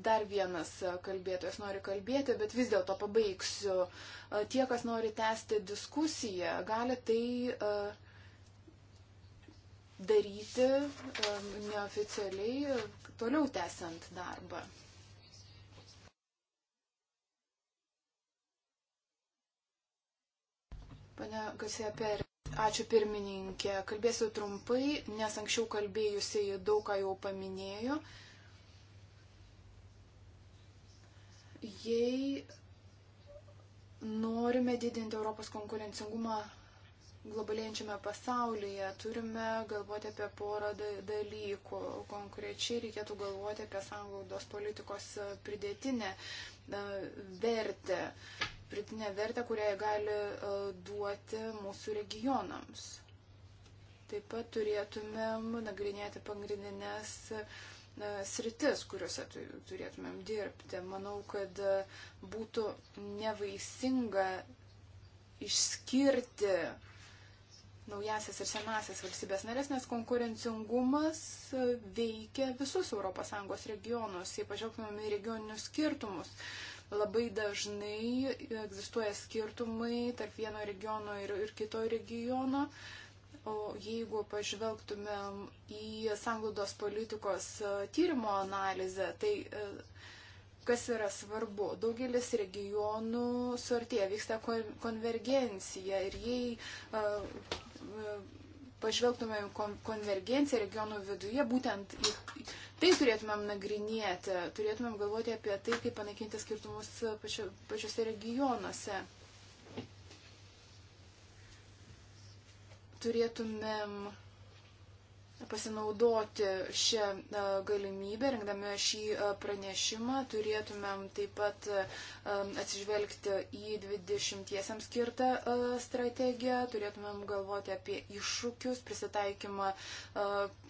S2: Dar vienas kalbėtojas nori kalbėti, bet vis dėlto pabaigsiu. Uh, tie, kas nori tęsti diskusiją, gali tai uh, daryti um, neoficialiai, toliau tęsiant darbą. Pane Gasiaper, ačiū pirmininkė. Kalbėsiu trumpai, nes anksčiau kalbėjusiai daug ką jau paminėjo. Jei norime didinti Europos konkurencingumą globalėjančiame pasaulyje, turime galvoti apie porą dalykų. Konkrečiai reikėtų galvoti apie sąnaudos politikos pridėtinę e, vertę pritinę vertę, kurią jie gali e, duoti mūsų regionams. Taip pat turėtumėm nagrinėti pagrindinės e, sritis, kuriuose turėtumėm dirbti. Manau, kad e, būtų nevaisinga išskirti naujasias ir senasias valstybės narės, nes konkurencingumas veikia visus ES regionus, ypač žvelgtumėm į regioninius skirtumus. Uh, labai dažnai egzistuoja skirtumai tarp vieno regiono ir, ir kito regiono. O jeigu pažvelgtumėm į sanglaudos politikos e, tyrimo analizę, tai e, kas yra svarbu. Daugelis regionų suartėja, vyksta konvergencija ir jei e, pažvelgtumėm konvergenciją regionų viduje, būtent į Tai turėtumėm nagrinėti, turėtumėm galvoti apie tai, kaip panaikinti skirtumus pačio, pačiose regionuose. Turėtumėm pasinaudoti šią e, galimybę, rengdami šį e, pranešimą, turėtumėm taip pat e, atsižvelgti į 20-iesiam skirtą strategiją, turėtumėm galvoti apie iššūkius, prisitaikymą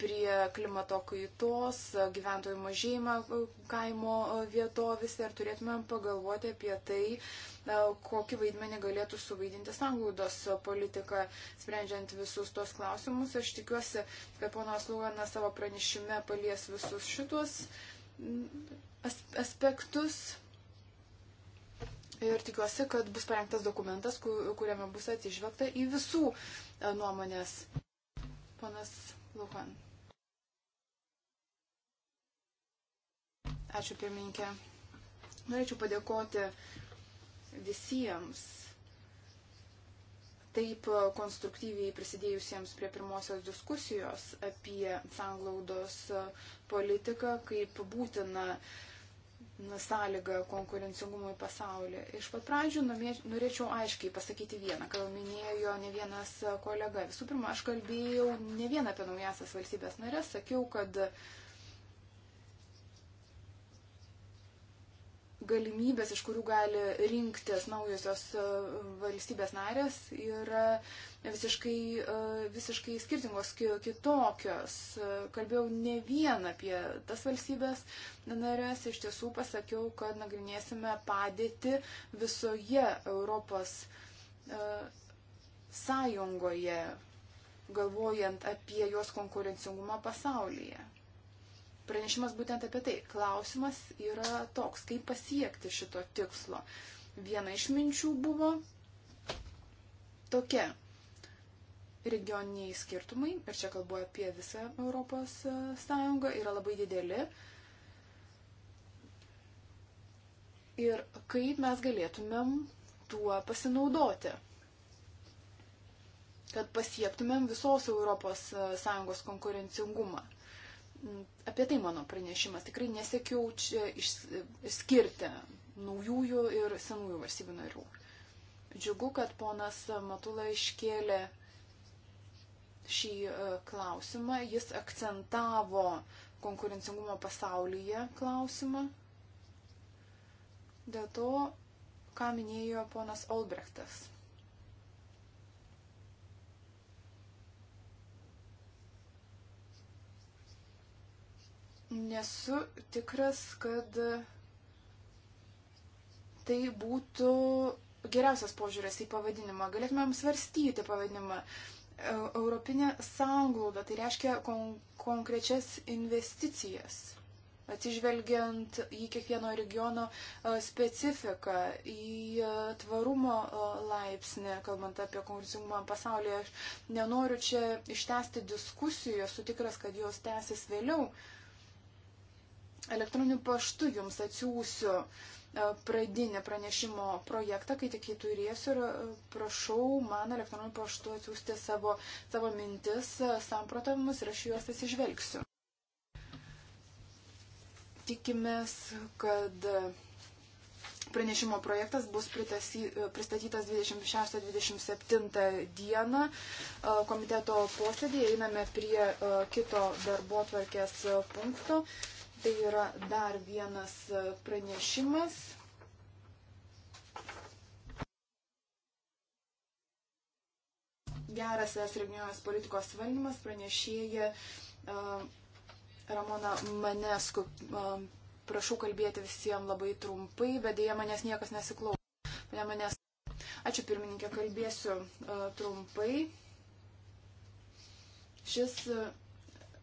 S2: prie klimato kaitos, gyventojų mažėjimą kaimo vietovėse ir turėtumėm pagalvoti apie tai, kokį vaidmenį galėtų suvaidinti sanglaudos politika, sprendžiant visus tos klausimus. Aš tikiuosi, kad ponas Luganas savo pranešime palies visus šitos aspektus. Ir tikiuosi, kad bus parengtas dokumentas, kuriame bus atsižvelgta į visų e, nuomonės. Ponas Luhan. Ačiū pirmininkė. Norėčiau padėkoti visiems taip konstruktyviai prisidėjusiems prie pirmosios diskusijos apie sanglaudos politiką kaip būtiną sąlygą konkurencingumui pasaulyje. Iš pat pradžių norėčiau aiškiai pasakyti vieną, ką minėjo ne vienas kolega. Visų pirma, aš kalbėjau ne vien apie naujasias valstybės narės, sakiau, kad uh, galimybės, iš kurių gali rinktis naujosios e, valstybės narės, yra visiškai, e, visiškai skirtingos, kitokios. E, kalbėjau ne vien apie tas valstybės narės, iš tiesų pasakiau, kad nagrinėsime padėti visoje Europos sąjungoje, galvojant apie jos konkurencingumą pasaulyje pranešimas būtent apie tai. Klausimas yra toks, kaip pasiekti šito tikslo. Viena iš minčių buvo tokia. Regioniniai skirtumai, ir čia kalbu apie visą Europos e, Sąjungą, yra labai dideli. Ir kaip mes galėtumėm tuo pasinaudoti, kad pasiektumėm visos Europos e, Sąjungos konkurencingumą apie tai mano pranešimas. Tikrai nesiekiau čia išskirti naujųjų ir senųjų valstybių narių. Džiugu, kad ponas Matula iškėlė šį e, klausimą. Jis akcentavo konkurencingumo pasaulyje klausimą. Dėl to, ką minėjo ponas Olbrechtas. nesu tikras, kad tai būtų geriausias požiūris į pavadinimą. Galėtumėm svarstyti pavadinimą. Europinė sąnglauda, tai reiškia kon konkrečias investicijas, atsižvelgiant į kiekvieno regiono e, specifiką, į e, tvarumo e, laipsnį, kalbant apie konkursingumą pasaulyje. Aš nenoriu čia ištesti diskusijų, esu tikras, kad jos tęsis vėliau. Uh, Elektroniniu paštu jums atsiųsiu e, pradinį pranešimo projektą, kai tik jį turėsiu ir e, prašau man elektroniniu paštu atsiųsti savo, savo mintis, e, samprotavimus ir aš juos atsižvelgsiu. Tikimės, kad pranešimo projektas bus pristatytas 26-27 dieną komiteto posėdėje. Einame prie kito darbo tvarkės punkto. Tai yra dar vienas pranešimas. Geras es regionės politikos valdymas pranešėja uh, Ramona Manesku. Uh, prašau kalbėti visiems labai trumpai, bet dėja manęs niekas nesiklauso. Mane manęs... Ačiū pirmininkė, kalbėsiu uh, trumpai. Šis uh,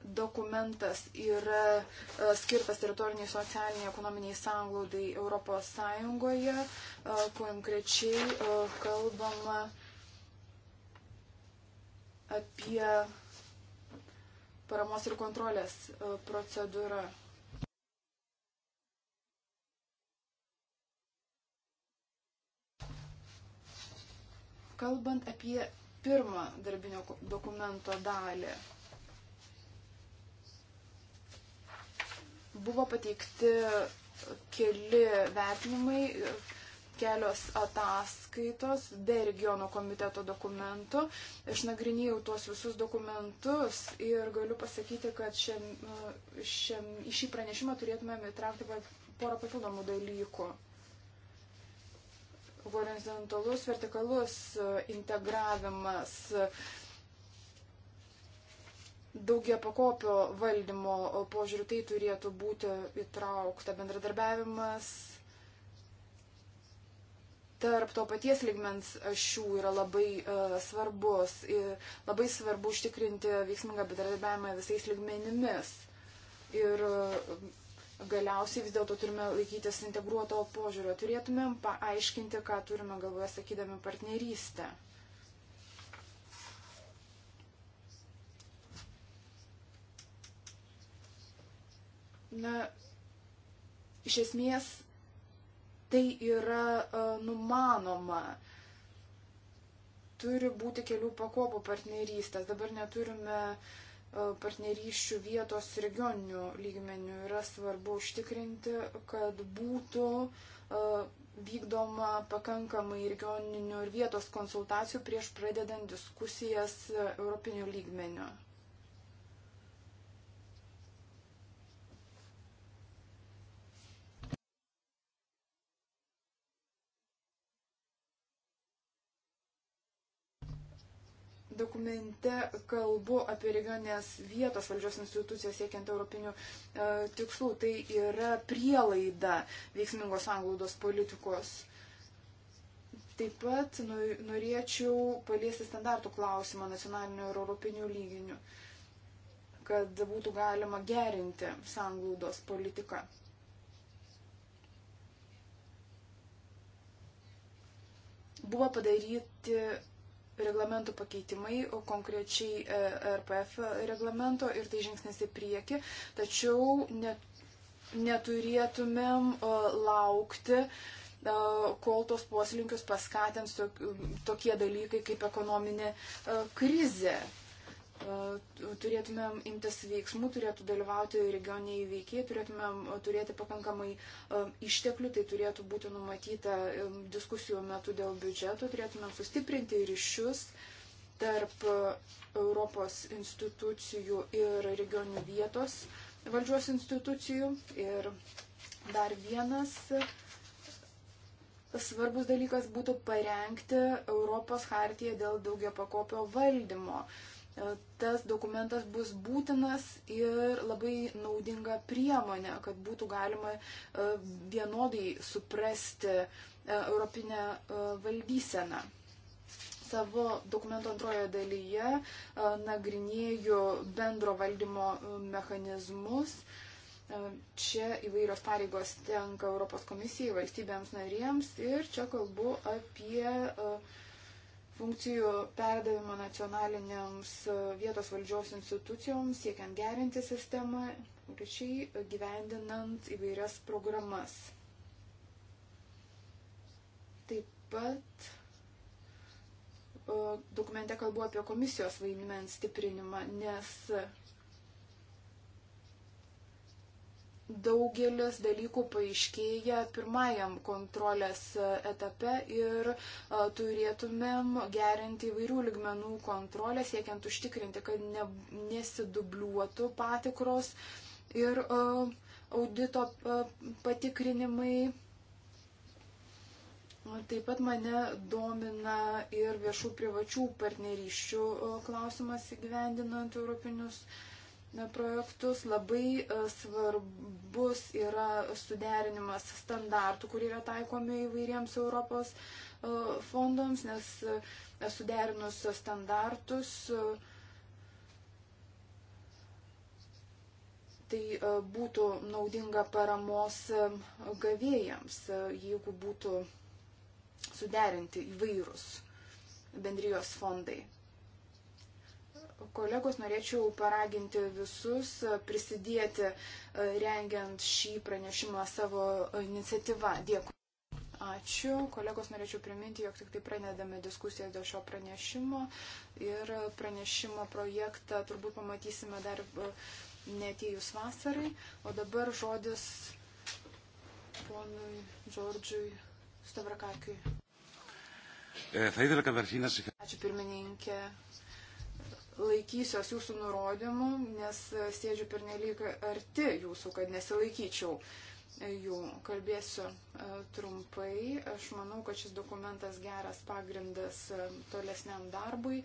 S2: dokumentas yra e, skirtas teritoriniai socialiniai ekonominiai sąnglaudai Europos Sąjungoje. E, konkrečiai e, kalbama apie paramos ir kontrolės procedūrą. Kalbant apie pirmą darbinio dokumento dalį, Buvo pateikti keli vertinimai, kelios ataskaitos be regiono komiteto dokumentų. Išnagrinėjau tuos visus dokumentus ir galiu pasakyti, kad šiam, šiam, į šį pranešimą turėtumėm įtraukti porą papildomų dalykų. Horizontalus, vertikalus integravimas daugia pakopio valdymo požiūrių tai turėtų būti įtraukta bendradarbiavimas tarp to paties ligmens šių yra labai uh, svarbus ir labai svarbu užtikrinti veiksmingą bendradarbiavimą visais ligmenimis. Ir uh, galiausiai vis dėlto turime laikytis integruoto požiūrio. Turėtumėm paaiškinti, ką turime galvoje sakydami partnerystę. Uh, na, iš esmės tai yra e, numanoma. Turi būti kelių pakopų partnerystės. Dabar neturime e, partnerysčių vietos regioninių lygmenių. Yra svarbu užtikrinti, kad būtų e, vykdoma pakankamai regioninių ir vietos konsultacijų prieš pradedant diskusijas europinių lygmenių. dokumente kalbu apie regionės vietos valdžios institucijas siekiant europinių e, tikslų. Tai yra prielaida veiksmingos anglaudos politikos. Taip pat nu, norėčiau paliesti standartų klausimą nacionaliniu ir europiniu lyginiu, kad būtų galima gerinti sanglaudos politiką. buvo padaryti reglamentų pakeitimai, konkrečiai e, RPF reglamento ir tai žingsnis į priekį, tačiau net, neturėtumėm e, laukti e, kol tos poslinkius paskatins tokie dalykai kaip ekonominė krizė. E, turėtumėm imtis veiksmų, turėtų dalyvauti regioniai veikiai, turėtumėm e, turėti pakankamai e, išteklių, tai turėtų būti numatyta diskusijų metu dėl biudžeto, turėtumėm sustiprinti ryšius tarp Europos institucijų ir regionių vietos valdžios institucijų. Ir dar vienas svarbus dalykas būtų parengti Europos hartiją dėl daugia pakopio valdymo. Uh, E, tas dokumentas bus būtinas ir labai naudinga priemonė, kad būtų galima e, vienodai suprasti e, europinę valdyseną. Savo dokumento antrojoje dalyje nagrinėjau bendro valdymo mechanizmus. Čia įvairios pareigos tenka Europos komisijai, valstybėms narėms ir čia kalbu apie uh, funkcijų perdavimą nacionaliniams e, vietos valdžios institucijoms, siekiant gerinti sistemą, ryšiai gyvendinant įvairias programas. Taip pat e, dokumente kalbu apie komisijos vaidmens stiprinimą, nes daugelis dalykų paaiškėja pirmajam kontrolės e, etape ir e, turėtumėm gerinti įvairių ligmenų kontrolę, siekiant užtikrinti, kad ne, nesidubliuotų patikros ir e, audito patikrinimai. Taip pat mane domina ir viešų privačių partnerysčių klausimas įgyvendinant europinius uh, projektus. Labai e, svarbus yra suderinimas standartų, kurie yra taikomi įvairiems Europos e, fondams, nes e, suderinus standartus tai būtų naudinga paramos gavėjams, jeigu būtų suderinti įvairūs bendrijos fondai. Kolegos, norėčiau paraginti visus prisidėti e, rengiant šį pranešimą savo iniciatyvą. Dėkui. Ačiū. Kolegos, norėčiau priminti, jog tik tai pranedame diskusiją dėl šio pranešimo ir pranešimo projektą turbūt pamatysime dar e, netėjus vasarai. O dabar žodis ponui Džordžiui Stavrakakiui.
S3: Ačiū
S2: pirmininkė laikysiuos jūsų nurodymų, nes sėdžiu per nelik arti jūsų, kad nesilaikyčiau jų. Kalbėsiu e, trumpai. Aš manau, kad šis dokumentas geras pagrindas e, tolesniam darbui.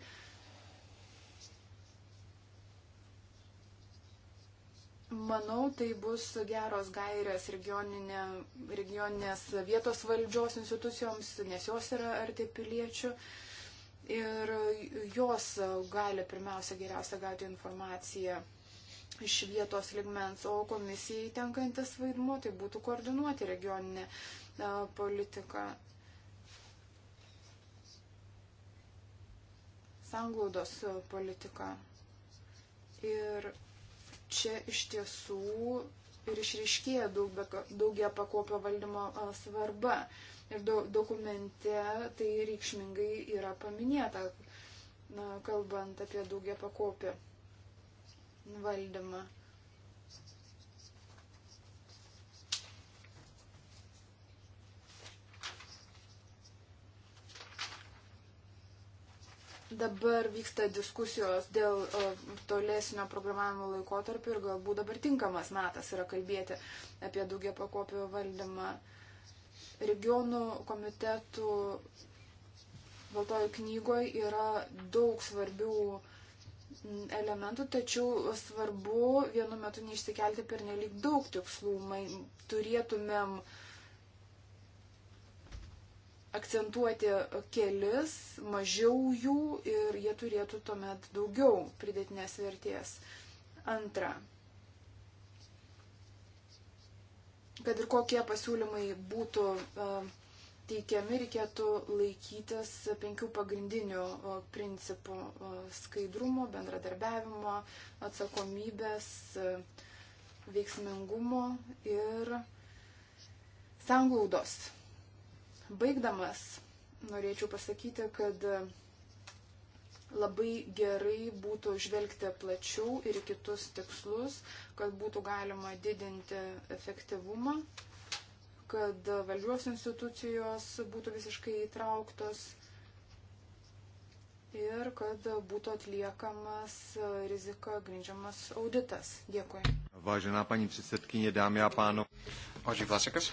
S2: Manau, tai bus geros gairės regioninė, regioninės vietos valdžios institucijoms, nes jos yra arti piliečių. Uh, ir jos gali pirmiausia geriausia gauti informaciją iš vietos ligmens, o komisijai tenkantis vaidmuo tai būtų koordinuoti regioninę politiką. Sanglaudos politika. Ir čia iš tiesų ir išriškėja daugia pakopio valdymo svarba. Uh, Ir do, dokumente tai reikšmingai yra paminėta, na, kalbant apie daugia pakopį valdymą. dabar vyksta diskusijos dėl tolesnio programavimo laikotarpio ir galbūt dabar tinkamas metas yra kalbėti apie daugia pakopio valdymą. Regionų komitetų Baltojo knygoje yra daug svarbių elementų, tačiau svarbu vienu metu neišsikelti per nelik daug tikslų. Mai, turėtumėm akcentuoti kelis, mažiau jų ir jie turėtų tuomet daugiau pridėtinės vertės. Antra, kad ir kokie pasiūlymai būtų e, teikiami, reikėtų laikytis penkių pagrindinių e, principų e, - skaidrumo, bendradarbiavimo, atsakomybės, veiksmingumo ir sanglaudos. Baigdamas, norėčiau pasakyti, kad labai gerai būtų žvelgti plačiau ir kitus tikslus, kad būtų galima didinti efektyvumą, kad valdžios institucijos būtų visiškai įtrauktos ir kad būtų atliekamas rizika grindžiamas auditas. Dėkui.
S3: Vážená paní předsedkyně, dámy a pánové. Oži Vlasikas.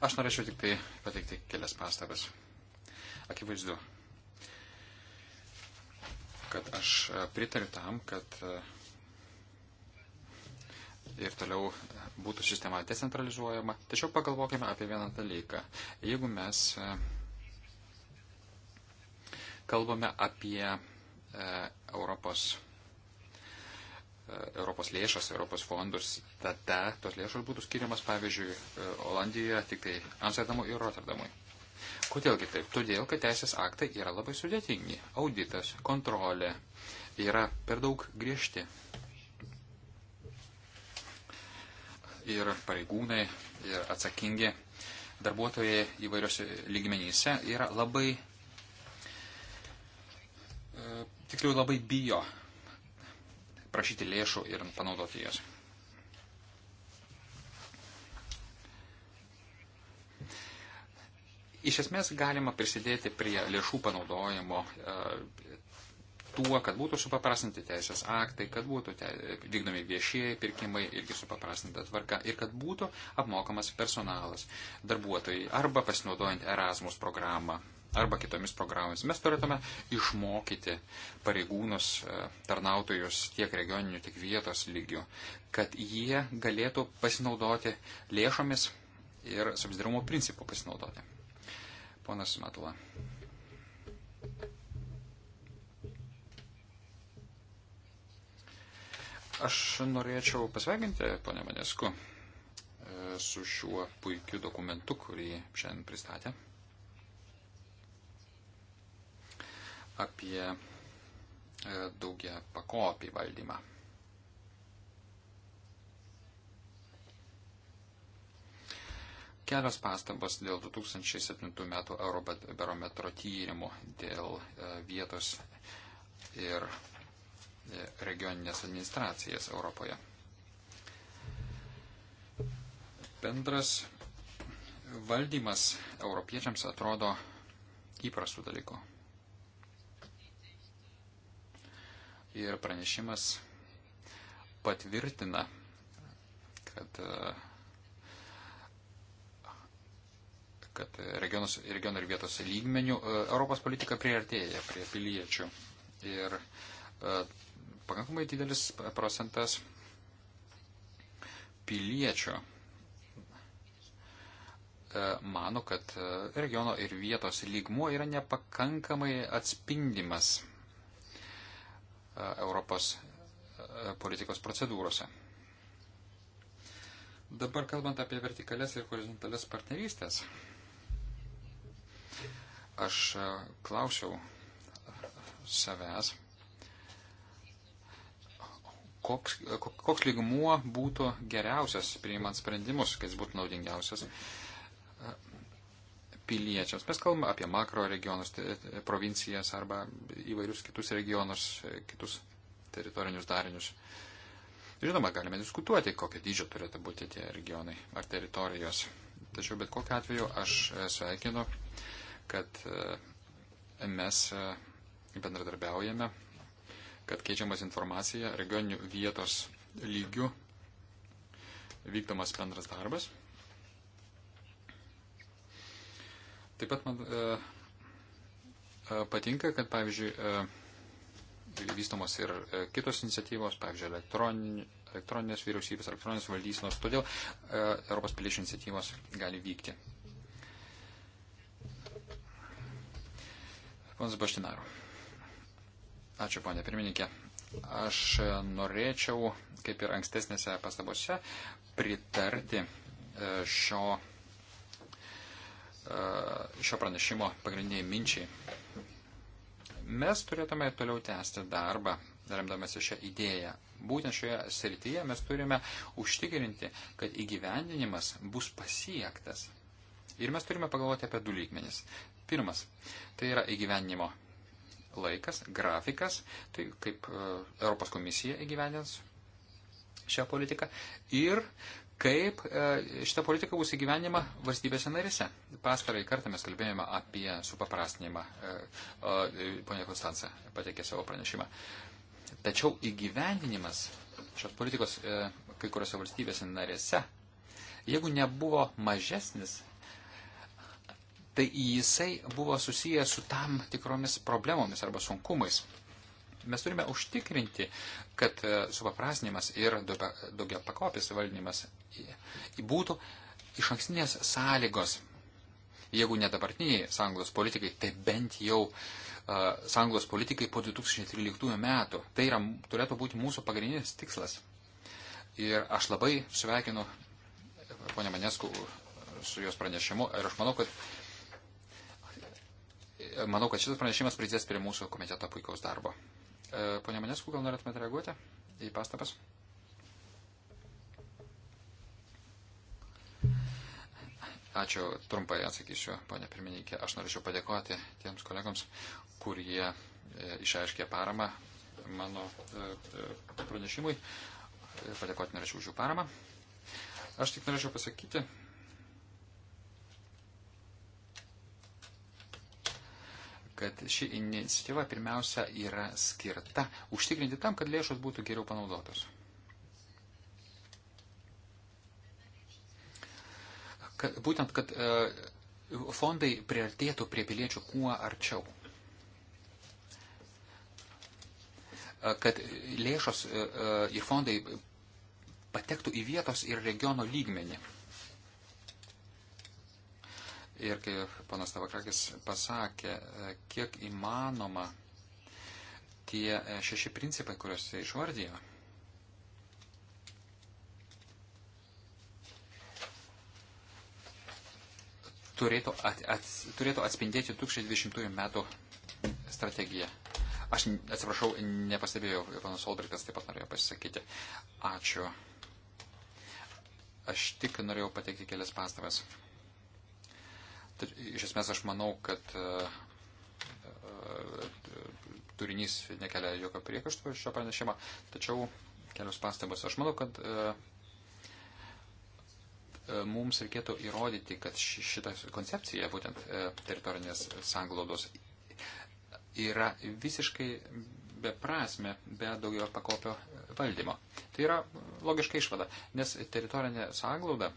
S3: Aš norėčiau tik tai pateikti kelias pastabas. Akivaizdu, kad aš e, pritariu tam, kad e, ir toliau e, būtų sistema decentralizuojama. Tačiau pagalvokime apie vieną dalyką. Jeigu mes kalbame apie Europos, Europos lėšas, Europos fondus, tada tos lėšos būtų skiriamas, pavyzdžiui, Olandijoje, tik tai Amsterdamui ir Rotterdamui. Kodėlgi taip? Todėl, kad teisės aktai yra labai sudėtingi. Auditas, kontrolė yra per daug griežti. Ir pareigūnai, ir atsakingi darbuotojai įvairiose lygmenyse yra labai, e, tikriau labai bijo prašyti lėšų ir panaudoti jas. Iš esmės galima prisidėti prie lėšų panaudojimo e, tuo, kad būtų supaprastinti teisės aktai, kad būtų te, vykdomi viešieji pirkimai irgi supaprastinta tvarka ir kad būtų apmokamas personalas, darbuotojai arba pasinaudojant Erasmus programą arba kitomis programomis. Mes turėtume išmokyti pareigūnus, e, tarnautojus tiek regioninių, tiek vietos lygių, kad jie galėtų pasinaudoti lėšomis ir subsidirumo principu pasinaudoti. Ponas Matula. Aš norėčiau pasveikinti ponę Manesku e, su šiuo puikiu dokumentu, kurį šiandien pristatė. Apie e, daugia pakopį valdymą. kelios pastabos dėl 2007 metų Eurobarometro tyrimų dėl e, vietos ir e, regioninės administracijas Europoje. Bendras valdymas europiečiams atrodo įprastų dalykų. Ir pranešimas patvirtina, kad uh, kad regionus, regionų ir vietos lygmenių e, Europos politika priartėja prie piliečių. Ir e, pakankamai didelis procentas piliečių e, mano, kad regiono ir vietos lygmuo yra nepakankamai atspindimas Europos politikos procedūrose. Dabar kalbant apie vertikales ir horizontales partnerystės, aš e, klausiau savęs, koks, e, koks lygmuo būtų geriausias priimant sprendimus, kas būtų naudingiausias e, piliečiams. Mes kalbame apie makro regionus, provincijas arba įvairius kitus regionus, kitus teritorinius darinius. Žinoma, galime diskutuoti, kokio dydžio turėtų būti tie regionai ar teritorijos. Tačiau bet kokiu atveju aš sveikinu uh, kad e, mes e, bendradarbiaujame, kad keičiamas informacija regioninių vietos lygių vykdomas bendras darbas. Taip pat man e, e patinka, kad pavyzdžiui e, vystomos ir e, kitos iniciatyvos, pavyzdžiui, elektroninė, elektroninės vyriausybės, elektroninės valdysinos, todėl e, Europos piliečių iniciatyvos gali vykti Ponas Baštinaru. Ačiū, ponė pirmininkė. Aš norėčiau, kaip ir ankstesnėse pastabose, pritarti e, šio, e, šio pranešimo pagrindiniai minčiai. Mes turėtume ir toliau tęsti darbą, remdamasi šią idėją. Būtent šioje srityje mes turime užtikrinti, kad įgyvendinimas bus pasiektas. Ir mes turime pagalvoti apie du lygmenis. Pirmas, tai yra įgyvenimo laikas, grafikas, tai kaip e, Europos komisija įgyvendins šią politiką ir kaip e, šita politika bus įgyvenima valstybėse narise. Pastarąjį kartą mes kalbėjome apie supaprastinimą, e, ponia Konstanca pateikė savo pranešimą. Tačiau įgyvendinimas šios politikos kai kuriuose valstybėse narėse, jeigu nebuvo mažesnis tai jisai buvo susijęs su tam tikromis problemomis arba sunkumais. Mes turime užtikrinti, kad e, supaprasnimas ir daugia pakopis valdymas būtų iš ankstinės sąlygos. Jeigu ne dabartiniai sąjungos politikai, tai bent jau uh, sąjungos politikai po 2013 metų. Tai yra, turėtų būti mūsų pagrindinis tikslas. Ir aš labai sveikinu e, ponę Manesku su jos pranešimu ir aš manau, kad uh, manau, kad šitas pranešimas pridės prie mūsų komiteto puikaus darbo. E, Pone Manesku, gal norėtumėte reaguoti į pastabas? Ačiū, trumpai atsakysiu, ponė pirmininkė. Aš norėčiau padėkoti tiems kolegams, kurie e, išaiškė paramą mano e, pranešimui. Padėkoti norėčiau už jų paramą. Aš tik norėčiau pasakyti, kad ši iniciatyva pirmiausia yra skirta užtikrinti tam, kad lėšos būtų geriau panaudotos. Kad, būtent, kad e, fondai priartėtų prie piliečių kuo arčiau. E, kad lėšos e, e, ir fondai patektų į vietos ir regiono lygmenį. Ir kai panas Tavakrakis pasakė, kiek įmanoma tie šeši principai, kuriuos jie išvardijo, turėtų, at, at, turėtų atspindėti 2020 metų strategiją. Aš atsiprašau, nepastebėjau, panas Olbrichtas taip pat norėjo pasisakyti. Ačiū. Aš tik norėjau pateikti kelias pastabas. Iš esmės aš manau, kad e, e, turinys nekelia jokio priekaštų šio pranešimo, tačiau kelios pastabos. Aš manau, kad e, mums reikėtų įrodyti, kad šitą koncepciją, būtent teritorinės sanglaudos, yra visiškai beprasme, be daugio pakopio valdymo. Tai yra logiška išvada, nes teritorinė sanglauda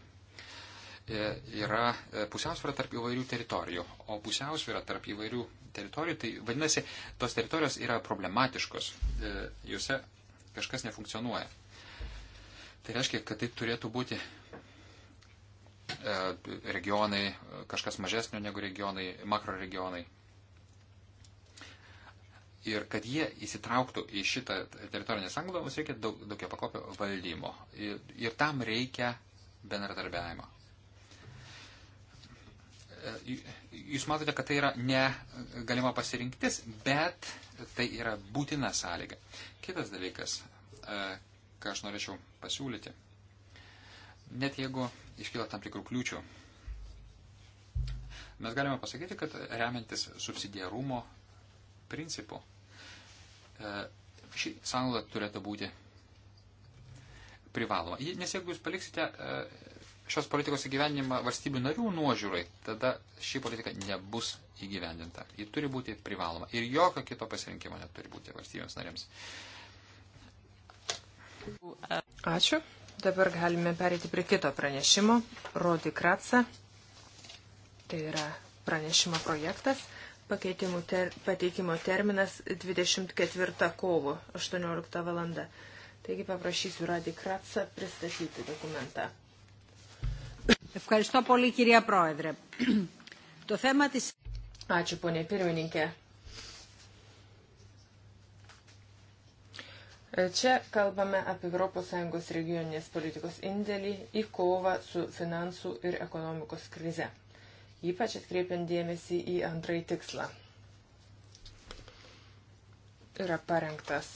S3: E, yra e, pusiausvėra tarp įvairių teritorijų, o pusiausvėra tarp įvairių teritorijų, tai vadinasi, tos teritorijos yra problematiškos, e, juose kažkas nefunkcionuoja. Tai reiškia, kad tai turėtų būti regionai, kažkas mažesnio negu regionai, makro regionai. Ir kad jie įsitrauktų į šitą teritorinę sąjungą, mums reikia daug, daugia pakopio valdymo. Ir, ir tam reikia bendradarbiavimo jūs matote, kad tai yra ne galima pasirinktis, bet tai yra būtina sąlyga. Kitas dalykas, e, ką aš norėčiau pasiūlyti, net jeigu iškyla tam tikrų kliūčių, mes galime pasakyti, kad remiantis subsidiarumo principu, e, ši sąnauda turėtų būti privaloma. Nes jeigu jūs paliksite e, šios politikos įgyvendinimą valstybių narių nuožiūrai, tada ši politika nebus įgyvendinta. Ji turi būti privaloma. Ir jokio kito pasirinkimo neturi būti valstybėms narėms.
S1: Ačiū. Dabar galime perėti prie kito pranešimo. Rodi Kratsa. Tai yra pranešimo projektas. Pakeitimų ter, pateikimo terminas 24 kovo 18 valanda. Taigi paprašysiu Radi Kratsa pristatyti dokumentą. Ευχαριστώ πολύ, κυρία Πρόεδρε. Το θέμα της... Ačiū, ponė pirmininkė. Čia kalbame apie ES regioninės politikos indėlį į kovą su finansų ir ekonomikos krize. Ypač atkreipiant dėmesį į antrąjį tikslą. Yra parengtas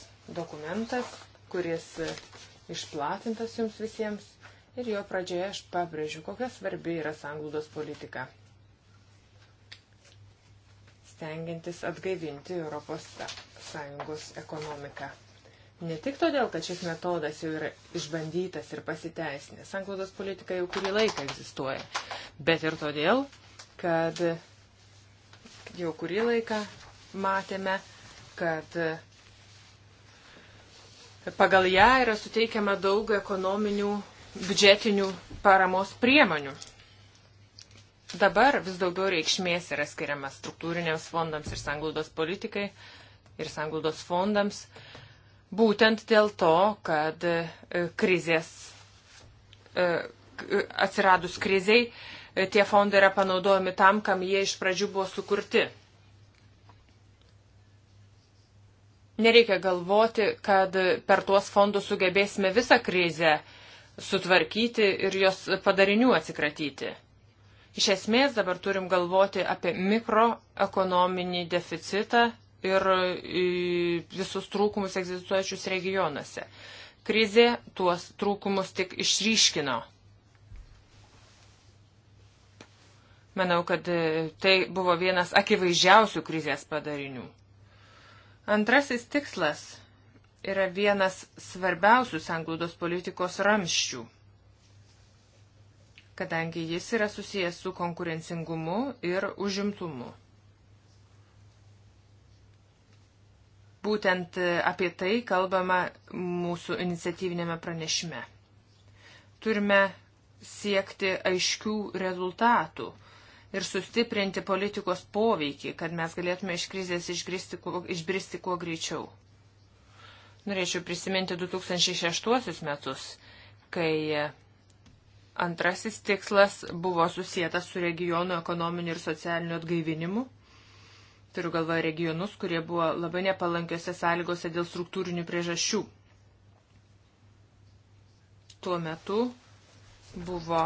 S1: dokumentas, kuris išplatintas jums visiems ir jo pradžioje aš pabrėžiu, kokia svarbi yra sanglūdos politika. Stengiantis atgaivinti Europos Sąjungos ekonomiką. Ne tik todėl, kad šis metodas jau yra išbandytas ir pasiteisinęs, sanklaudos politika jau kurį laiką egzistuoja, bet ir todėl, kad jau kurį laiką matėme, kad pagal ją yra suteikiama daug ekonominių biudžetinių paramos priemonių. Dabar vis daugiau reikšmės yra skiriama struktūriniams fondams ir sanglaudos politikai ir sanglaudos fondams. Būtent dėl to, kad e, krizės, e, e, atsiradus kriziai, tie fondai yra panaudojami tam, kam jie iš pradžių buvo sukurti. Nereikia galvoti, kad per tuos fondus sugebėsime visą krizę uh, sutvarkyti ir jos padarinių atsikratyti. Iš esmės dabar turim galvoti apie mikroekonominį deficitą ir e, visus trūkumus egzistuojančius regionuose. Krizė tuos trūkumus tik išryškino. Manau, kad e, tai buvo vienas akivaizdžiausių krizės padarinių. Antrasis tikslas yra vienas svarbiausių sanglaudos politikos ramščių, kadangi jis yra susijęs su konkurencingumu ir užimtumu. Būtent apie tai kalbama mūsų iniciatyvinėme pranešime. Turime siekti aiškių rezultatų ir sustiprinti politikos poveikį, kad mes galėtume iš krizės išbristi kuo, išbristi kuo greičiau. Norėčiau prisiminti 2006 metus, kai antrasis tikslas buvo susijęs su regionų ekonominiu ir socialiniu atgaivinimu. Turiu galvoje regionus, kurie buvo labai nepalankiose sąlygose dėl struktūrinių priežasčių. Tuo metu buvo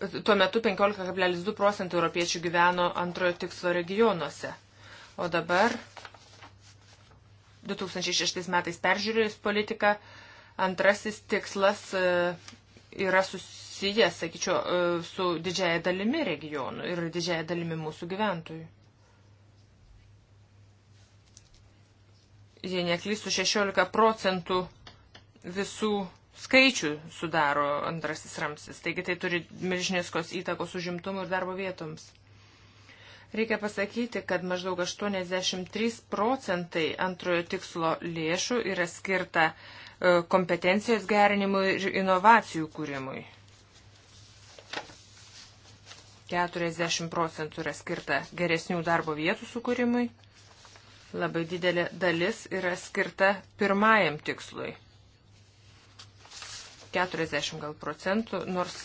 S1: tuo metu 15,2 procentų europiečių gyveno antrojo tikslo regionuose, o dabar 2006 metais peržiūrėjus politiką, antrasis tikslas e, yra susijęs, sakyčiau, e, su didžiaja dalimi regionų ir didžiaja dalimi mūsų gyventojų. Jei neklystų, 16 procentų visų skaičių sudaro antrasis ramsis, taigi tai turi milžiniskos įtakos užimtumų ir darbo vietoms. Reikia pasakyti, kad maždaug 83 procentai antrojo tikslo lėšų yra skirta e, kompetencijos gerinimui ir inovacijų kūrimui. 40 procentų yra skirta geresnių darbo vietų sukūrimui. Labai didelė dalis yra skirta pirmajam tikslui. 40 gal procentų, nors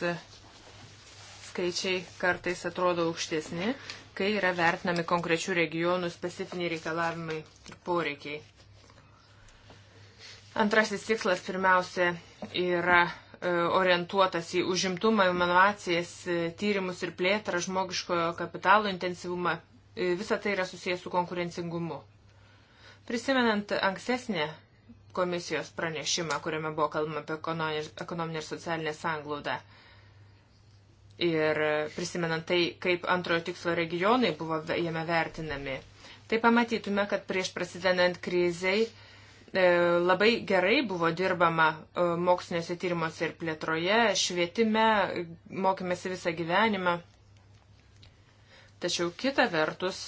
S1: skaičiai kartais atrodo aukštesni, kai yra vertinami konkrečių regionų specifiniai reikalavimai ir poreikiai. Antrasis tikslas pirmiausia yra e, orientuotas į užimtumą, inovacijas, e, tyrimus ir plėtrą, žmogiškojo kapitalo intensyvumą. E, visa tai yra susijęs su konkurencingumu. Prisimenant ankstesnę komisijos pranešimą, kuriame buvo kalbama apie ekonominę ir socialinę sanglaudą, Ir prisimenant tai, kaip antrojo tikslo regionai buvo jame vertinami, tai pamatytume, kad prieš prasidedant kriziai e, labai gerai buvo dirbama e, moksliniuose tyrimuose ir plėtroje, švietime, mokėmėsi visą gyvenimą. Tačiau kita vertus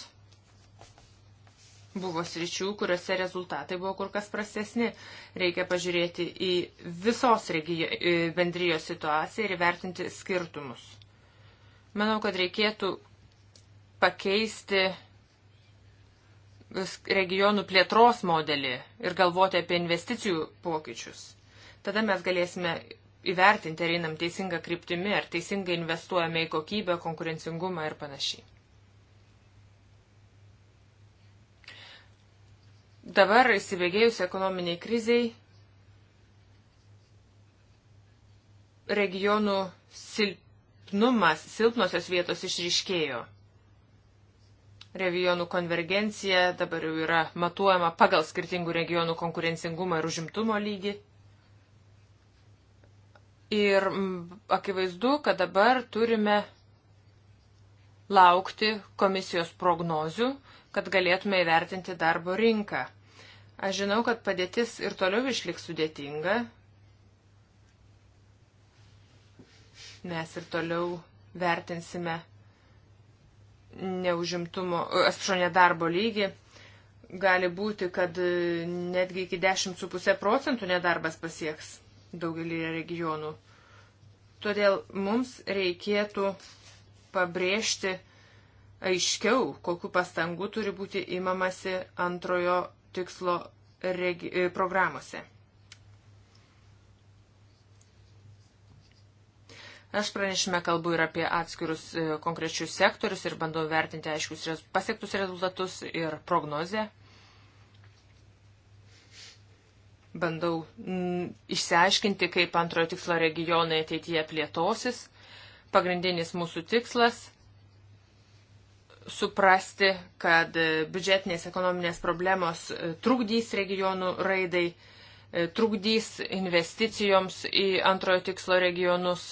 S1: buvo sričių, kuriuose rezultatai buvo kur kas prastesni. Reikia pažiūrėti į visos regijos bendrijos situaciją ir įvertinti skirtumus. Manau, kad reikėtų pakeisti regionų plėtros modelį ir galvoti apie investicijų pokyčius. Tada mes galėsime įvertinti, ar einam teisinga kryptimi, ar teisingai investuojame į kokybę, konkurencingumą ir panašiai. Dabar įsibėgėjus ekonominiai kriziai regionų silp silpnumas, silpnosios vietos išryškėjo. Regionų konvergencija dabar jau yra matuojama pagal skirtingų regionų konkurencingumą ir užimtumo lygį. Ir akivaizdu, kad dabar turime laukti komisijos prognozių, kad galėtume įvertinti darbo rinką. Aš žinau, kad padėtis ir toliau išliks sudėtinga, Mes ir toliau vertinsime neužimtumo, atsiprašau, nedarbo lygį. Gali būti, kad netgi iki 10,5 procentų nedarbas pasieks daugelį regionų. Todėl mums reikėtų pabrėžti aiškiau, kokiu pastangu turi būti imamasi antrojo tikslo regi e, programuose. Aš pranešime kalbu ir apie atskirus e, konkrečius sektorius ir bandau vertinti aiškius pasiektus rezultatus ir prognozę. Bandau m, mm, išsiaiškinti, kaip antrojo tikslo regionai ateityje plėtosis. Pagrindinis mūsų tikslas suprasti, kad e, biudžetinės ekonominės problemos e, trukdys regionų raidai, trukdys investicijoms į antrojo tikslo regionus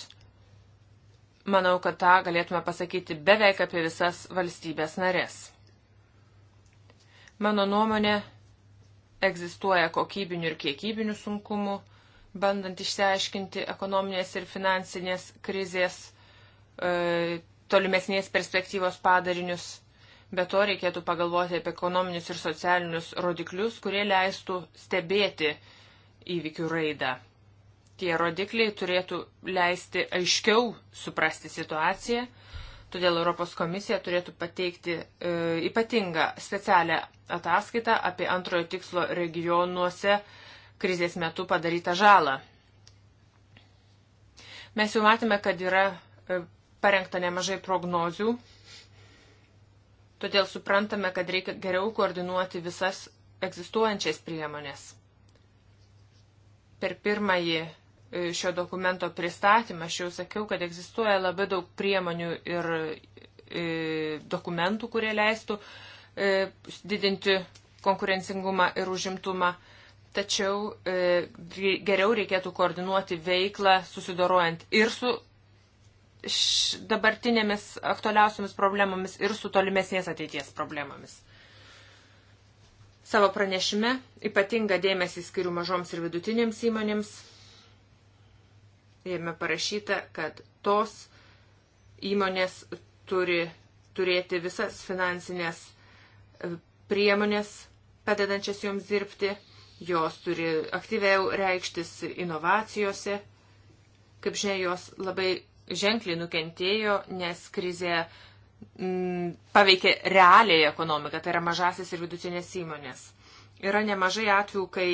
S1: Manau, kad tą galėtume pasakyti beveik apie visas valstybės narės. Mano nuomonė, egzistuoja kokybinių ir kiekybinių sunkumų, bandant išsiaiškinti ekonominės ir finansinės krizės e, tolimesnės perspektyvos padarinius. Be to reikėtų pagalvoti apie ekonominius ir socialinius rodiklius, kurie leistų stebėti įvykių raidą. Tie rodikliai turėtų leisti aiškiau suprasti situaciją, todėl Europos komisija turėtų pateikti e, ypatingą specialią ataskaitą apie antrojo tikslo regionuose krizės metu padarytą žalą. Mes jau matėme, kad yra e, parengta nemažai prognozių, todėl suprantame, kad reikia geriau koordinuoti visas egzistuojančias priemonės. Per pirmąjį šio dokumento pristatymą, aš jau sakiau, kad egzistuoja labai daug priemonių ir e, dokumentų, kurie leistų e, didinti konkurencingumą ir užimtumą. Tačiau e, geriau reikėtų koordinuoti veiklą, susidorojant ir su dabartinėmis aktualiausiamis problemomis, ir su tolimesnės ateities problemomis. Savo pranešime ypatingą dėmesį skiriu mažoms ir vidutinėms įmonėms, Jame parašyta, kad tos įmonės turi turėti visas finansinės e, priemonės, padedančias joms dirbti, jos turi aktyviau reikštis inovacijose. Kaip žinia, jos labai ženkliai nukentėjo, nes krizė m, mm, paveikė realiai ekonomiką, tai yra mažasis ir vidutinės įmonės. Yra nemažai atvejų, kai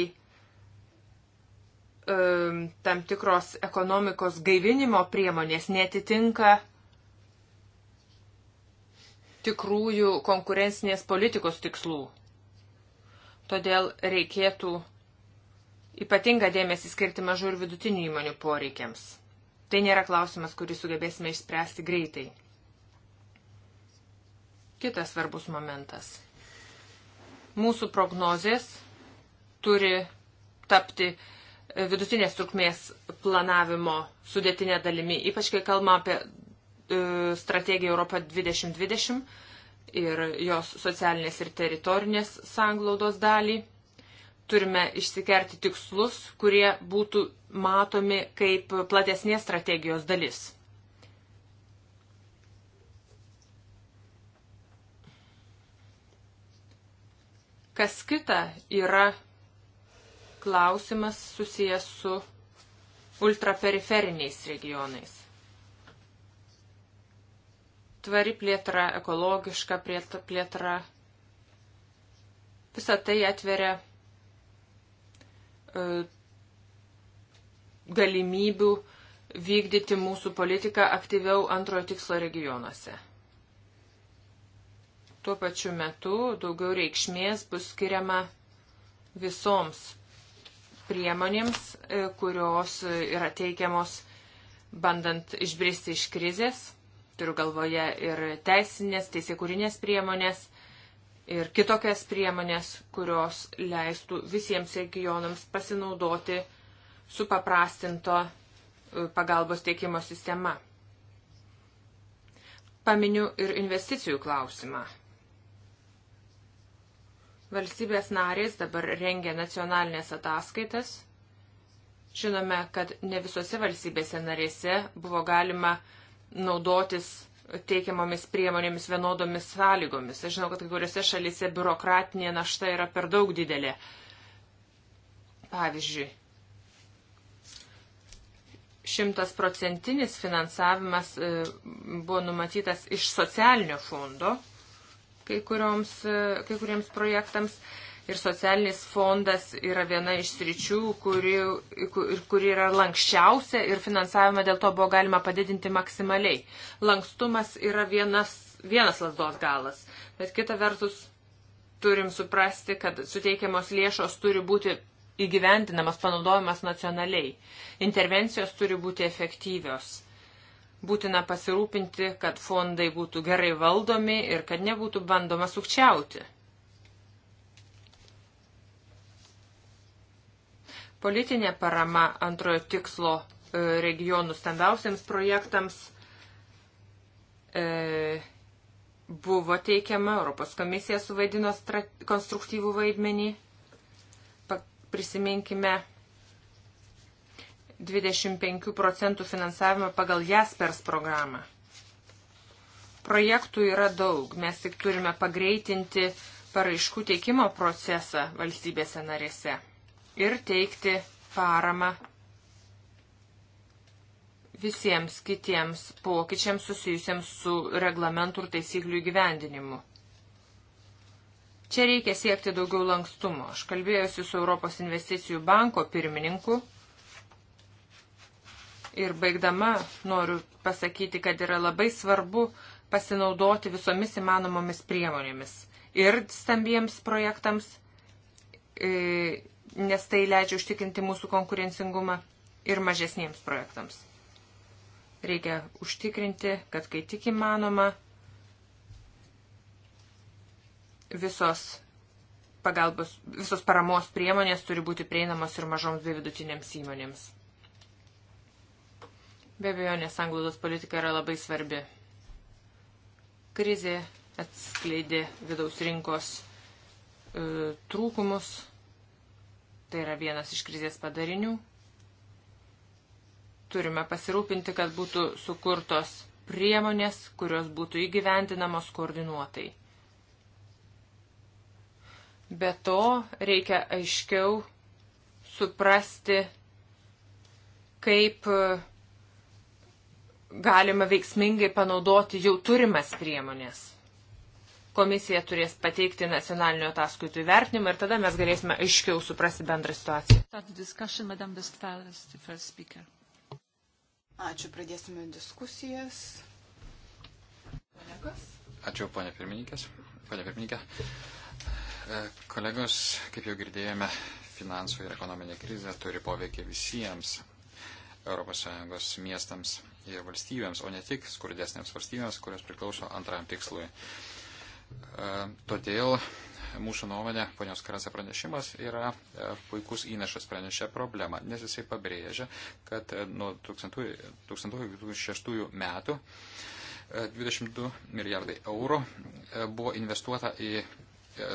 S1: Um, tam tikros ekonomikos gaivinimo priemonės netitinka tikrųjų konkurencinės politikos tikslų. Todėl reikėtų ypatingą dėmesį skirti mažų ir vidutinių įmonių poreikiams. Tai nėra klausimas, kurį sugebėsime išspręsti greitai. Kitas svarbus momentas. Mūsų prognozės turi tapti uh, vidutinės trukmės planavimo sudėtinė dalimi, ypač kai kalbama apie e, strategiją Europą 2020 ir jos socialinės ir teritorinės sanglaudos dalį. Turime išsikerti tikslus, kurie būtų matomi kaip platesnės strategijos dalis. Kas kita yra klausimas susijęs su ultraperiferiniais regionais. Tvari plėtra, ekologiška plėtra, visą tai atveria e, galimybių vykdyti mūsų politiką aktyviau antrojo tikslo regionuose. Tuo pačiu metu daugiau reikšmės bus skiriama visoms priemonėms, e, kurios yra teikiamos bandant išbristi iš krizės. Turiu galvoje ir teisinės, teisėkūrinės priemonės ir kitokias priemonės, kurios leistų visiems regionams pasinaudoti supaprastinto e, pagalbos teikimo sistema. Paminiu ir investicijų klausimą. Valstybės narės dabar rengia nacionalinės ataskaitas. Žinome, kad ne visose valstybėse narėse buvo galima naudotis teikiamomis priemonėmis vienodomis sąlygomis. Aš žinau, kad kai kuriuose šalyse biurokratinė našta yra per daug didelė. Pavyzdžiui, šimtasprocentinis finansavimas e, buvo numatytas iš socialinio fondo kai, kurioms, e, kai kuriems projektams. Ir socialinis fondas yra viena iš sričių, kuri, kuri yra lankščiausia ir finansavimą dėl to buvo galima padidinti maksimaliai. Lankstumas yra vienas, vienas lasdos galas, bet kita vertus turim suprasti, kad suteikiamos lėšos turi būti įgyventinamas, panaudojamas nacionaliai. Intervencijos turi būti efektyvios Būtina pasirūpinti, kad fondai būtų gerai valdomi ir kad nebūtų bandoma sukčiauti. Politinė parama antrojo tikslo e, regionų stambiausiams projektams e, buvo teikiama, Europos komisija suvaidino konstruktyvų vaidmenį. Pa, prisiminkime 25 procentų finansavimą pagal Jaspers programą. Projektų yra daug, mes tik turime pagreitinti paraiškų teikimo procesą valstybėse narėse ir teikti paramą visiems kitiems pokyčiams susijusiems su reglamentų ir taisyklių įgyvendinimu. Čia reikia siekti daugiau lankstumo. Aš kalbėjusi su Europos investicijų banko pirmininku Ir baigdama noriu pasakyti, kad yra labai svarbu pasinaudoti visomis įmanomomis priemonėmis ir stambiems projektams, e, nes tai leidžia užtikrinti mūsų konkurencingumą ir mažesniems projektams. Reikia užtikrinti, kad kai tik įmanoma, visos pagalbos, visos paramos priemonės turi būti prieinamos ir mažoms bei vidutinėms įmonėms. Be abejo, nes anglūdos politika yra labai svarbi. Krizė atskleidė vidaus rinkos e, trūkumus. Tai yra vienas iš krizės padarinių. Turime pasirūpinti, kad būtų sukurtos priemonės, kurios būtų įgyvendinamos koordinuotai. Be to reikia aiškiau suprasti, kaip galima veiksmingai panaudoti jau turimas priemonės. Komisija turės pateikti nacionalinio ataskaitų įvertinimą ir tada mes galėsime aiškiau suprasti
S3: bendrą situaciją.
S2: Ačiū, pradėsime diskusijas.
S3: Kolegos. Ačiū, ponė pirmininkės. Ponė pirmininkė. E, kolegos, kaip jau girdėjome, finansų ir ekonominė krizė turi poveikį visiems ES miestams valstybėms, o ne tik skurdesnėms valstybėms, kurios priklauso antrajam tikslui. E, todėl mūsų nuomonė, ponios Karasa pranešimas yra e, puikus įnašas pranešę problemą, nes jisai pabrėžia, kad e, nuo 2006 metų 22 milijardai eurų buvo investuota į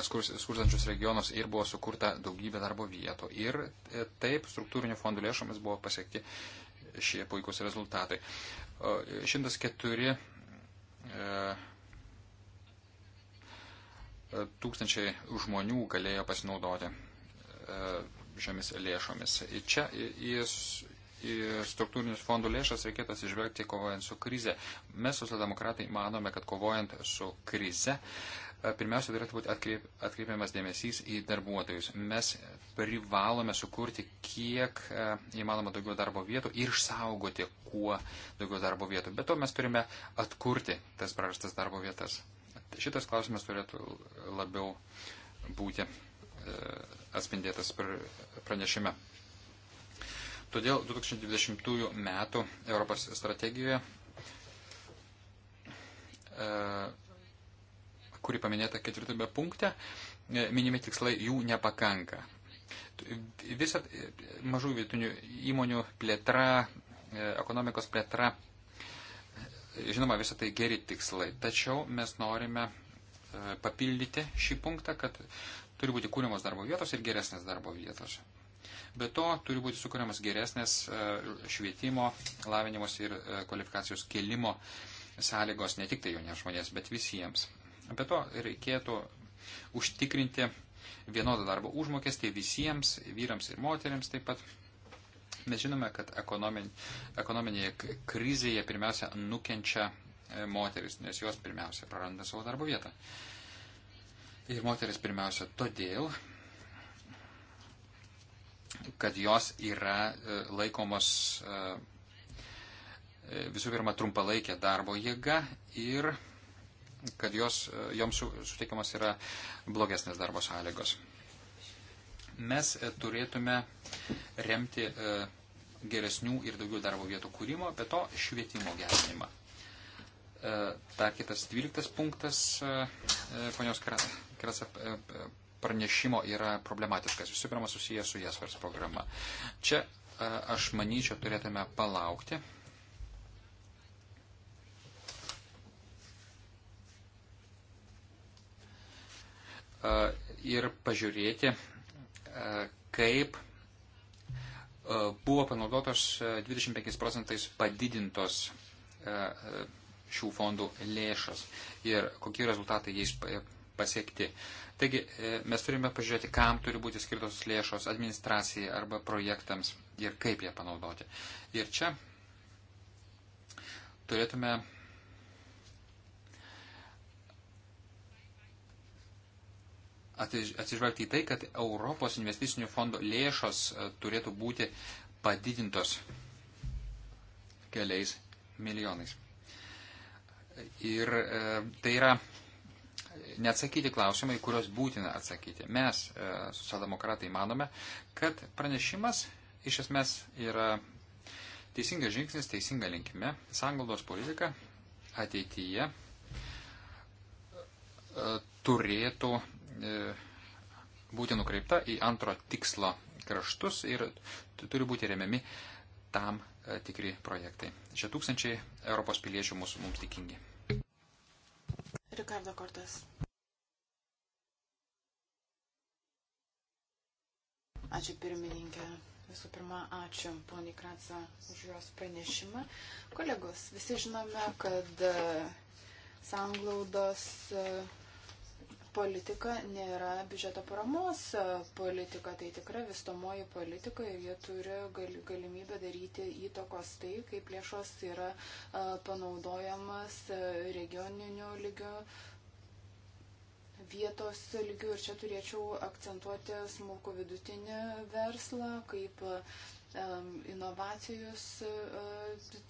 S3: skurstančius regionus ir buvo sukurta daugybė darbo vietų. Ir taip struktūrinių fondų lėšomis buvo pasiekti šie puikūs rezultatai. 104 e, tūkstančiai žmonių galėjo pasinaudoti e, šiomis lėšomis. Ir čia į, į struktūrinius fondų lėšas reikėtų atsižvelgti kovojant su krize. Mes, socialdemokratai, manome, kad kovojant su krize uh, pirmiausia turėtų būti atkreip, atkreipiamas dėmesys į darbuotojus. Mes privalome sukurti kiek e, įmanoma daugiau darbo vietų ir išsaugoti kuo daugiau darbo vietų. Bet to mes turime atkurti tas prarastas darbo vietas. Šitas klausimas turėtų labiau būti e, atspindėtas pranešime. Todėl 2020 metų Europos strategijoje e, kuri paminėta ketvirtame punkte, e, minimi tikslai jų nepakanka. Visa mažų vietinių įmonių plėtra, e, ekonomikos plėtra, žinoma, visą tai geri tikslai, tačiau mes norime e, papildyti šį punktą, kad turi būti kūriamos darbo vietos ir geresnės darbo vietos. Be to turi būti sukūriamas geresnės švietimo, lavinimos ir kvalifikacijos kelimo sąlygos ne tik tai jauniems žmonės, bet visiems. Be to reikėtų užtikrinti vienodą darbo užmokestį visiems, vyrams ir moteriams taip pat. Mes žinome, kad ekonominėje krizėje pirmiausia nukenčia e, moteris, nes jos pirmiausia praranda savo darbo vietą. Ir moteris pirmiausia todėl, kad jos yra e, laikomos e, visų pirma trumpalaikė darbo jėga ir kad jos, e, joms suteikiamas yra blogesnės darbo sąlygos. Mes e, turėtume remti e, geresnių ir daugiau darbo vietų kūrimo, bet to švietimo gerinimą. Dar kitas dvyliktas punktas ponios Krasa pranešimo yra problematiškas. Visų pirma, susijęs su JASVARS programa. Čia aš manyčiau turėtume palaukti E, ir pažiūrėti, e, kaip e, buvo panaudotos 25 procentais padidintos šių fondų lėšas ir kokie rezultatai jais pasiekti. Taigi mes turime pažiūrėti, kam turi būti skirtos lėšos administracijai arba projektams ir kaip ją panaudoti. Ir čia turėtume atsižvelgti į tai, kad Europos investicinių fondo lėšos e, turėtų būti padidintos keliais milijonais. Ir e, tai yra neatsakyti klausimai, kuriuos būtina atsakyti. Mes, e, socialdemokratai, manome, kad pranešimas iš esmės yra teisingas žingsnis, teisinga linkime. Sangaldos politika ateityje e, turėtų E, būti nukreipta į antro tikslo kraštus ir turi būti remiami tam e, tikri projektai. Šie tūkstančiai Europos piliečių mūsų mums tikingi.
S2: Ricardo Cortes. Ačiū pirmininkė. Visų pirma, ačiū poniai Kratsa už jos pranešimą. Kolegos, visi žinome, kad e, sanglaudos uh, politika nėra biudžeto paramos politika, tai tikra vystomoji politika ir jie turi gal, galimybę daryti įtakos tai, kaip lėšos yra panaudojamas regioninio lygio vietos lygių ir čia turėčiau akcentuoti smulkų vidutinį verslą kaip inovacijos e,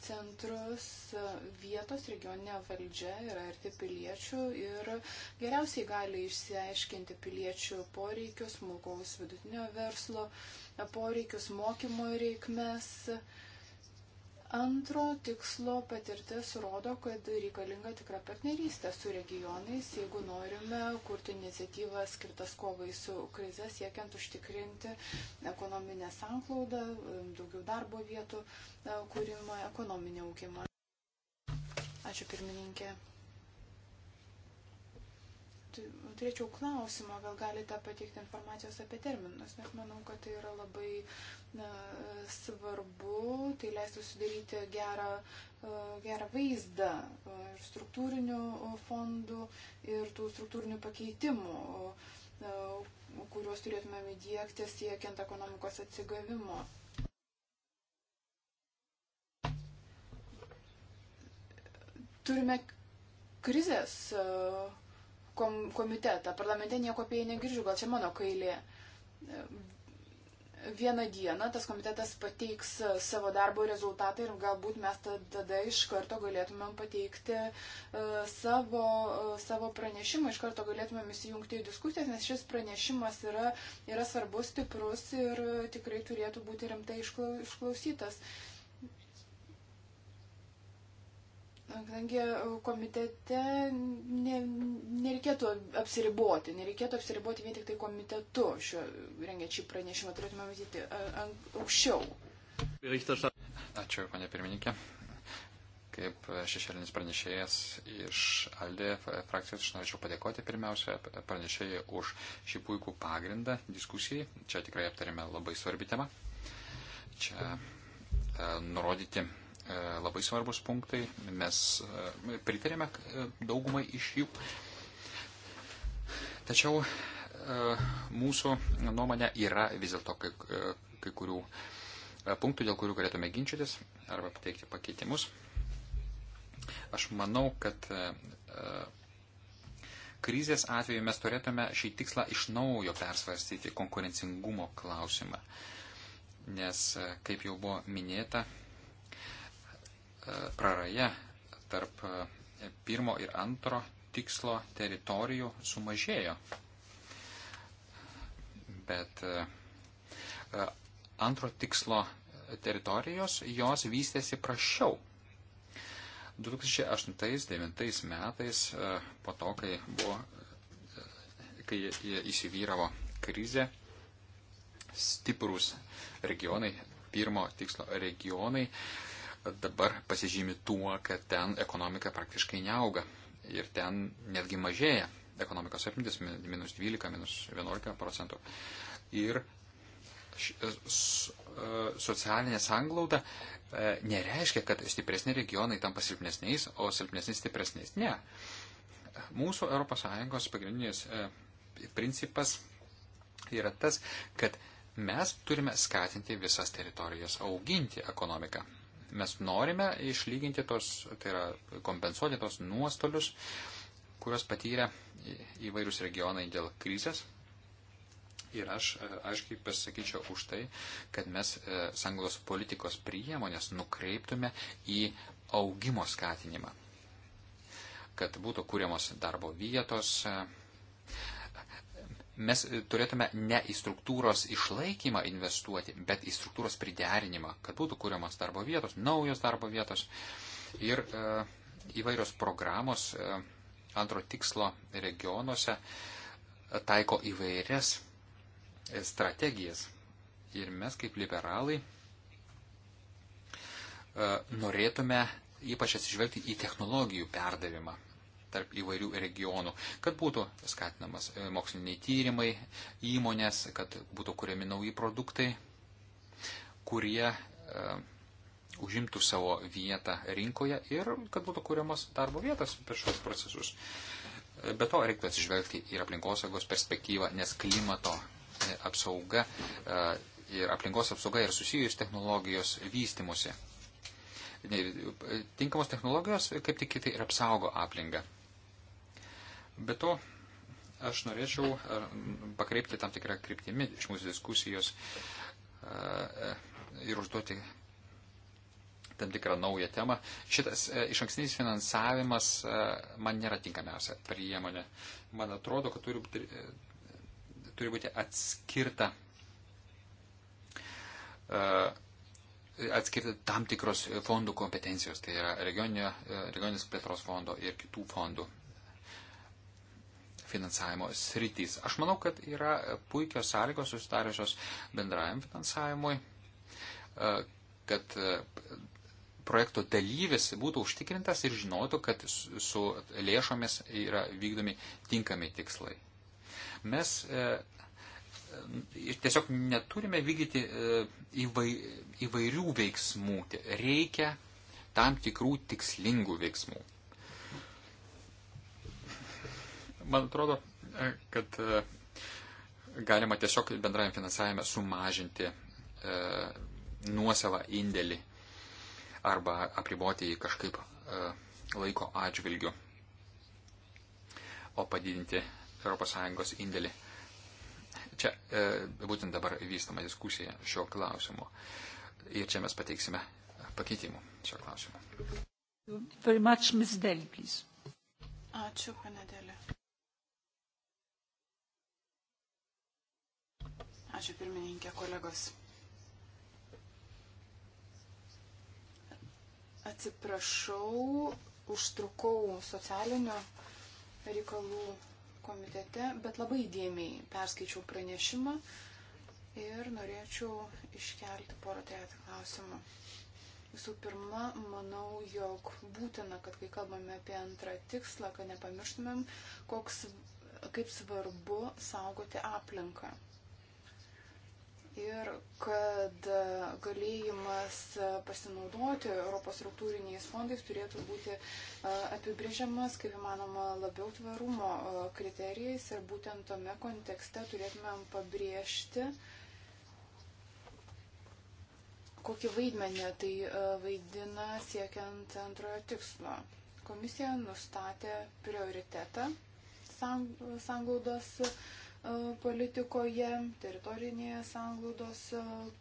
S2: centrus, e, vietos regioninė valdžia yra arti piliečių ir geriausiai gali išsiaiškinti piliečių poreikius, smulkaus vidutinio verslo poreikius, mokymo reikmes. Antro tikslo patirtis rodo, kad reikalinga tikra partnerystė su regionais, jeigu norime kurti iniciatyvą skirtas kovai su krize, siekiant užtikrinti ekonominę sanklaudą, daugiau darbo vietų e, kūrimą, ekonominį augimą. Ačiū pirmininkė turėčiau klausimą, gal galite pateikti informacijos apie terminus, nes manau, kad tai yra labai na, svarbu, tai leistų sudaryti gerą, e, gerą vaizdą e, ir struktūrinių e, fondų ir tų struktūrinių pakeitimų kuriuos turėtumėm įdėkti siekiant ekonomikos atsigavimo. Turime krizės kom komitetą. Parlamente nieko apie jį negirdžiu, gal čia mano kailė. Vieną dieną tas komitetas pateiks savo darbo rezultatą ir galbūt mes tada iš karto galėtumėm pateikti e, savo, e, savo pranešimą, iš karto galėtumėm įsijungti į diskusijas, nes šis pranešimas yra, yra svarbus, stiprus ir tikrai turėtų būti rimtai išklausytas. Kadangi komitete ne, nereikėtų apsiriboti, nereikėtų apsiriboti vien tik tai komitetu, šio, rengiant šį pranešimą turėtume matyti aukščiau.
S3: Ačiū, panė pirmininkė. Kaip šešėlinis pranešėjas iš Aldė frakcijos, aš norėčiau padėkoti pirmiausia pranešėjai už šį puikų pagrindą diskusijai. Čia tikrai aptarėme labai svarbi tema. Čia e, nurodyti E, labai svarbus punktai, mes e, pritarėme e, daugumai iš jų. Tačiau mūsų nuomonė yra vis dėlto kai, kai kurių punktų, dėl kurių galėtume ginčytis arba pateikti pakeitimus. Aš manau, kad krizės atveju mes turėtume šį tikslą iš naujo persvarstyti konkurencingumo klausimą. Nes, kaip jau buvo minėta, praraja tarp e, pirmo ir antro tikslo teritorijų sumažėjo. Bet e, e, antro tikslo teritorijos jos vystėsi prašiau. 2008-2009 metais po to, kai, buvo, kai įsivyravo krizė, stiprus regionai, pirmo tikslo regionai, uh, dabar pasižymi tuo, kad ten ekonomika praktiškai neauga ir ten netgi mažėja ekonomikos apimtis minus 12, minus 11 procentų. Ir e, e, socialinė sanglauda e, nereiškia, kad stipresni regionai tampa silpnesniais, o silpnesni stipresniais. Ne. Mūsų ES pagrindinis principas yra tas, kad mes turime skatinti visas teritorijas auginti ekonomiką. Mes norime išlyginti tos, tai yra kompensuoti tos nuostolius, kuriuos patyrė įvairius regionai dėl krizės. Ir aš e, aiškiai pasakyčiau už tai, kad mes e, sanglos politikos priemonės nukreiptume į augimo skatinimą, kad būtų kūriamos darbo vietos, e, mes turėtume ne į struktūros išlaikymą investuoti, bet į struktūros priderinimą, kad būtų kūriamas darbo vietos, naujos darbo vietos ir e, įvairios programos e, antro tikslo regionuose e, taiko įvairias e, strategijas. Ir mes kaip liberalai e, norėtume ypač atsižvelgti į technologijų perdavimą tarp įvairių regionų, kad būtų skatinamas e, moksliniai tyrimai, įmonės, kad būtų kuriami nauji produktai, kurie uh, užimtų savo vietą rinkoje ir kad būtų kuriamas darbo vietas per šios procesus. E, be to reiktų atsižvelgti ir aplinkosaugos perspektyvą, nes klimato apsauga ir aplinkos apsauga ir susijus technologijos vystimusi. Tinkamos technologijos kaip tik kitai ir apsaugo aplinką. Be to, aš norėčiau pakreipti tam tikrą kryptimį iš mūsų diskusijos e, e, ir užduoti tam tikrą naują temą. Šitas e, iš ankstinis finansavimas man nėra tinkamiausia priemonė. Man atrodo, kad turi, turi būti atskirta, atskirta tam tikros fondų kompetencijos, tai yra regioninės plėtros fondo ir kitų fondų finansavimo sritys. Aš manau, kad yra puikios sąlygos susitariusios bendrajam finansavimui, e, kad e, projekto dalyvis būtų užtikrintas ir žinotų, kad su lėšomis yra vykdomi tinkami tikslai. Mes e, tiesiog neturime vykdyti įvairių veiksmų. Reikia tam tikrų tikslingų veiksmų. Man atrodo, e, kad e, galima tiesiog bendrajame finansavime sumažinti e, nuosavą indėlį arba apriboti jį kažkaip laiko atžvilgiu, o padidinti ES indėlį. Čia e, būtent dabar vystama diskusija šio klausimu. Ir čia mes pateiksime pakeitimų šio klausimu. Very much, Ms. Deli, please.
S2: Ačiū, panedėlė. Ačiū pirmininkė, kolegos. Atsiprašau, užtrukau socialinio reikalų komitete, bet labai dėmiai perskaičiau pranešimą ir norėčiau iškelti porą trejatą klausimų. Visų pirma, manau, jog būtina, kad kai kalbame apie antrą tikslą, kad nepamirštumėm, koks, kaip svarbu saugoti aplinką ir kad e, galėjimas e, pasinaudoti Europos struktūriniais fondais turėtų būti e, apibrėžiamas kaip įmanoma labiau tvarumo kriterijais ir būtent tome kontekste turėtumėm pabrėžti, kokį vaidmenį tai vaidina siekiant antrojo tikslo. Komisija nustatė prioritetą sanglaudos. Sang politikoje, teritorinėje sanglaudos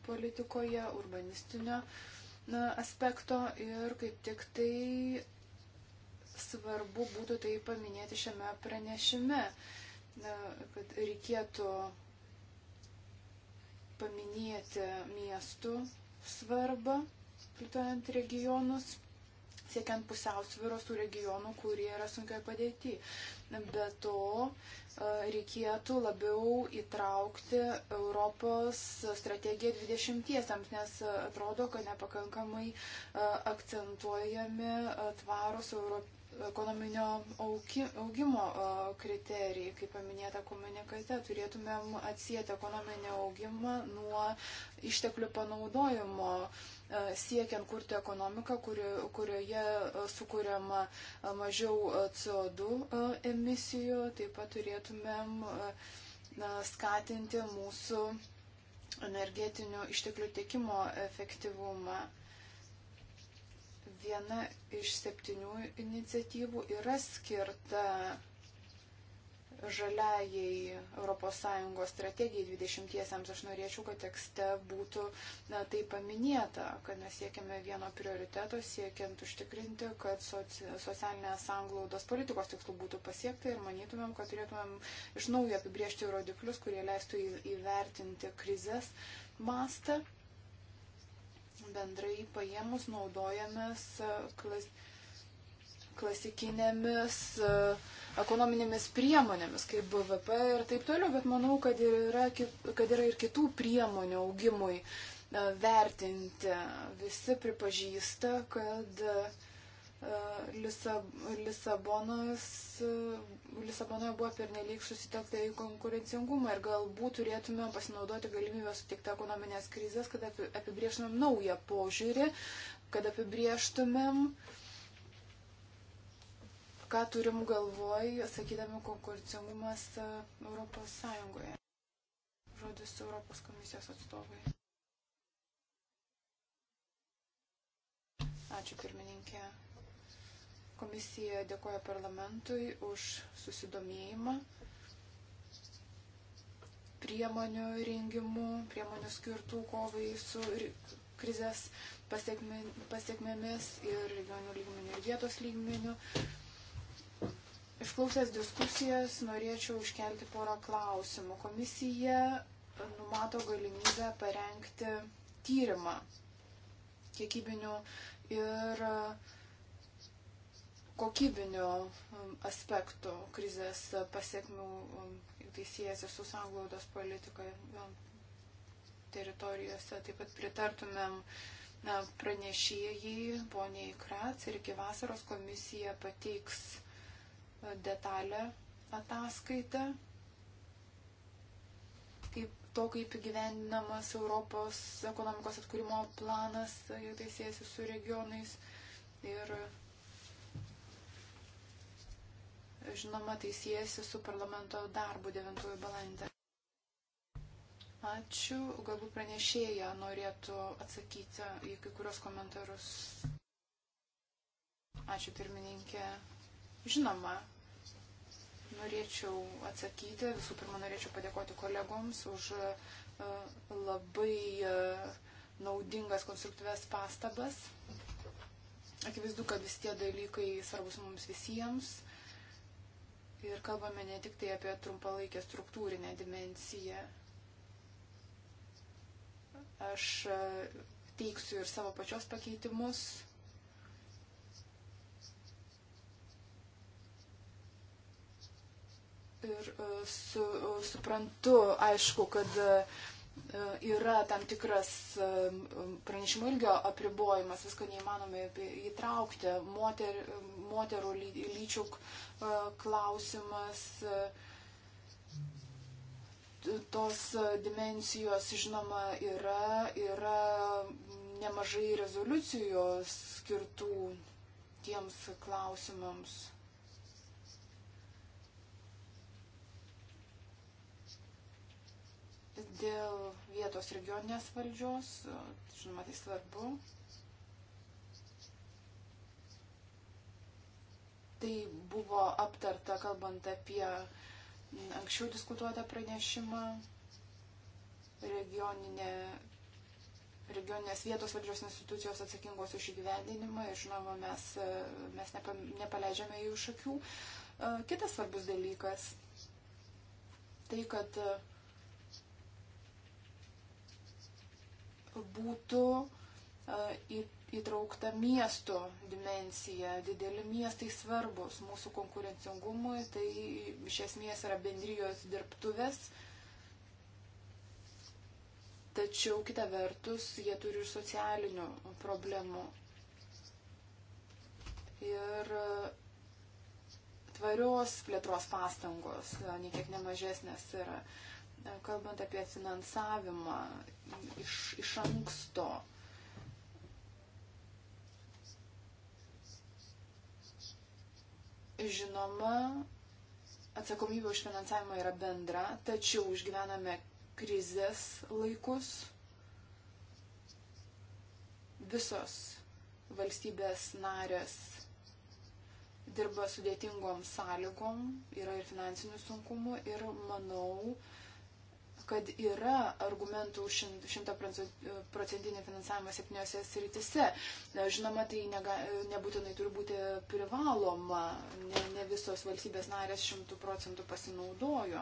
S2: politikoje, urbanistinio aspekto ir kaip tik tai svarbu būtų tai paminėti šiame pranešime, kad reikėtų paminėti miestų svarbą, plėtojant regionus siekiant pusiausvyros tų regionų, kurie yra sunkiai padėti. Be to, e, reikėtų labiau įtraukti Europos strategiją 20-iesiams, nes atrodo, kad nepakankamai e, akcentuojami e, tvarus Europos ekonominio augimo kriterijai, kaip paminėta komunikate, turėtumėm atsijėti ekonominį augimą nuo išteklių panaudojimo, siekiant kurti ekonomiką, kuri, kurioje sukūriama mažiau CO2 emisijų, taip pat turėtumėm skatinti mūsų energetinių išteklių tiekimo efektyvumą. Viena iš septynių iniciatyvų yra skirta žaliajai ES strategijai 20-iesiams. Aš norėčiau, kad tekste būtų na, tai paminėta, kad mes siekiame vieno prioriteto, siekiant užtikrinti, kad soci, socialinės anglaudos politikos tikslų būtų pasiekta ir manytumėm, kad turėtumėm iš naujo apibriežti rodiklius, kurie leistų įvertinti krizės mastą bendrai paėmus naudojamės e, klas, klasikinėmis e, ekonominėmis priemonėmis, kaip BVP ir taip toliau, bet manau, kad yra, kad yra ir kitų priemonių augimui e, vertinti. Visi pripažįsta, kad Lisab Lisabonos, Lisabonoje buvo pernelyg susitelkta į konkurencingumą ir galbūt turėtume pasinaudoti galimybę sutikti ekonominės krizės, kad apibrieštumėm naują požiūrį, kad apibrieštumėm, ką turim galvoj, sakydami konkurencingumas e, Europos Sąjungoje. Žodis Europos komisijos atstovai. Ačiū pirmininkė. Komisija dėkoja parlamentui už susidomėjimą priemonių rengimų, priemonių skirtų kovai su krizės pasiekmi, pasiekmėmis ir regionų lygmenių ir vietos lygmenių. Išklausęs diskusijas norėčiau iškelti porą klausimų. Komisija numato galimybę parengti tyrimą kiekybinių ir uh, kokybinių um, aspektų krizės pasiekmių, um, tai siejasi su sanglaudos politika teritorijose. Taip pat pritartumėm na, pranešėjai, poniai Krats, ir iki vasaros komisija pateiks e, detalę ataskaitą kaip to, kaip gyvendinamas Europos ekonomikos atkūrimo planas, e, tai siejasi su regionais. Ir žinoma, tai siejasi su parlamento darbu 9 balandį. Ačiū, galbūt pranešėja norėtų atsakyti į kai kurios komentarus. Ačiū pirmininkė. Žinoma, norėčiau atsakyti. Visų pirma, norėčiau padėkoti kolegoms už e, labai e, naudingas konstruktyves pastabas. Akivaizdu, kad visi tie dalykai svarbus mums visiems. Ir kalbame ne tik tai apie trumpalaikę struktūrinę dimenciją. Aš e, teiksiu ir savo pačios pakeitimus. Ir e, su, suprantu, aišku, kad uh, E, yra tam tikras e, pranešimo ilgio apribojimas, visko neįmanoma įtraukti, moter, moterų lyčių e, klausimas, tos dimensijos, žinoma, yra, yra nemažai rezoliucijų skirtų tiems klausimams. Dėl vietos regioninės valdžios, žinoma, tai svarbu. Tai buvo aptarta, kalbant apie anksčiau diskutuotą pranešimą, regioninė, regioninės vietos valdžios institucijos atsakingos už įgyvendinimą ir žinoma, mes, mes nepa, nepaleidžiame jų iš akių. Kitas svarbus dalykas - tai, kad būtų e, įtraukta miesto dimencija. Dideli miestai svarbus mūsų konkurencingumui, tai iš esmės yra bendrijos dirbtuvės. Tačiau kita vertus, jie turi ir socialinių problemų. Ir e, tvarios plėtros pastangos, niekiek nemažesnės yra kalbant apie finansavimą iš, iš anksto. Žinoma, atsakomybė už finansavimą yra bendra, tačiau užgyvename krizės laikus. Visos valstybės narės dirba sudėtingom sąlygom, yra ir finansinių sunkumų ir manau, kad yra argumentų už šimtaprocentinį finansavimą septyniose sritise. Žinoma, tai nega, nebūtinai turi būti privaloma, ne, ne visos valstybės narės šimtų procentų pasinaudojo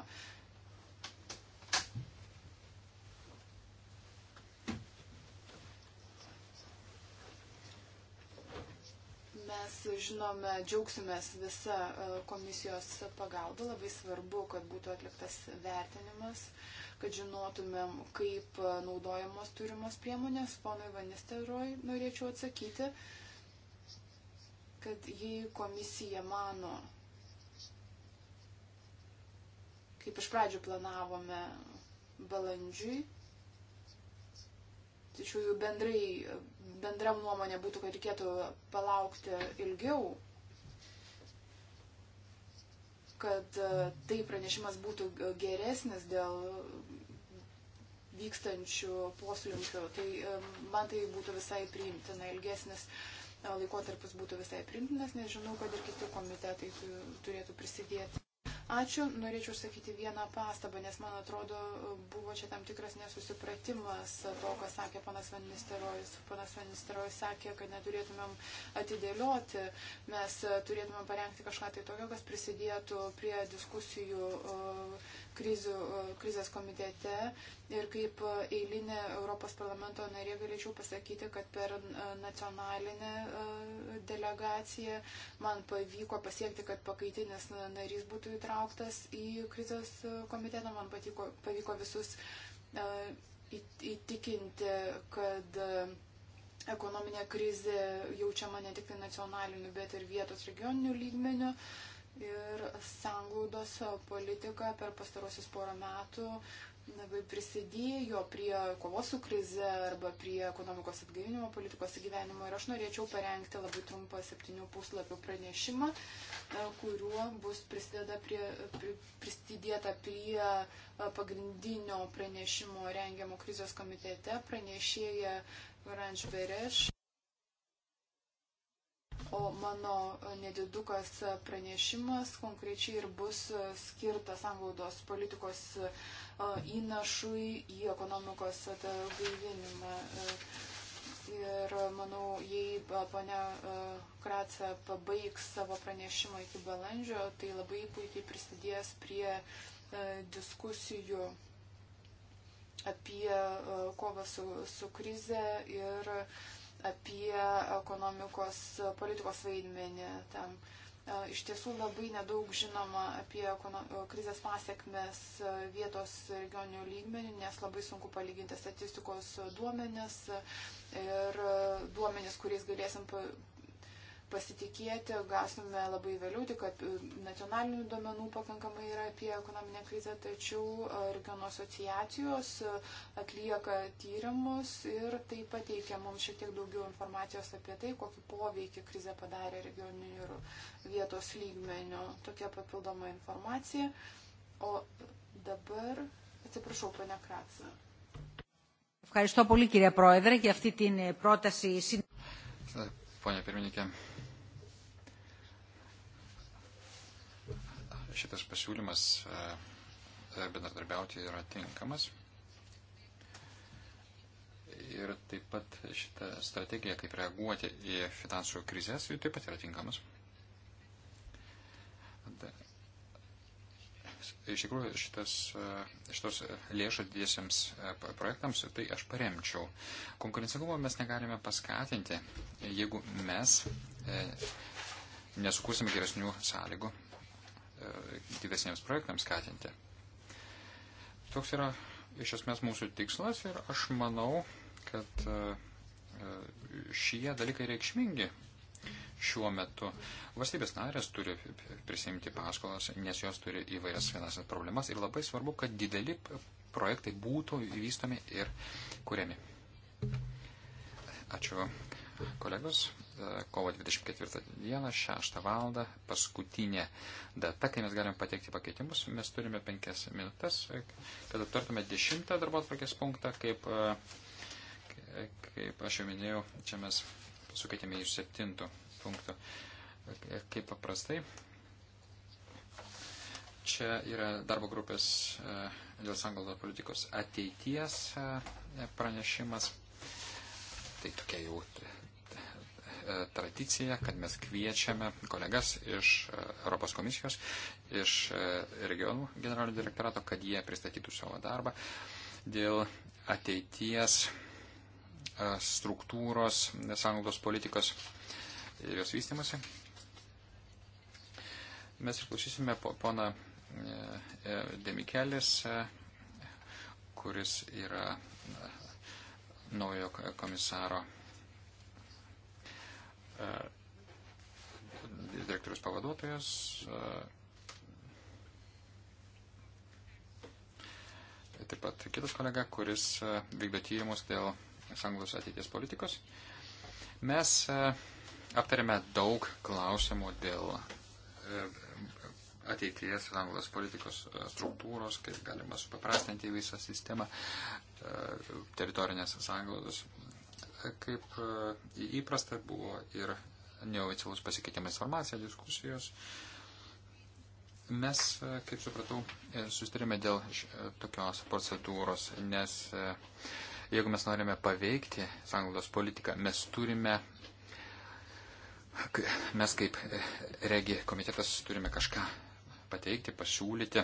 S2: Mes, žinome, džiaugsimės visą e, komisijos pagalbą. Labai svarbu, kad būtų atliktas vertinimas, kad žinotumėm, kaip e, naudojamos turimos priemonės. Ponai Vanisteroj norėčiau atsakyti, kad jei komisija mano, kaip iš pradžių planavome balandžiui, tačiau jau bendrai bendra nuomonė būtų, kad reikėtų palaukti ilgiau, kad e, tai pranešimas būtų geresnis dėl vykstančių poslinkių. Tai e, man tai būtų visai priimtina, ilgesnis e, laikotarpis būtų visai priimtinas, nes žinau, kad ir kiti komitetai turėtų prisidėti. Ačiū. Norėčiau sakyti vieną pastabą, nes man atrodo, buvo čia tam tikras nesusipratimas to, ką sakė panas Vanisterojus. Panas Vanisterojus sakė, kad neturėtumėm atidėlioti, mes turėtumėm parengti kažką tai tokio, kas prisidėtų prie diskusijų. Uh, krizių, e, krizės komitete ir kaip e, eilinė Europos parlamento narė galėčiau pasakyti, kad per e, nacionalinę delegaciją man pavyko pasiekti, kad pakaitinis narys būtų įtrauktas į krizės komitetą. Man patiko, pavyko visus įtikinti, kad ekonominė krizė jaučiama ne tik tai nacionaliniu, bet ir vietos regioniniu lygmeniu. Uh, ir sanglaudos politika per pastarosius porą metų prisidėjo prie kovos su krize arba prie ekonomikos atgaivinimo politikos įgyvenimo. Ir aš norėčiau parengti labai trumpą septynių puslapių pranešimą, kuriuo bus prisideda prie, pri, prisidėta prie pagrindinio pranešimo rengiamo krizės komitete pranešėja Varanž Bereš O mano e, nedidukas pranešimas konkrečiai ir bus e, skirtas anglaudos politikos e, įnašui į ekonomikos atgaivinimą. Ir manau, jei ponia Kratsa pabaigs savo pranešimą iki balandžio, tai labai puikiai prisidės prie diskusijų apie kovą su, su krize ir uh, apie ekonomikos politikos vaidmenį. Tam e, iš tiesų labai nedaug žinoma apie krizės pasiekmes e, vietos regioninių lygmenių, nes labai sunku palyginti statistikos duomenis ir e, duomenis, kuriais galėsim pasitikėti gausime labai vėliau, tik kad e, nacionalinių duomenų pakankamai yra apie ekonominę krizę, tačiau e, regionų asociacijos e, atlieka tyrimus ir tai pateikia mums šiek tiek daugiau informacijos apie tai, kokį poveikį krizė padarė regioninių ir vietos lygmenio. Tokia papildoma informacija. O dabar, atsiprašau, pane Kratsa.
S1: Ευχαριστώ πολύ κύριε Πρόεδρε για αυτή την πρόταση.
S3: Πόνια Πυρμηνικέ, šitas pasiūlymas e, e, bendradarbiauti yra tinkamas. Ir taip pat šita strategija, kaip reaguoti į finansų krizės, jų taip pat yra tinkamas. Iš tikrųjų, šitas, e, šitos lėšos didiesiems projektams, tai aš paremčiau. Konkurencingumo mes negalime paskatinti, jeigu mes nesukursime geresnių sąlygų didesniems projektams skatinti. Toks yra iš esmės mūsų tikslas ir aš manau, kad e, šie dalykai reikšmingi šiuo metu. Valstybės narės turi prisimti paskolas, nes jos turi įvairias finansinės problemas ir labai svarbu, kad dideli projektai būtų vystomi ir kuriami. Ačiū kolegos kovo 24 dieną, 6 val. paskutinė data, kai mes galime pateikti pakeitimus. Mes turime 5 minutės, kad aptartume 10 darbo atvarkės punktą, kaip, kaip aš jau minėjau, čia mes sukeitėme iš 7 punktų. Kaip paprastai, čia yra darbo grupės e, dėl sangaldo politikos ateities e, pranešimas. Tai tokia jau E, tradicija, kad mes kviečiame kolegas iš e, Europos komisijos, iš e, regionų generalinio direktorato, kad jie pristatytų savo darbą dėl ateities struktūros, sąnaudos politikos ir jos vystimasi. Mes išklausysime poną Demikelis, kuris yra naujo komisaro Uh, direktorius pavaduotojas. Uh, taip pat kitas kolega, kuris uh, vykdo tyrimus dėl sanglos ateities politikos. Mes aptarėme daug klausimų dėl ateities sanglos politikos struktūros, kaip galima supaprastinti visą sistemą teritorinės sanglodos kaip e, įprasta, buvo ir neoficialus pasikeitimas informacija, diskusijos. Mes, e, kaip supratau, e, sustarėme dėl tokios procedūros, nes jeigu mes norime paveikti sanglaudos politiką, mes turime, mes kaip regi komitetas turime kažką pateikti, pasiūlyti.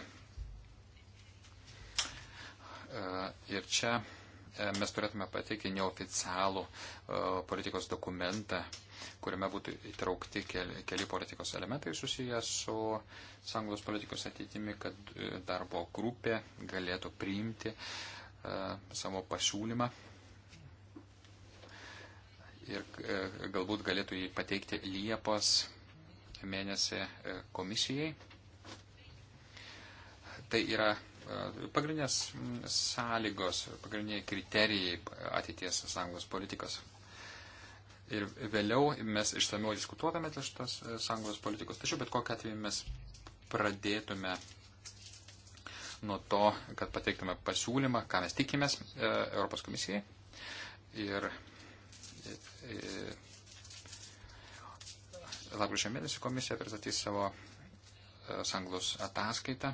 S3: Ir čia E, mes turėtume pateikti neoficialų e, politikos dokumentą, kuriame būtų įtraukti keli, keli politikos elementai susiję su sanglos politikos ateitimi, kad e, darbo grupė galėtų priimti savo pasiūlymą ir galbūt galėtų jį pateikti Liepos mėnesį komisijai. Tai yra pagrindinės mm, sąlygos, pagrindiniai kriterijai ateities sąjungos politikos. Ir vėliau mes išsamiau diskutuotume dėl šitos e, sąjungos politikos, tačiau bet kokią atveju mes pradėtume nuo to, kad pateiktume pasiūlymą, ką mes tikimės e, Europos komisijai. Ir e, lapkričio mėnesį komisija pristatys savo sanglos ataskaitą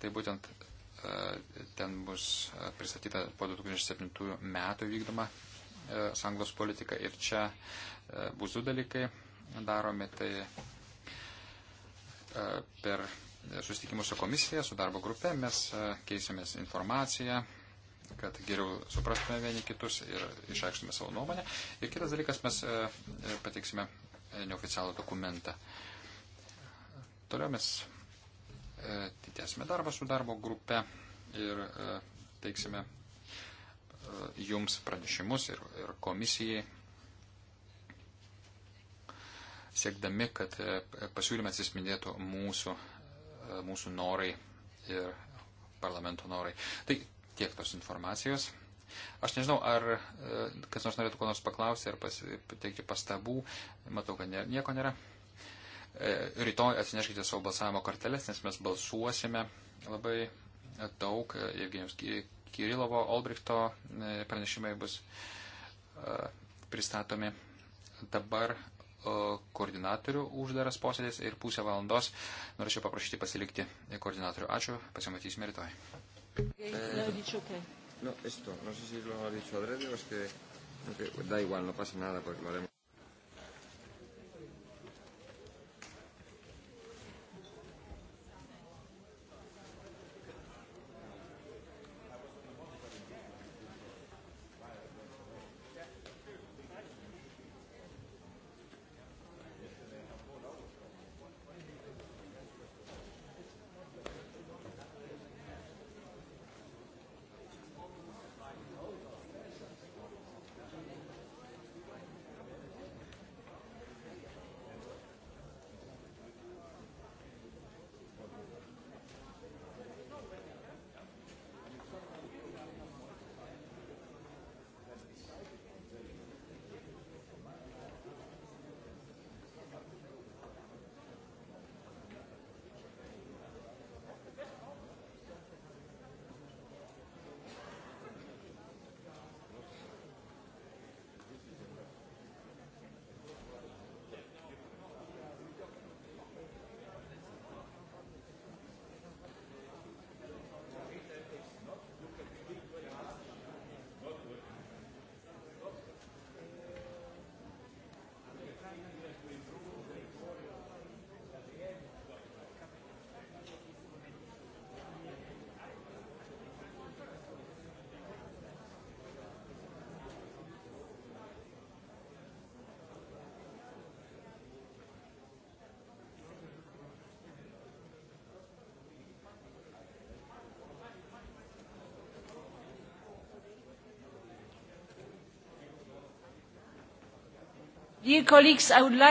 S3: Tai būtent e, ten bus e, pristatyta po 2007 metų vykdoma e, sanglos politika ir čia bus du dalykai daromi. Tai per susitikimus su komisija, su darbo grupė mes keisimės informaciją kad geriau suprastume vieni kitus ir išreikštume savo nuomonę. Ir kitas dalykas, mes pateiksime neoficialų dokumentą. Toliau mes E, tai tęsime darbą su darbo grupe ir e, teiksime e, jums pranešimus ir, ir komisijai, siekdami, kad pasiūlymai atsispindėtų mūsų, mūsų norai ir parlamento norai. Tai tiek tos informacijos. Aš nežinau, ar kas nors norėtų ko nors paklausti ar pateikti pastabų. Matau, kad nieko nėra. E, rytoj atsineškite savo balsavimo korteles, nes mes balsuosime labai daug. E, Evgenijos Kirilovo, Olbrichto e, pranešimai bus pristatomi. Dabar koordinatorių uždaras posėdis ir pusę valandos norėčiau paprašyti pasilikti koordinatorių. Ačiū, pasimatysime rytoj. No, esto, no sé si lo ha dicho Adrede o es que, que da igual, no pasa nada porque lo haremos.
S1: Like...